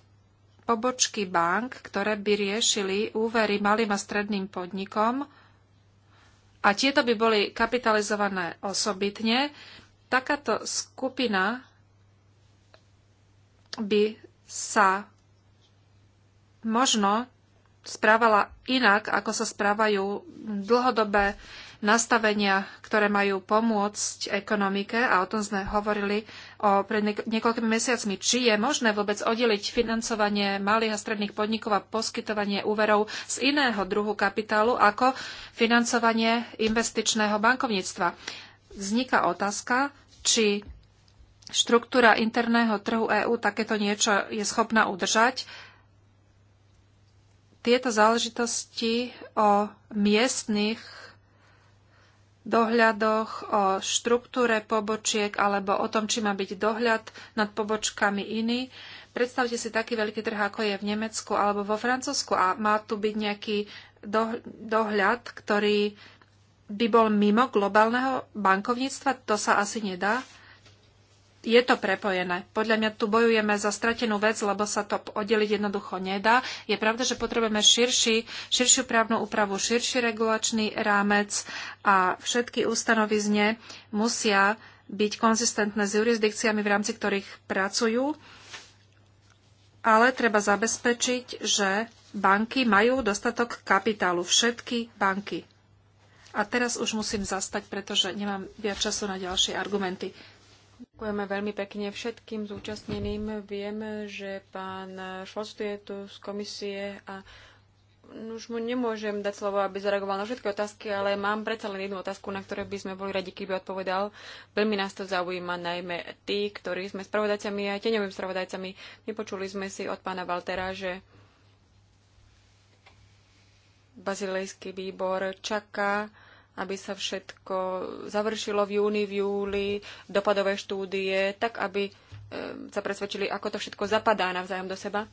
pobočky bank, ktoré by riešili úvery malým a stredným podnikom, a tieto by boli kapitalizované osobitne, takáto skupina by sa možno správala inak, ako sa správajú dlhodobé nastavenia, ktoré majú pomôcť ekonomike, a o tom sme hovorili o, pred niekoľkými mesiacmi, či je možné vôbec oddeliť financovanie malých a stredných podnikov a poskytovanie úverov z iného druhu kapitálu ako financovanie investičného bankovníctva. Vzniká otázka, či štruktúra interného trhu EÚ takéto niečo je schopná udržať. Tieto záležitosti o miestnych dohľadoch, o štruktúre pobočiek alebo o tom, či má byť dohľad nad pobočkami iný. Predstavte si taký veľký trh, ako je v Nemecku alebo vo Francúzsku a má tu byť nejaký dohľad, ktorý by bol mimo globálneho bankovníctva, to sa asi nedá je to prepojené. Podľa mňa tu bojujeme za stratenú vec, lebo sa to oddeliť jednoducho nedá. Je pravda, že potrebujeme širší, širšiu právnu úpravu, širší regulačný rámec a všetky ustanovizne musia byť konzistentné s jurisdikciami, v rámci ktorých pracujú. Ale treba zabezpečiť, že banky majú dostatok kapitálu. Všetky banky. A teraz už musím zastať, pretože nemám viac času na ďalšie argumenty. Ďakujeme veľmi pekne všetkým zúčastneným. Viem, že pán Šolc je tu z komisie a už mu nemôžem dať slovo, aby zareagoval na všetky otázky, ale mám predsa len jednu otázku, na ktoré by sme boli radi, keby odpovedal. Veľmi nás to zaujíma, najmä tí, ktorí sme spravodajcami a teňovými spravodajcami. Vypočuli sme si od pána Valtera, že bazilejský výbor čaká aby sa všetko završilo v júni, v júli, dopadové štúdie, tak aby sa presvedčili, ako to všetko zapadá navzájom do seba.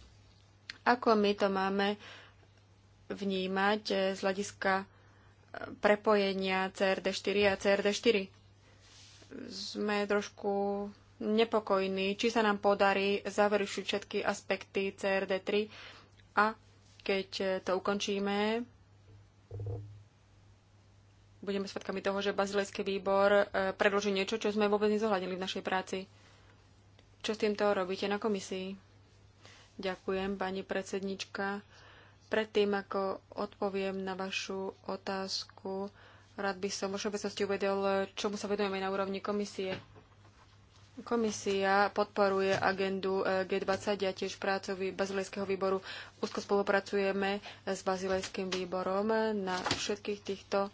Ako my to máme vnímať eh, z hľadiska eh, prepojenia CRD4 a CRD4. Sme trošku nepokojní, či sa nám podarí završiť všetky aspekty CRD3 a keď eh, to ukončíme, budeme svedkami toho, že bazilejský výbor e, predloží niečo, čo sme vôbec nezohľadili v našej práci. Čo s týmto robíte na komisii? Ďakujem, pani predsednička. Predtým, ako odpoviem na vašu otázku, rád by som vo všeobecnosti uvedel, čomu sa vedujeme na úrovni komisie. Komisia podporuje agendu e, G20 a tiež prácu Bazilejského výboru. Úzko spolupracujeme s Bazilejským výborom na všetkých týchto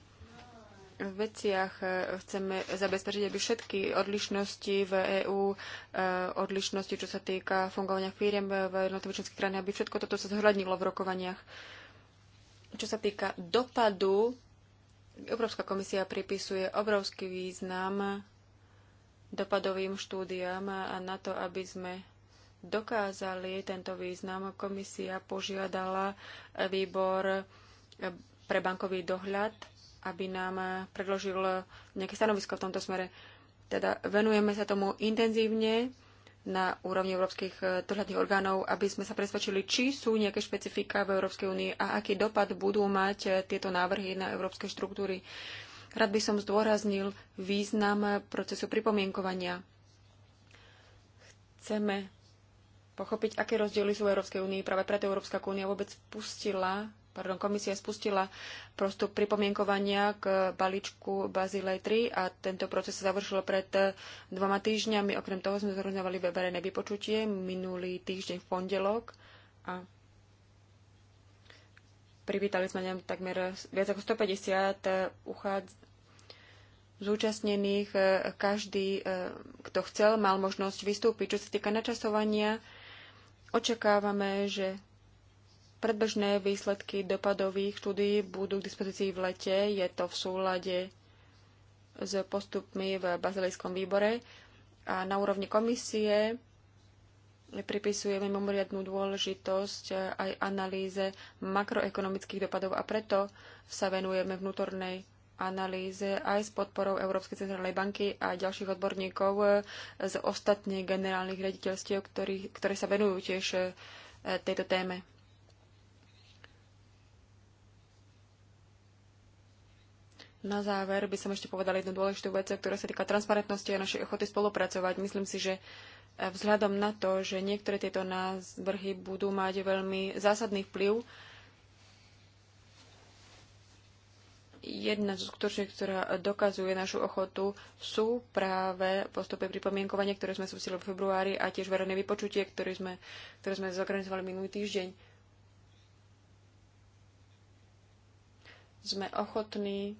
veciach e, chceme zabezpečiť, aby všetky odlišnosti v EÚ, e, odlišnosti, čo sa týka fungovania firiem v jednotlivých členských krajinách, aby všetko toto sa zhľadnilo v rokovaniach. Čo sa týka dopadu, Európska komisia pripisuje obrovský význam dopadovým štúdiám a na to, aby sme dokázali tento význam, komisia požiadala výbor pre bankový dohľad aby nám predložil nejaké stanovisko v tomto smere. Teda venujeme sa tomu intenzívne na úrovni európskych dohľadných eh, orgánov, aby sme sa presvedčili, či sú nejaké špecifika v Európskej únii a aký dopad budú mať eh, tieto návrhy na európske štruktúry. Rád by som zdôraznil význam procesu pripomienkovania. Chceme pochopiť, aké rozdiely sú v Európskej únii. Práve preto Európska únia vôbec pustila pardon, komisia spustila prostup pripomienkovania k balíčku Bazilej 3 a tento proces sa završil pred eh, dvoma týždňami. Okrem toho sme zorganizovali verejné vypočutie minulý týždeň v pondelok a privítali sme nám takmer viac ako 150 eh, uchádz zúčastnených. Eh, každý, kto chcel, mal možnosť vystúpiť. Čo sa týka načasovania, očakávame, že Predbežné výsledky dopadových štúdií budú k dispozícii v lete. Je to v súlade s postupmi v Bazilejskom výbore. A na úrovni komisie pripisujeme mimoriadnú dôležitosť aj analýze makroekonomických dopadov a preto sa venujeme vnútornej analýze aj s podporou Európskej centrálnej banky a ďalších odborníkov z ostatných generálnych rediteľstiev, ktorí, ktoré sa venujú tiež e, tejto téme. Na záver by som ešte povedala jednu dôležitú vec, ktorá sa týka transparentnosti a našej ochoty spolupracovať. Myslím si, že e, vzhľadom na to, že niektoré tieto názvrhy budú mať veľmi zásadný vplyv, jedna z skutočných, ktorá dokazuje našu ochotu, sú práve postupy pripomienkovania, ktoré sme súsili v februári a tiež verejné vypočutie, ktoré sme, ktoré sme zorganizovali minulý týždeň. Sme ochotní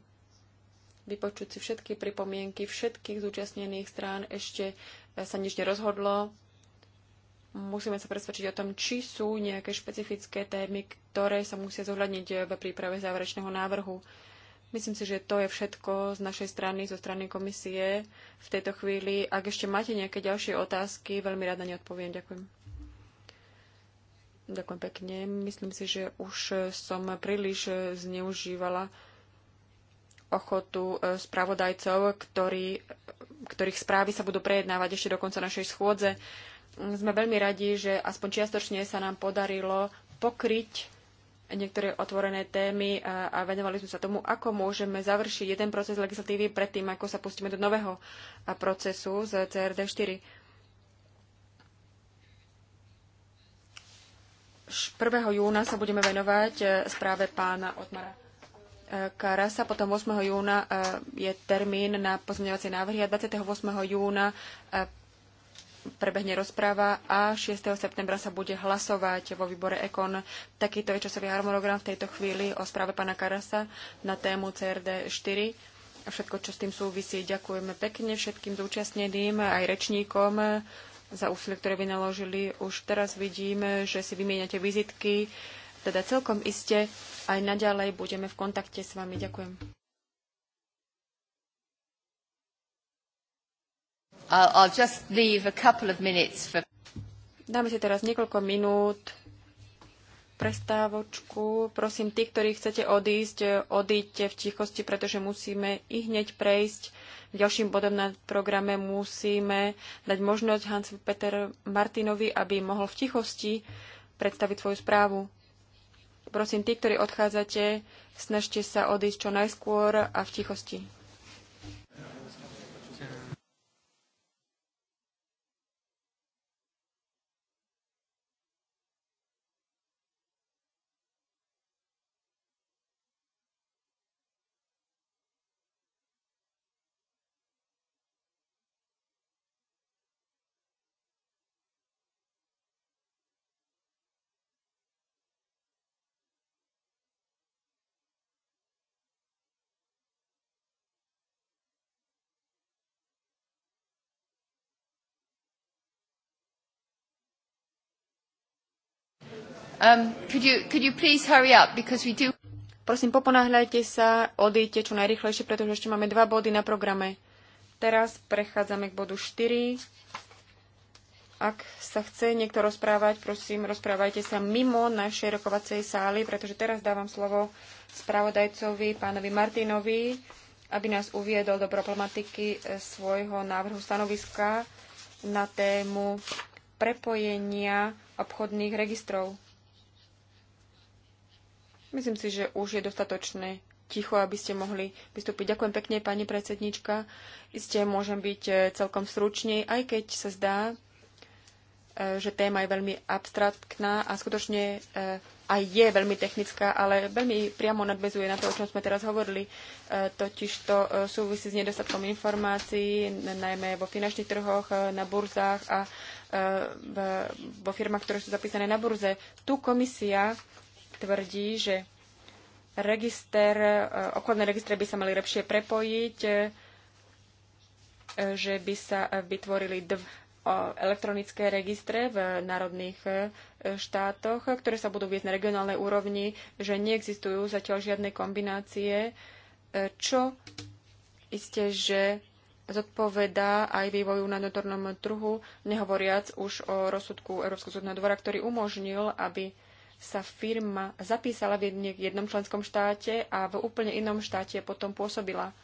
vypočuť si všetky pripomienky všetkých zúčastnených strán. Ešte e, sa nič nerozhodlo. Musíme sa presvedčiť o tom, či sú nejaké špecifické témy, ktoré sa musia zohľadniť e, v príprave záverečného návrhu. Myslím si, že to je všetko z našej strany, zo strany komisie v tejto chvíli. Ak ešte máte nejaké ďalšie otázky, veľmi rada neodpoviem. Ďakujem. Ďakujem pekne. Myslím si, že už som príliš e, zneužívala ochotu e, spravodajcov, ktorí, ktorých správy sa budú prejednávať ešte do konca našej schôdze. Sme veľmi radi, že aspoň čiastočne sa nám podarilo pokryť niektoré otvorené témy a, venovali sme sa tomu, ako môžeme završiť jeden proces legislatívy predtým, ako sa pustíme do nového procesu z CRD 4. 1. júna sa budeme venovať e, správe pána Otmara Karasa. Potom 8. júna e, je termín na pozmeňovacie návrhy a 28. júna e, prebehne rozpráva a 6. septembra sa bude hlasovať vo výbore EKON. Takýto je časový harmonogram v tejto chvíli o správe pána Karasa na tému CRD 4 a všetko, čo s tým súvisí. Ďakujeme pekne všetkým zúčastneným aj rečníkom za úsilie, ktoré vynaložili. Už teraz vidím, že si vymieňate vizitky teda celkom iste aj naďalej budeme v kontakte s vami. Ďakujem. I'll just leave a couple of minutes for... Dáme si teraz niekoľko minút prestávočku. Prosím, tí, ktorí chcete odísť, odíďte v tichosti, pretože musíme i hneď prejsť. Ďalším bodom na programe musíme dať možnosť Hans Peter Martinovi, aby mohol v tichosti predstaviť svoju správu. Prosím, tí, ktorí odchádzate, snažte sa odísť čo najskôr a v tichosti. Um, prosím, poponáhľajte sa, odíte čo najrychlejšie, pretože ešte máme dva body na programe. Teraz prechádzame k bodu 4. Ak sa chce niekto rozprávať, prosím, rozprávajte sa mimo našej rokovacej sály, pretože teraz dávam slovo spravodajcovi, pánovi Martinovi, aby nás uviedol do problematiky eh, svojho návrhu stanoviska na tému prepojenia obchodných registrov. Myslím si, že už je dostatočné ticho, aby ste mohli vystúpiť. Ďakujem pekne, pani predsednička. Isté môžem byť eh, celkom stručný, aj keď sa zdá, eh, že téma je veľmi abstraktná a skutočne eh, aj je veľmi technická, ale veľmi priamo nadvezuje na to, o čom sme teraz hovorili. Totiž to súvisí s nedostatkom informácií, najmä vo finančných trhoch, na burzách a vo firmách, ktoré sú zapísané na burze. Tu komisia tvrdí, že register, e, obchodné registre by sa mali lepšie prepojiť, e, že by sa vytvorili dv, e, elektronické registre v národných štátoch, ktoré sa budú viesť na regionálnej úrovni, že neexistujú zatiaľ žiadne kombinácie, čo isté, že zodpovedá aj vývoju na notornom trhu, nehovoriac už o rozsudku Európskeho súdneho dvora, ktorý umožnil, aby sa firma zapísala v jednom členskom štáte a v úplne inom štáte potom pôsobila.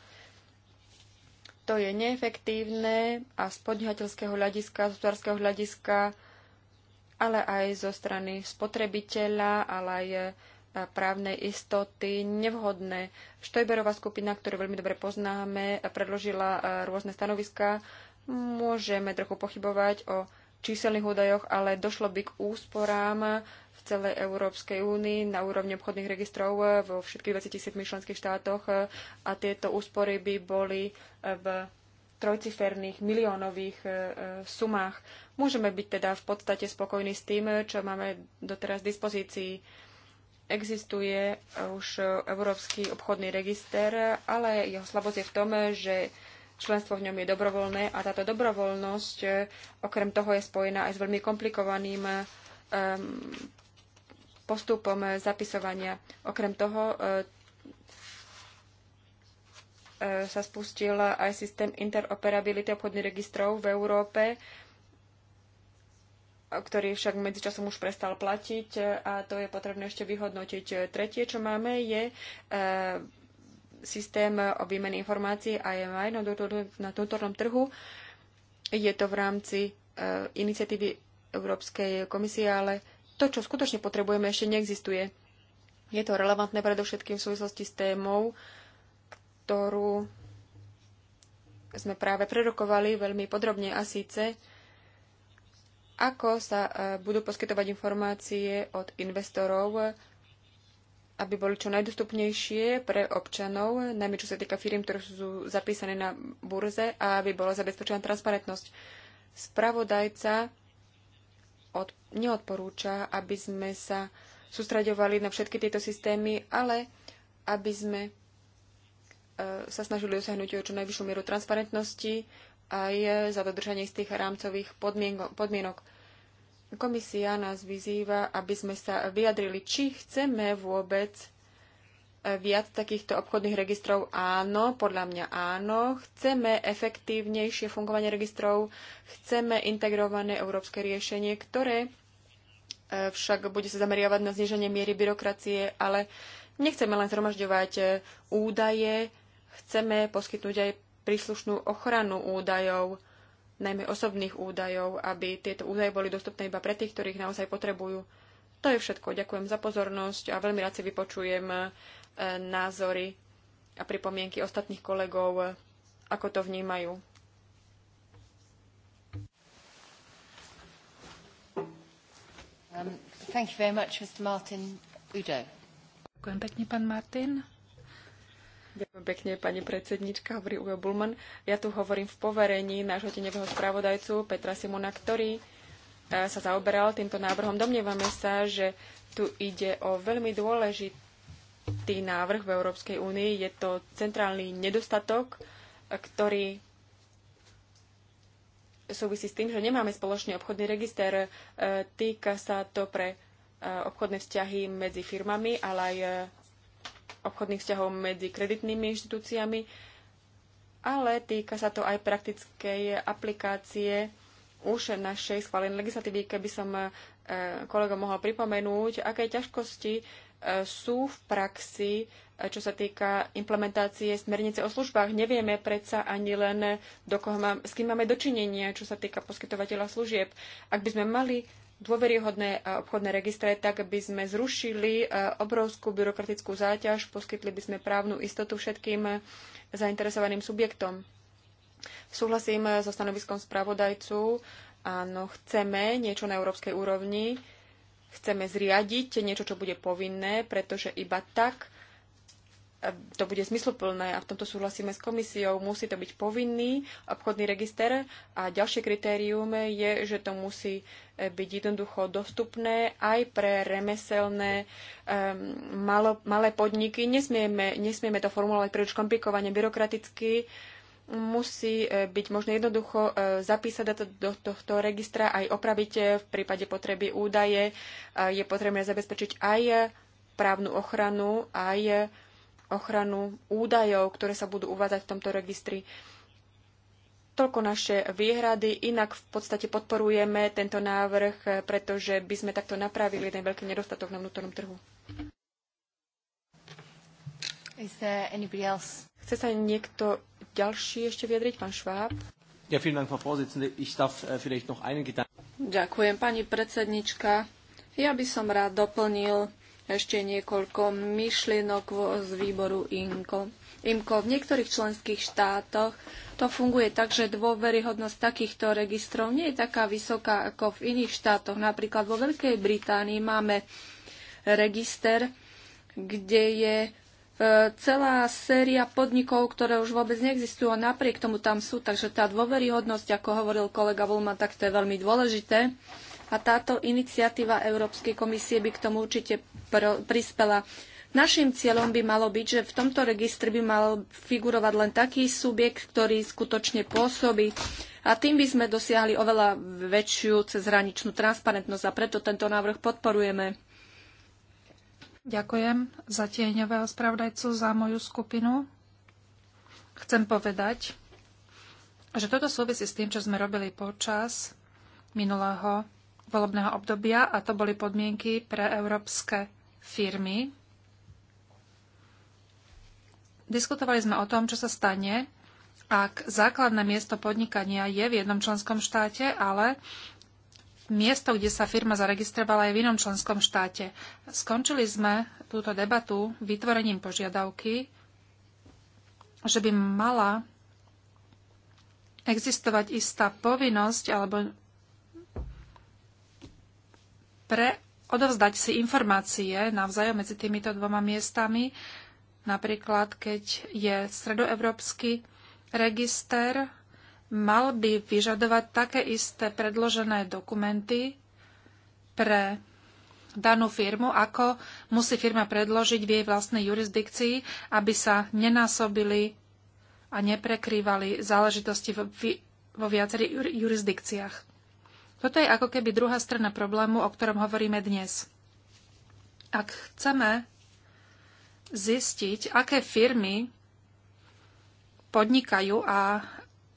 To je neefektívne a z podnikateľského hľadiska, z hospodárskeho hľadiska, ale aj zo strany spotrebiteľa, ale aj e, právnej istoty nevhodné. Štojberová skupina, ktorú veľmi dobre poznáme, predložila e, rôzne stanoviská. Môžeme trochu pochybovať o číselných údajoch, ale došlo by k úsporám celej Európskej únii na úrovni obchodných registrov eh, vo všetkých 27 členských štátoch eh, a tieto úspory by boli eh, v trojciferných miliónových sumách. Môžeme byť teda v podstate spokojní s tým, čo máme doteraz v dispozícii. Existuje už Európsky obchodný register, ale jeho slabosť je v tom, že členstvo v ňom je dobrovoľné a táto dobrovoľnosť okrem toho je spojená aj s veľmi komplikovaným um, postupom e, zapisovania. Okrem toho e, e, sa spustil aj systém interoperability obchodných registrov v Európe, ktorý však medzičasom už prestal platiť a to je potrebné ešte vyhodnotiť. Tretie, čo máme, je systém o výmene informácií IMI na vnútornom trhu. Je to v rámci iniciatívy Európskej komisie, ale to, čo skutočne potrebujeme, ešte neexistuje. Je to relevantné predovšetkým v súvislosti s témou, ktorú sme práve prerokovali veľmi podrobne a síce, ako sa e, budú poskytovať informácie od investorov, aby boli čo najdostupnejšie pre občanov, najmä čo sa týka firm, ktoré sú zapísané na burze a aby bola zabezpečená transparentnosť. Spravodajca od, neodporúča, aby sme sa sústraďovali na všetky tieto systémy, ale aby sme e, sa snažili dosiahnuť o čo najvyššiu mieru transparentnosti aj za dodržanie z tých rámcových podmienok. Komisia nás vyzýva, aby sme sa vyjadrili, či chceme vôbec viac takýchto obchodných registrov? Áno, podľa mňa áno. Chceme efektívnejšie fungovanie registrov, chceme integrované európske riešenie, ktoré e, však bude sa zameriavať na zniženie miery byrokracie, ale nechceme len zhromažďovať e, údaje, chceme poskytnúť aj príslušnú ochranu údajov, najmä osobných údajov, aby tieto údaje boli dostupné iba pre tých, ktorých naozaj potrebujú. To je všetko. Ďakujem za pozornosť a veľmi rád si vypočujem E, názory a pripomienky ostatných kolegov, e, ako to vnímajú. Um, thank you very much, Mr. Martin Udo. Ďakujem pekne, pán Martin. Ďakujem pekne, pani predsednička, hovorí Uwe Bulman. Ja tu hovorím v poverení nášho tenevého spravodajcu Petra Simona, ktorý e, sa zaoberal týmto návrhom. Domnievame sa, že tu ide o veľmi dôležitý tý návrh v Európskej únii. Je to centrálny nedostatok, ktorý súvisí s tým, že nemáme spoločný obchodný register. E, týka sa to pre e, obchodné vzťahy medzi firmami, ale aj e, obchodných vzťahov medzi kreditnými inštitúciami, ale týka sa to aj praktickej aplikácie už našej schválenej legislatívy, keby som kolegom mohol pripomenúť, aké ťažkosti sú v praxi, eh, čo sa týka implementácie smernice o službách. Nevieme predsa ani len, do koho mám, s kým máme dočinenia, čo sa týka poskytovateľa služieb. Ak by sme mali dôveryhodné obchodné registre, tak by sme zrušili eh, obrovskú byrokratickú záťaž, poskytli by sme právnu istotu všetkým eh, zainteresovaným subjektom. Súhlasím so stanoviskom spravodajcu, áno, chceme niečo na európskej úrovni, Chceme zriadiť niečo, čo bude povinné, pretože iba tak eh, to bude zmysluplné a v tomto súhlasíme s komisiou. Musí to byť povinný obchodný register a ďalšie kritérium je, že to musí eh, byť jednoducho dostupné aj pre remeselné um, malo, malé podniky. Nesmieme, nesmieme to formulovať príliš komplikovane, byrokraticky. uh, musí e, byť možné jednoducho e, zapísať do tohto registra aj opraviť e, v prípade potreby údaje. Je potrebné zabezpečiť aj právnu ochranu, aj ochranu údajov, ktoré sa budú uvádzať v tomto registri. Toľko naše výhrady. Inak v podstate podporujeme tento návrh, pretože by sme takto napravili jeden veľký nedostatok na vnútornom trhu. Is there anybody else Chce sa niekto ďalší ešte vyjadriť? Pán Šváb? Ja, vielen Dank, Vorsitzende. Ich darf äh, vielleicht noch einen Gedanken... Ďakujem, pani predsednička. Ja by som rád doplnil ešte niekoľko myšlienok z výboru INKO. IMKO. V niektorých členských štátoch to funguje tak, že dôveryhodnosť takýchto registrov nie je taká vysoká ako v iných štátoch. Napríklad vo Veľkej Británii máme register, kde je E, celá séria podnikov, ktoré už vôbec neexistujú a napriek tomu tam sú. Takže tá dôveryhodnosť, ako hovoril kolega Vulman, tak to je veľmi dôležité. A táto iniciatíva Európskej komisie by k tomu určite prispela. Našim cieľom by malo byť, že v tomto registri by mal figurovať len taký subjekt, ktorý skutočne pôsobí a tým by sme dosiahli oveľa väčšiu cezhraničnú transparentnosť a preto tento návrh podporujeme. Ďakujem za tieňového spravodajcu, za moju skupinu. Chcem povedať, že toto súvisí s tým, čo sme robili počas minulého volebného obdobia a to boli podmienky pre európske firmy. Diskutovali sme o tom, čo sa stane, ak základné miesto podnikania je v jednom členskom štáte, ale miesto, kde sa firma zaregistrovala, je v inom členskom štáte. Skončili sme túto debatu vytvorením požiadavky, že by mala existovať istá povinnosť alebo pre odovzdať si informácie navzájom medzi týmito dvoma miestami. Napríklad, keď je stredoevropský register mal by vyžadovať také isté predložené dokumenty pre danú firmu, ako musí firma predložiť v jej vlastnej jurisdikcii, aby sa nenásobili a neprekrývali záležitosti vo viacerých jurisdikciách. Toto je ako keby druhá strana problému, o ktorom hovoríme dnes. Ak chceme zistiť, aké firmy podnikajú a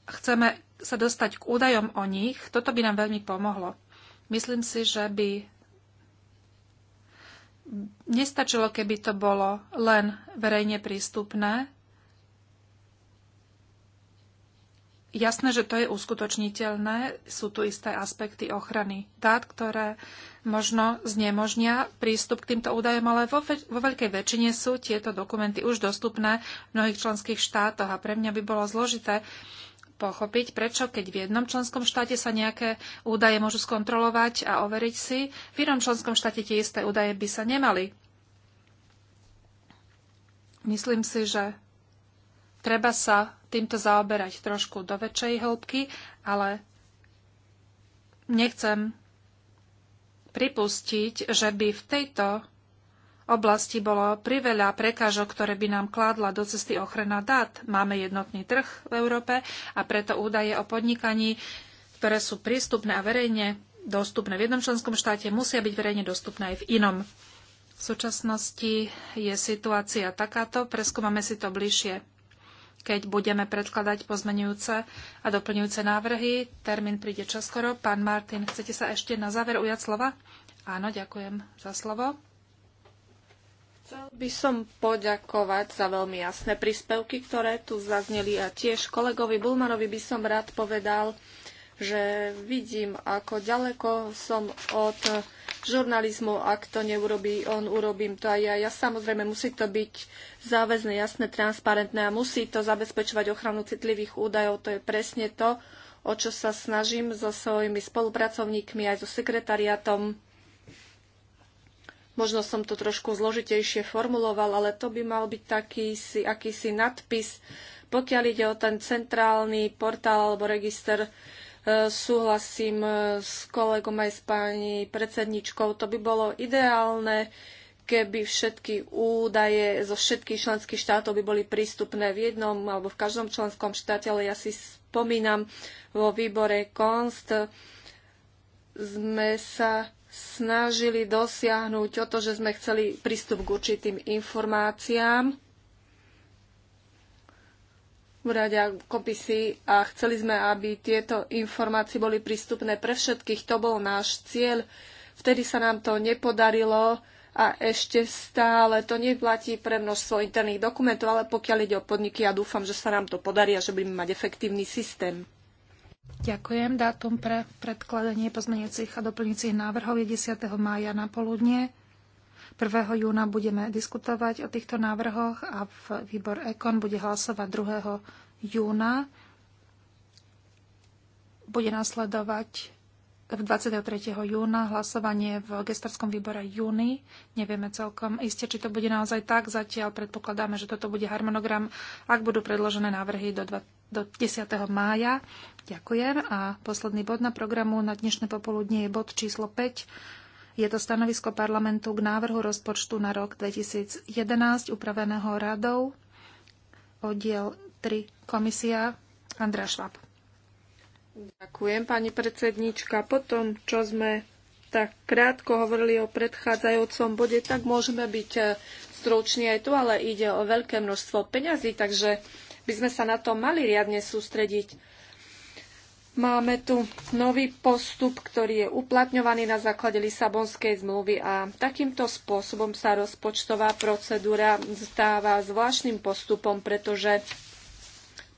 chceme sa dostať k údajom o nich, toto by nám veľmi pomohlo. Myslím si, že by nestačilo, keby to bolo len verejne prístupné. Jasné, že to je uskutočniteľné. Sú tu isté aspekty ochrany dát, ktoré možno znemožnia prístup k týmto údajom, ale vo, vo veľkej väčšine sú tieto dokumenty už dostupné v mnohých členských štátoch a pre mňa by bolo zložité pochopiť, prečo keď v jednom členskom štáte sa nejaké údaje môžu skontrolovať a overiť si, v inom členskom štáte tie isté údaje by sa nemali. Myslím si, že treba sa týmto zaoberať trošku do väčšej hĺbky, ale nechcem pripustiť, že by v tejto oblasti bolo priveľa prekážok, ktoré by nám kládla do cesty ochrana dát. Máme jednotný trh v Európe a preto údaje o podnikaní, ktoré sú prístupné a verejne dostupné v jednom členskom štáte, musia byť verejne dostupné aj v inom. V súčasnosti je situácia takáto, preskúmame si to bližšie. Keď budeme predkladať pozmenujúce a doplňujúce návrhy, termín príde čoskoro. Pán Martin, chcete sa ešte na záver ujať slova? Áno, ďakujem za slovo. Chcel by som poďakovať za veľmi jasné príspevky, ktoré tu zazneli a tiež kolegovi Bulmanovi by som rád povedal, že vidím, ako ďaleko som od žurnalizmu. Ak to neurobí on, urobím to aj ja. ja. Samozrejme, musí to byť záväzne, jasné, transparentné a musí to zabezpečovať ochranu citlivých údajov. To je presne to, o čo sa snažím so svojimi spolupracovníkmi aj so sekretariatom Možno som to trošku zložitejšie formuloval, ale to by mal byť taký si, akýsi nadpis. Pokiaľ ide o ten centrálny portál alebo register, e, súhlasím e, s kolegom aj s pani predsedničkou. To by bolo ideálne, keby všetky údaje zo všetkých členských štátov by boli prístupné v jednom alebo v každom členskom štáte, ale ja si spomínam vo výbore KONST sme sa snažili dosiahnuť o to, že sme chceli prístup k určitým informáciám v rade a a chceli sme, aby tieto informácie boli prístupné pre všetkých. To bol náš cieľ. Vtedy sa nám to nepodarilo a ešte stále to neplatí pre množstvo interných dokumentov, ale pokiaľ ide o podniky, ja dúfam, že sa nám to podarí a že budeme mať efektívny systém. Ďakujem. Dátum pre predkladanie pozmeniacich a doplňujúcich návrhov je 10. mája na poludne. 1. júna budeme diskutovať o týchto návrhoch a v výbor EKON bude hlasovať 2. júna. Bude nasledovať 23. júna, hlasovanie v gestorskom výbore júni. Nevieme celkom iste, či to bude naozaj tak. Zatiaľ predpokladáme, že toto bude harmonogram, ak budú predložené návrhy do, 20, do 10. mája. Ďakujem. A posledný bod na programu na dnešné popoludne je bod číslo 5. Je to stanovisko parlamentu k návrhu rozpočtu na rok 2011 upraveného radou oddiel 3 komisia Andrá Švab. Ďakujem, pani predsednička. Po tom, čo sme tak krátko hovorili o predchádzajúcom bode, tak môžeme byť eh, stručne aj tu, ale ide o veľké množstvo peňazí, takže by sme sa na to mali riadne sústrediť. Máme tu nový postup, ktorý je uplatňovaný na základe Lisabonskej zmluvy a takýmto spôsobom sa rozpočtová procedúra stáva zvláštnym postupom, pretože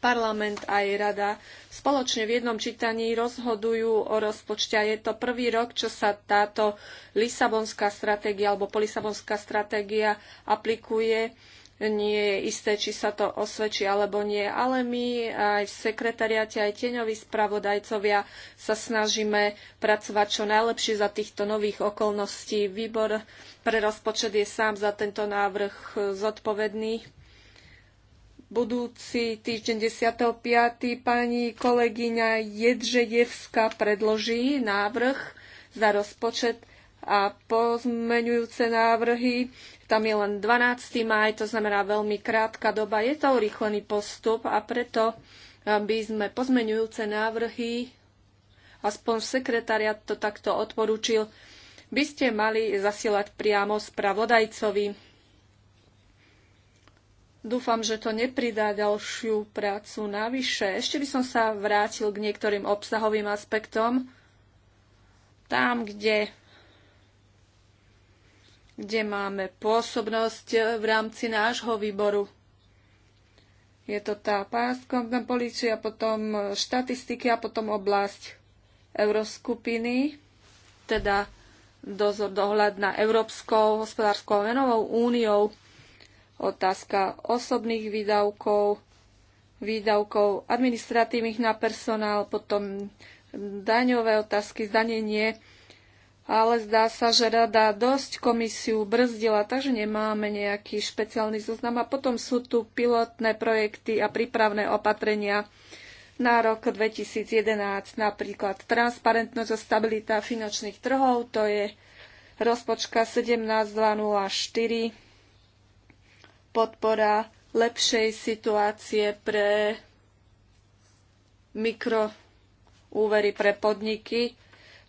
parlament aj rada spoločne v jednom čítaní rozhodujú o rozpočte a je to prvý rok, čo sa táto Lisabonská stratégia alebo polisabonská stratégia aplikuje. Nie je isté, či sa to osvedčí alebo nie, ale my aj v sekretariate, aj tieňoví spravodajcovia sa snažíme pracovať čo najlepšie za týchto nových okolností. Výbor pre rozpočet je sám za tento návrh zodpovedný Budúci týždeň 10.5. pani kolegyňa Jedžedevská predloží návrh za rozpočet a pozmeňujúce návrhy. Tam je len 12. maj, to znamená veľmi krátka doba. Je to urýchlený postup a preto by sme pozmeňujúce návrhy, aspoň sekretariat to takto odporúčil, by ste mali zasielať priamo spravodajcovi Dúfam, že to nepridá ďalšiu prácu navyše. Ešte by som sa vrátil k niektorým obsahovým aspektom. Tam, kde, kde máme pôsobnosť v rámci nášho výboru. Je to tá páskomná policia, potom štatistiky a potom oblasť euroskupiny, teda dozor dohľad na Európskou hospodárskou menovou úniou otázka osobných výdavkov, výdavkov administratívnych na personál, potom daňové otázky, zdanenie, ale zdá sa, že rada dosť komisiu brzdila, takže nemáme nejaký špeciálny zoznam. A potom sú tu pilotné projekty a prípravné opatrenia na rok 2011, napríklad transparentnosť a stabilita finančných trhov, to je rozpočka 17204 podpora lepšej situácie pre mikroúvery pre podniky.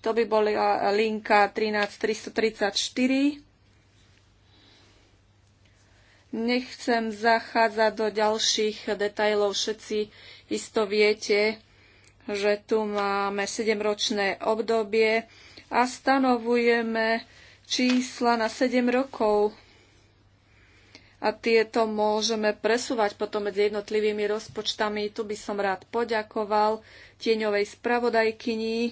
To by bola linka 13334. Nechcem zachádzať do ďalších detajlov. Všetci isto viete, že tu máme 7-ročné obdobie a stanovujeme čísla na 7 rokov a tieto môžeme presúvať potom medzi jednotlivými rozpočtami. Tu by som rád poďakoval tieňovej spravodajkyni,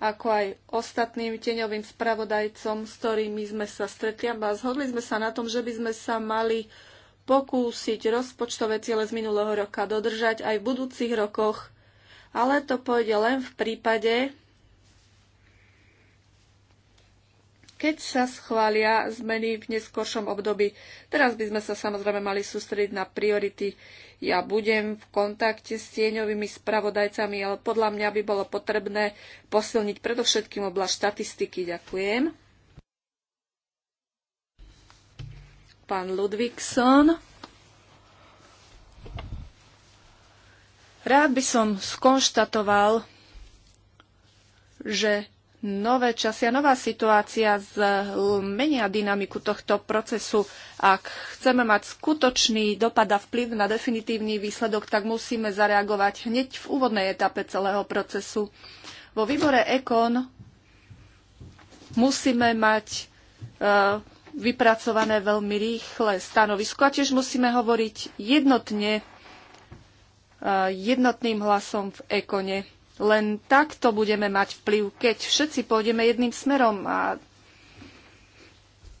ako aj ostatným tieňovým spravodajcom, s ktorými sme sa stretli a zhodli sme sa na tom, že by sme sa mali pokúsiť rozpočtové ciele z minulého roka dodržať aj v budúcich rokoch, ale to pôjde len v prípade, keď sa schvália zmeny v neskoršom období. Teraz by sme sa samozrejme mali sústrediť na priority. Ja budem v kontakte s tieňovými spravodajcami, ale podľa mňa by bolo potrebné posilniť predovšetkým oblasť štatistiky. Ďakujem. Pán Ludvíkson. Rád by som skonštatoval, že nové časy a nová situácia zmenia dynamiku tohto procesu. Ak chceme mať skutočný dopad a vplyv na definitívny výsledok, tak musíme zareagovať hneď v úvodnej etape celého procesu. Vo výbore EKON musíme mať e, vypracované veľmi rýchle stanovisko a tiež musíme hovoriť jednotne, e, jednotným hlasom v ekone len takto budeme mať vplyv, keď všetci pôjdeme jedným smerom a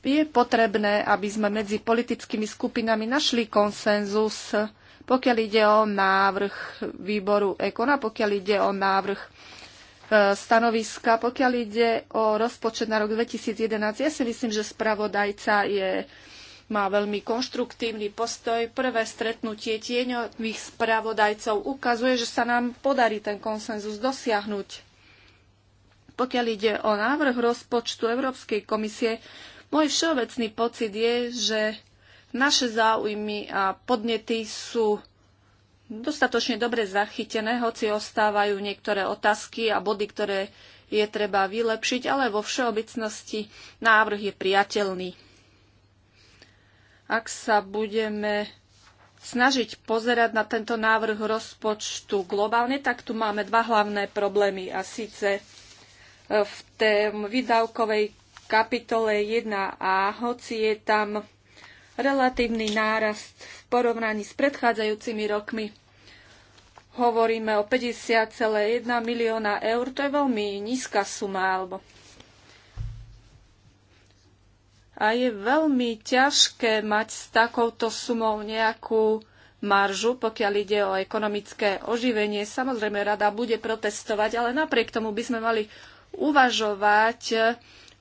je potrebné, aby sme medzi politickými skupinami našli konsenzus, pokiaľ ide o návrh výboru Ekona, pokiaľ ide o návrh e, stanoviska, pokiaľ ide o rozpočet na rok 2011. Ja si myslím, že spravodajca je má veľmi konštruktívny postoj. Prvé stretnutie tieňových spravodajcov ukazuje, že sa nám podarí ten konsenzus dosiahnuť. Pokiaľ ide o návrh rozpočtu Európskej komisie, môj všeobecný pocit je, že naše záujmy a podnety sú dostatočne dobre zachytené, hoci ostávajú niektoré otázky a body, ktoré je treba vylepšiť, ale vo všeobecnosti návrh je priateľný ak sa budeme snažiť pozerať na tento návrh rozpočtu globálne, tak tu máme dva hlavné problémy. A síce e, v tej výdavkovej kapitole 1a, hoci je tam relatívny nárast v porovnaní s predchádzajúcimi rokmi, hovoríme o 50,1 milióna eur, to je veľmi nízka suma, alebo a je veľmi ťažké mať s takouto sumou nejakú maržu, pokiaľ ide o ekonomické oživenie. Samozrejme, rada bude protestovať, ale napriek tomu by sme mali uvažovať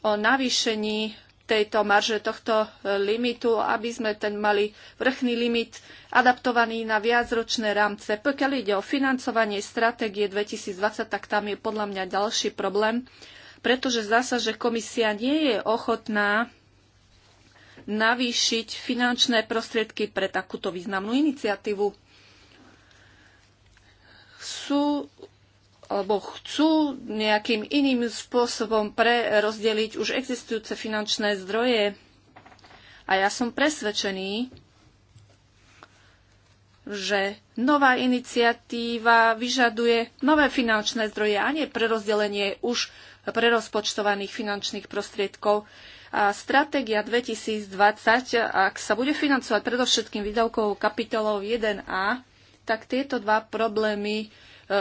o navýšení tejto marže, tohto e, limitu, aby sme ten mali vrchný limit adaptovaný na viacročné rámce. Pokiaľ ide o financovanie stratégie 2020, tak tam je podľa mňa ďalší problém, pretože zasa, že komisia nie je ochotná navýšiť finančné prostriedky pre takúto významnú iniciatívu. Sú alebo chcú nejakým iným spôsobom prerozdeliť už existujúce finančné zdroje. A ja som presvedčený, že nová iniciatíva vyžaduje nové finančné zdroje a nie prerozdelenie už prerozpočtovaných finančných prostriedkov. A stratégia 2020, ak sa bude financovať predovšetkým výdavkou kapitolov 1a, tak tieto dva problémy e,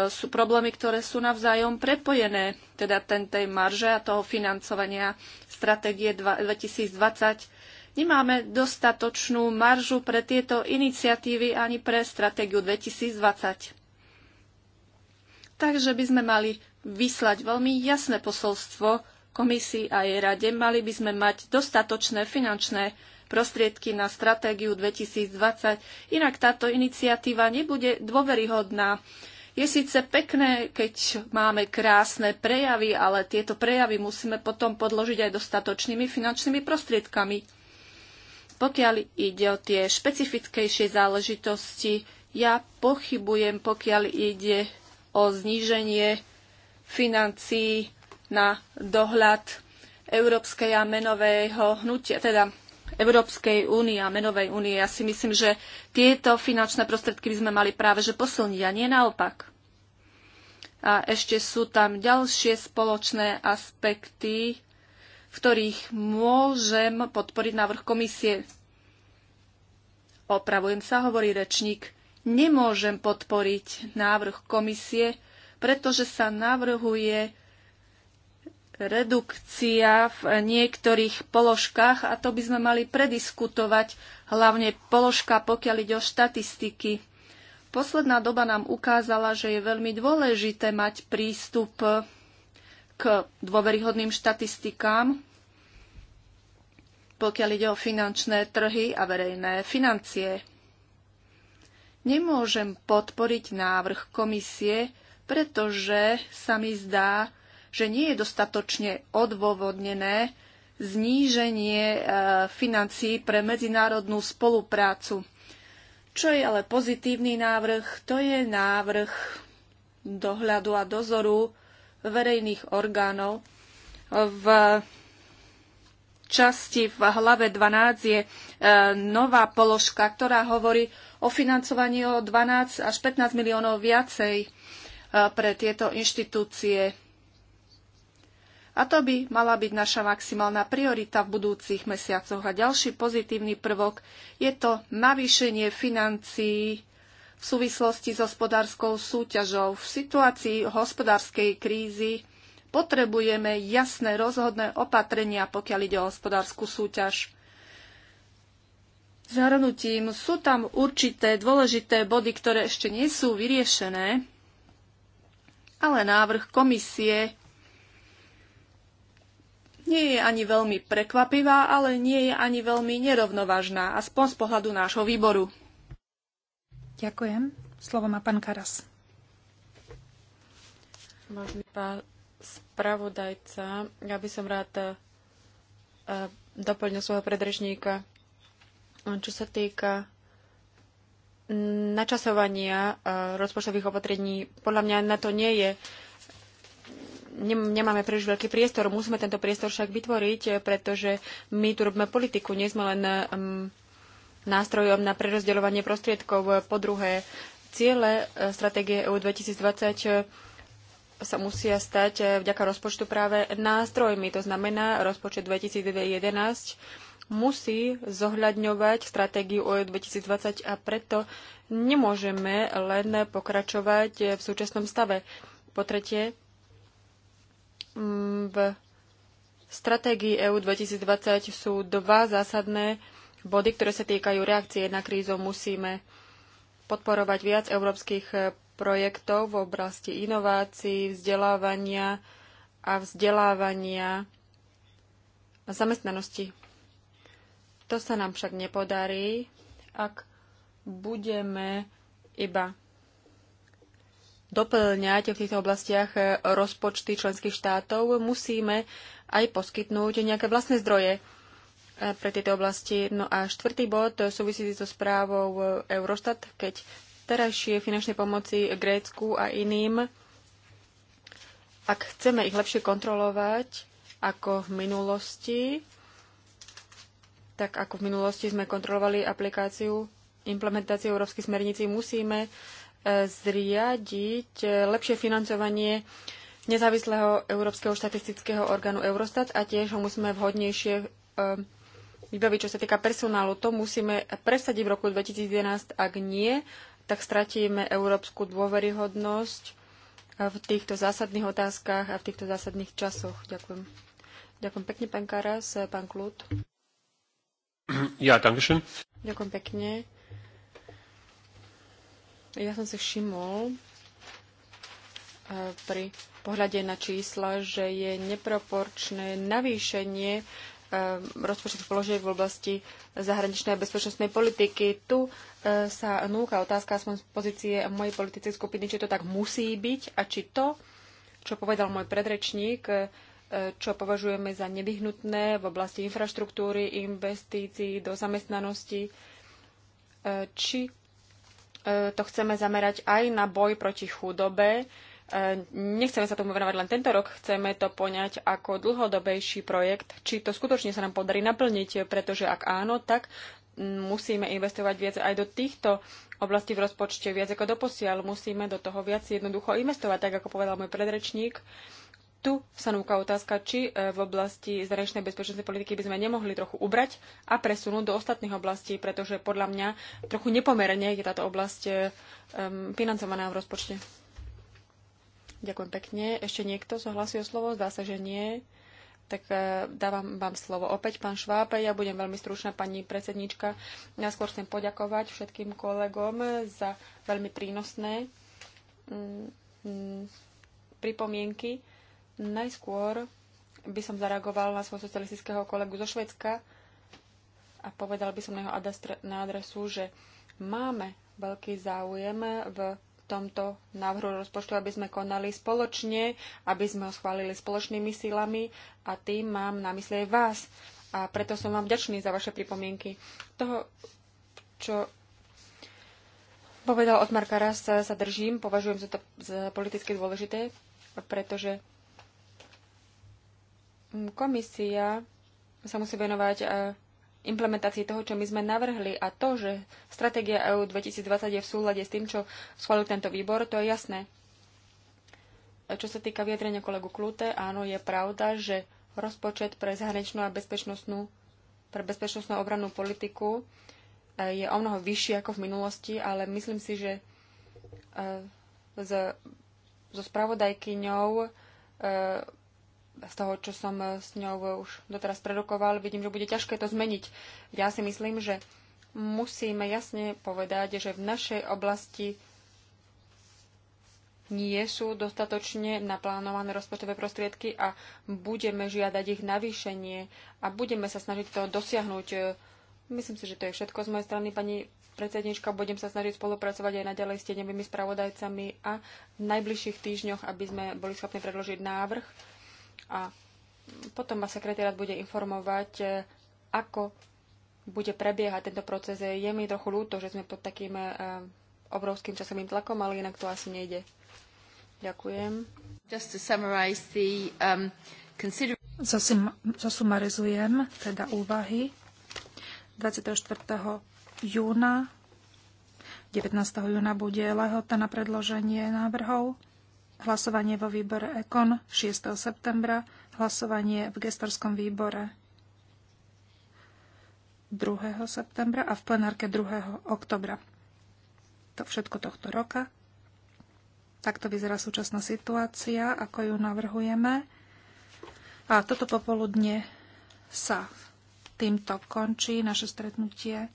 sú problémy, ktoré sú navzájom prepojené, teda ten tej marže a toho financovania stratégie 2020. Nemáme dostatočnú maržu pre tieto iniciatívy ani pre stratégiu 2020. Takže by sme mali vyslať veľmi jasné posolstvo komisii a jej rade, mali by sme mať dostatočné finančné prostriedky na stratégiu 2020. Inak táto iniciatíva nebude dôveryhodná. Je síce pekné, keď máme krásne prejavy, ale tieto prejavy musíme potom podložiť aj dostatočnými finančnými prostriedkami. Pokiaľ ide o tie špecifickejšie záležitosti, ja pochybujem, pokiaľ ide o zníženie financií na dohľad Európskej a menového hnutia, teda Európskej únie a menovej únie. Ja si myslím, že tieto finančné prostriedky by sme mali práve že posilniť a nie naopak. A ešte sú tam ďalšie spoločné aspekty, v ktorých môžem podporiť návrh komisie. Opravujem sa, hovorí rečník. Nemôžem podporiť návrh komisie, pretože sa navrhuje redukcia v niektorých položkách a to by sme mali prediskutovať, hlavne položka, pokiaľ ide o štatistiky. Posledná doba nám ukázala, že je veľmi dôležité mať prístup k dôveryhodným štatistikám, pokiaľ ide o finančné trhy a verejné financie. Nemôžem podporiť návrh komisie, pretože sa mi zdá, že nie je dostatočne odôvodnené zníženie e, financií pre medzinárodnú spoluprácu. Čo je ale pozitívny návrh, to je návrh dohľadu a dozoru verejných orgánov. V časti v hlave 12 je e, nová položka, ktorá hovorí o financovaní o 12 až 15 miliónov viacej e, pre tieto inštitúcie. A to by mala byť naša maximálna priorita v budúcich mesiacoch. A ďalší pozitívny prvok je to navýšenie financií v súvislosti s hospodárskou súťažou. V situácii hospodárskej krízy potrebujeme jasné rozhodné opatrenia, pokiaľ ide o hospodárskú súťaž. Zhrnutím sú tam určité dôležité body, ktoré ešte nie sú vyriešené, ale návrh komisie nie je ani veľmi prekvapivá, ale nie je ani veľmi nerovnovážna, aspoň z pohľadu nášho výboru. Ďakujem. Slovo má pán Karas. Vážený pán spravodajca, ja by som rád e, doplnil svojho predrežníka. Čo sa týka načasovania e, rozpočtových opatrení, podľa mňa na to nie je nemáme príliš veľký priestor. Musíme tento priestor však vytvoriť, pretože my tu robíme politiku, nie sme len nástrojom na prerozdeľovanie prostriedkov. Po druhé, ciele e, stratégie EU 2020 e, sa musia stať e, vďaka rozpočtu práve nástrojmi. To znamená, rozpočet 2011 musí zohľadňovať stratégiu EU 2020 a preto nemôžeme len pokračovať v súčasnom stave. Po tretie, Mm, v stratégii EU 2020 sú dva zásadné body, ktoré sa týkajú reakcie na krízu. Musíme podporovať viac európskych e, projektov v oblasti inovácií, vzdelávania a vzdelávania a zamestnanosti. To sa nám však nepodarí, ak budeme iba doplňať v týchto oblastiach rozpočty členských štátov, musíme aj poskytnúť nejaké vlastné zdroje eh, pre tieto oblasti. No a štvrtý bod súvisí so správou Eurostat, keď terajšie finančné pomoci Grécku a iným, ak chceme ich lepšie kontrolovať ako v minulosti, tak ako v minulosti sme kontrolovali aplikáciu implementácie európskych smernicí, musíme uh, zriadiť e, lepšie financovanie nezávislého Európskeho štatistického orgánu Eurostat a tiež ho musíme vhodnejšie e, vybaviť, čo sa týka personálu. To musíme presadiť v roku 2011. Ak nie, tak stratíme európsku dôveryhodnosť v týchto zásadných otázkach a v týchto zásadných časoch. Ďakujem. Ďakujem pekne, pán Karas, pán Klut. Ja, dankeschön. Ďakujem pekne. Ja som si všimol e, pri pohľade na čísla, že je neproporčné navýšenie e, rozpočtových položiek v oblasti zahraničnej a bezpečnostnej politiky. Tu e, sa núka otázka aspoň z pozície mojej politickej skupiny, či to tak musí byť a či to, čo povedal môj predrečník, čo považujeme za nevyhnutné v oblasti infraštruktúry, investícií do zamestnanosti, či E, to chceme zamerať aj na boj proti chudobe. E, nechceme sa tomu venovať len tento rok, chceme to poňať ako dlhodobejší projekt, či to skutočne sa nám podarí naplniť, pretože ak áno, tak musíme investovať viac aj do týchto oblastí v rozpočte, viac ako posiaľ. Musíme do toho viac jednoducho investovať, tak ako povedal môj predrečník tu sa núka otázka, či e, v oblasti zrejšnej bezpečnostnej politiky by sme nemohli trochu ubrať a presunúť do ostatných oblastí, pretože podľa mňa trochu nepomerne je táto oblasť e, financovaná v rozpočte. Ďakujem pekne. Ešte niekto sa hlasí o slovo? Zdá sa, že nie. Tak e, dávam vám slovo opäť, pán Švápe. Ja budem veľmi stručná, pani predsednička. skôr chcem poďakovať všetkým kolegom za veľmi prínosné mm, mm, pripomienky. Najskôr by som zareagoval na svojho socialistického kolegu zo Švedska a povedal by som na jeho na adresu, že máme veľký záujem v tomto návrhu rozpočtu, aby sme konali spoločne, aby sme ho schválili spoločnými silami a tým mám na mysli aj vás. A preto som vám vďačný za vaše pripomienky. Toho, čo povedal Otmar Karas, sa držím, považujem za to za politicky dôležité, pretože Komisia sa musí venovať e, implementácii toho, čo my sme navrhli a to, že stratégia EU 2020 je v súlade s tým, čo schválil tento výbor, to je jasné. E, čo sa týka vyjadrenia kolegu Klute, áno, je pravda, že rozpočet pre zahraničnú a bezpečnostnú, pre bezpečnostnú obrannú politiku e, je o mnoho vyšší ako v minulosti, ale myslím si, že so spravodajkyňou z toho, čo som e, s ňou e, už doteraz prerokoval, vidím, že bude ťažké to zmeniť. Ja si myslím, že musíme jasne povedať, že v našej oblasti nie sú dostatočne naplánované rozpočtové prostriedky a budeme žiadať ich navýšenie a budeme sa snažiť to dosiahnuť. Myslím si, že to je všetko z mojej strany, pani predsednička. Budem sa snažiť spolupracovať aj naďalej s tenevými spravodajcami a v najbližších týždňoch, aby sme boli schopní predložiť návrh a potom ma sekretariat bude informovať, e, ako bude prebiehať tento proces. E, je mi trochu ľúto, že sme pod takým e, obrovským časovým tlakom, ale inak to asi nejde. Ďakujem. Just to summarize the, um, consider- teda úvahy 24. júna 19. júna bude lehota na predloženie návrhov hlasovanie vo výbore EKON 6. septembra, hlasovanie v gestorskom výbore 2. septembra a v plenárke 2. oktobra. To všetko tohto roka. Takto vyzerá súčasná situácia, ako ju navrhujeme. A toto popoludne sa týmto končí naše stretnutie.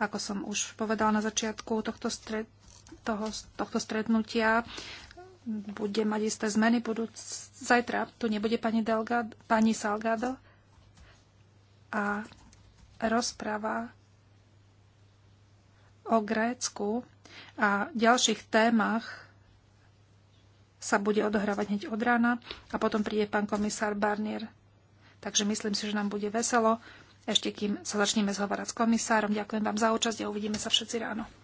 Ako som už povedala na začiatku tohto, stret, toho, tohto stretnutia, bude mať isté zmeny. Budú. zajtra tu nebude pani, Delgado, pani Salgado a rozpráva o Grécku a ďalších témach sa bude odohrávať hneď od rána a potom príde pán komisár Barnier. Takže myslím si, že nám bude veselo, ešte kým sa začneme zhovárať s komisárom. Ďakujem vám za účasť a uvidíme sa všetci ráno.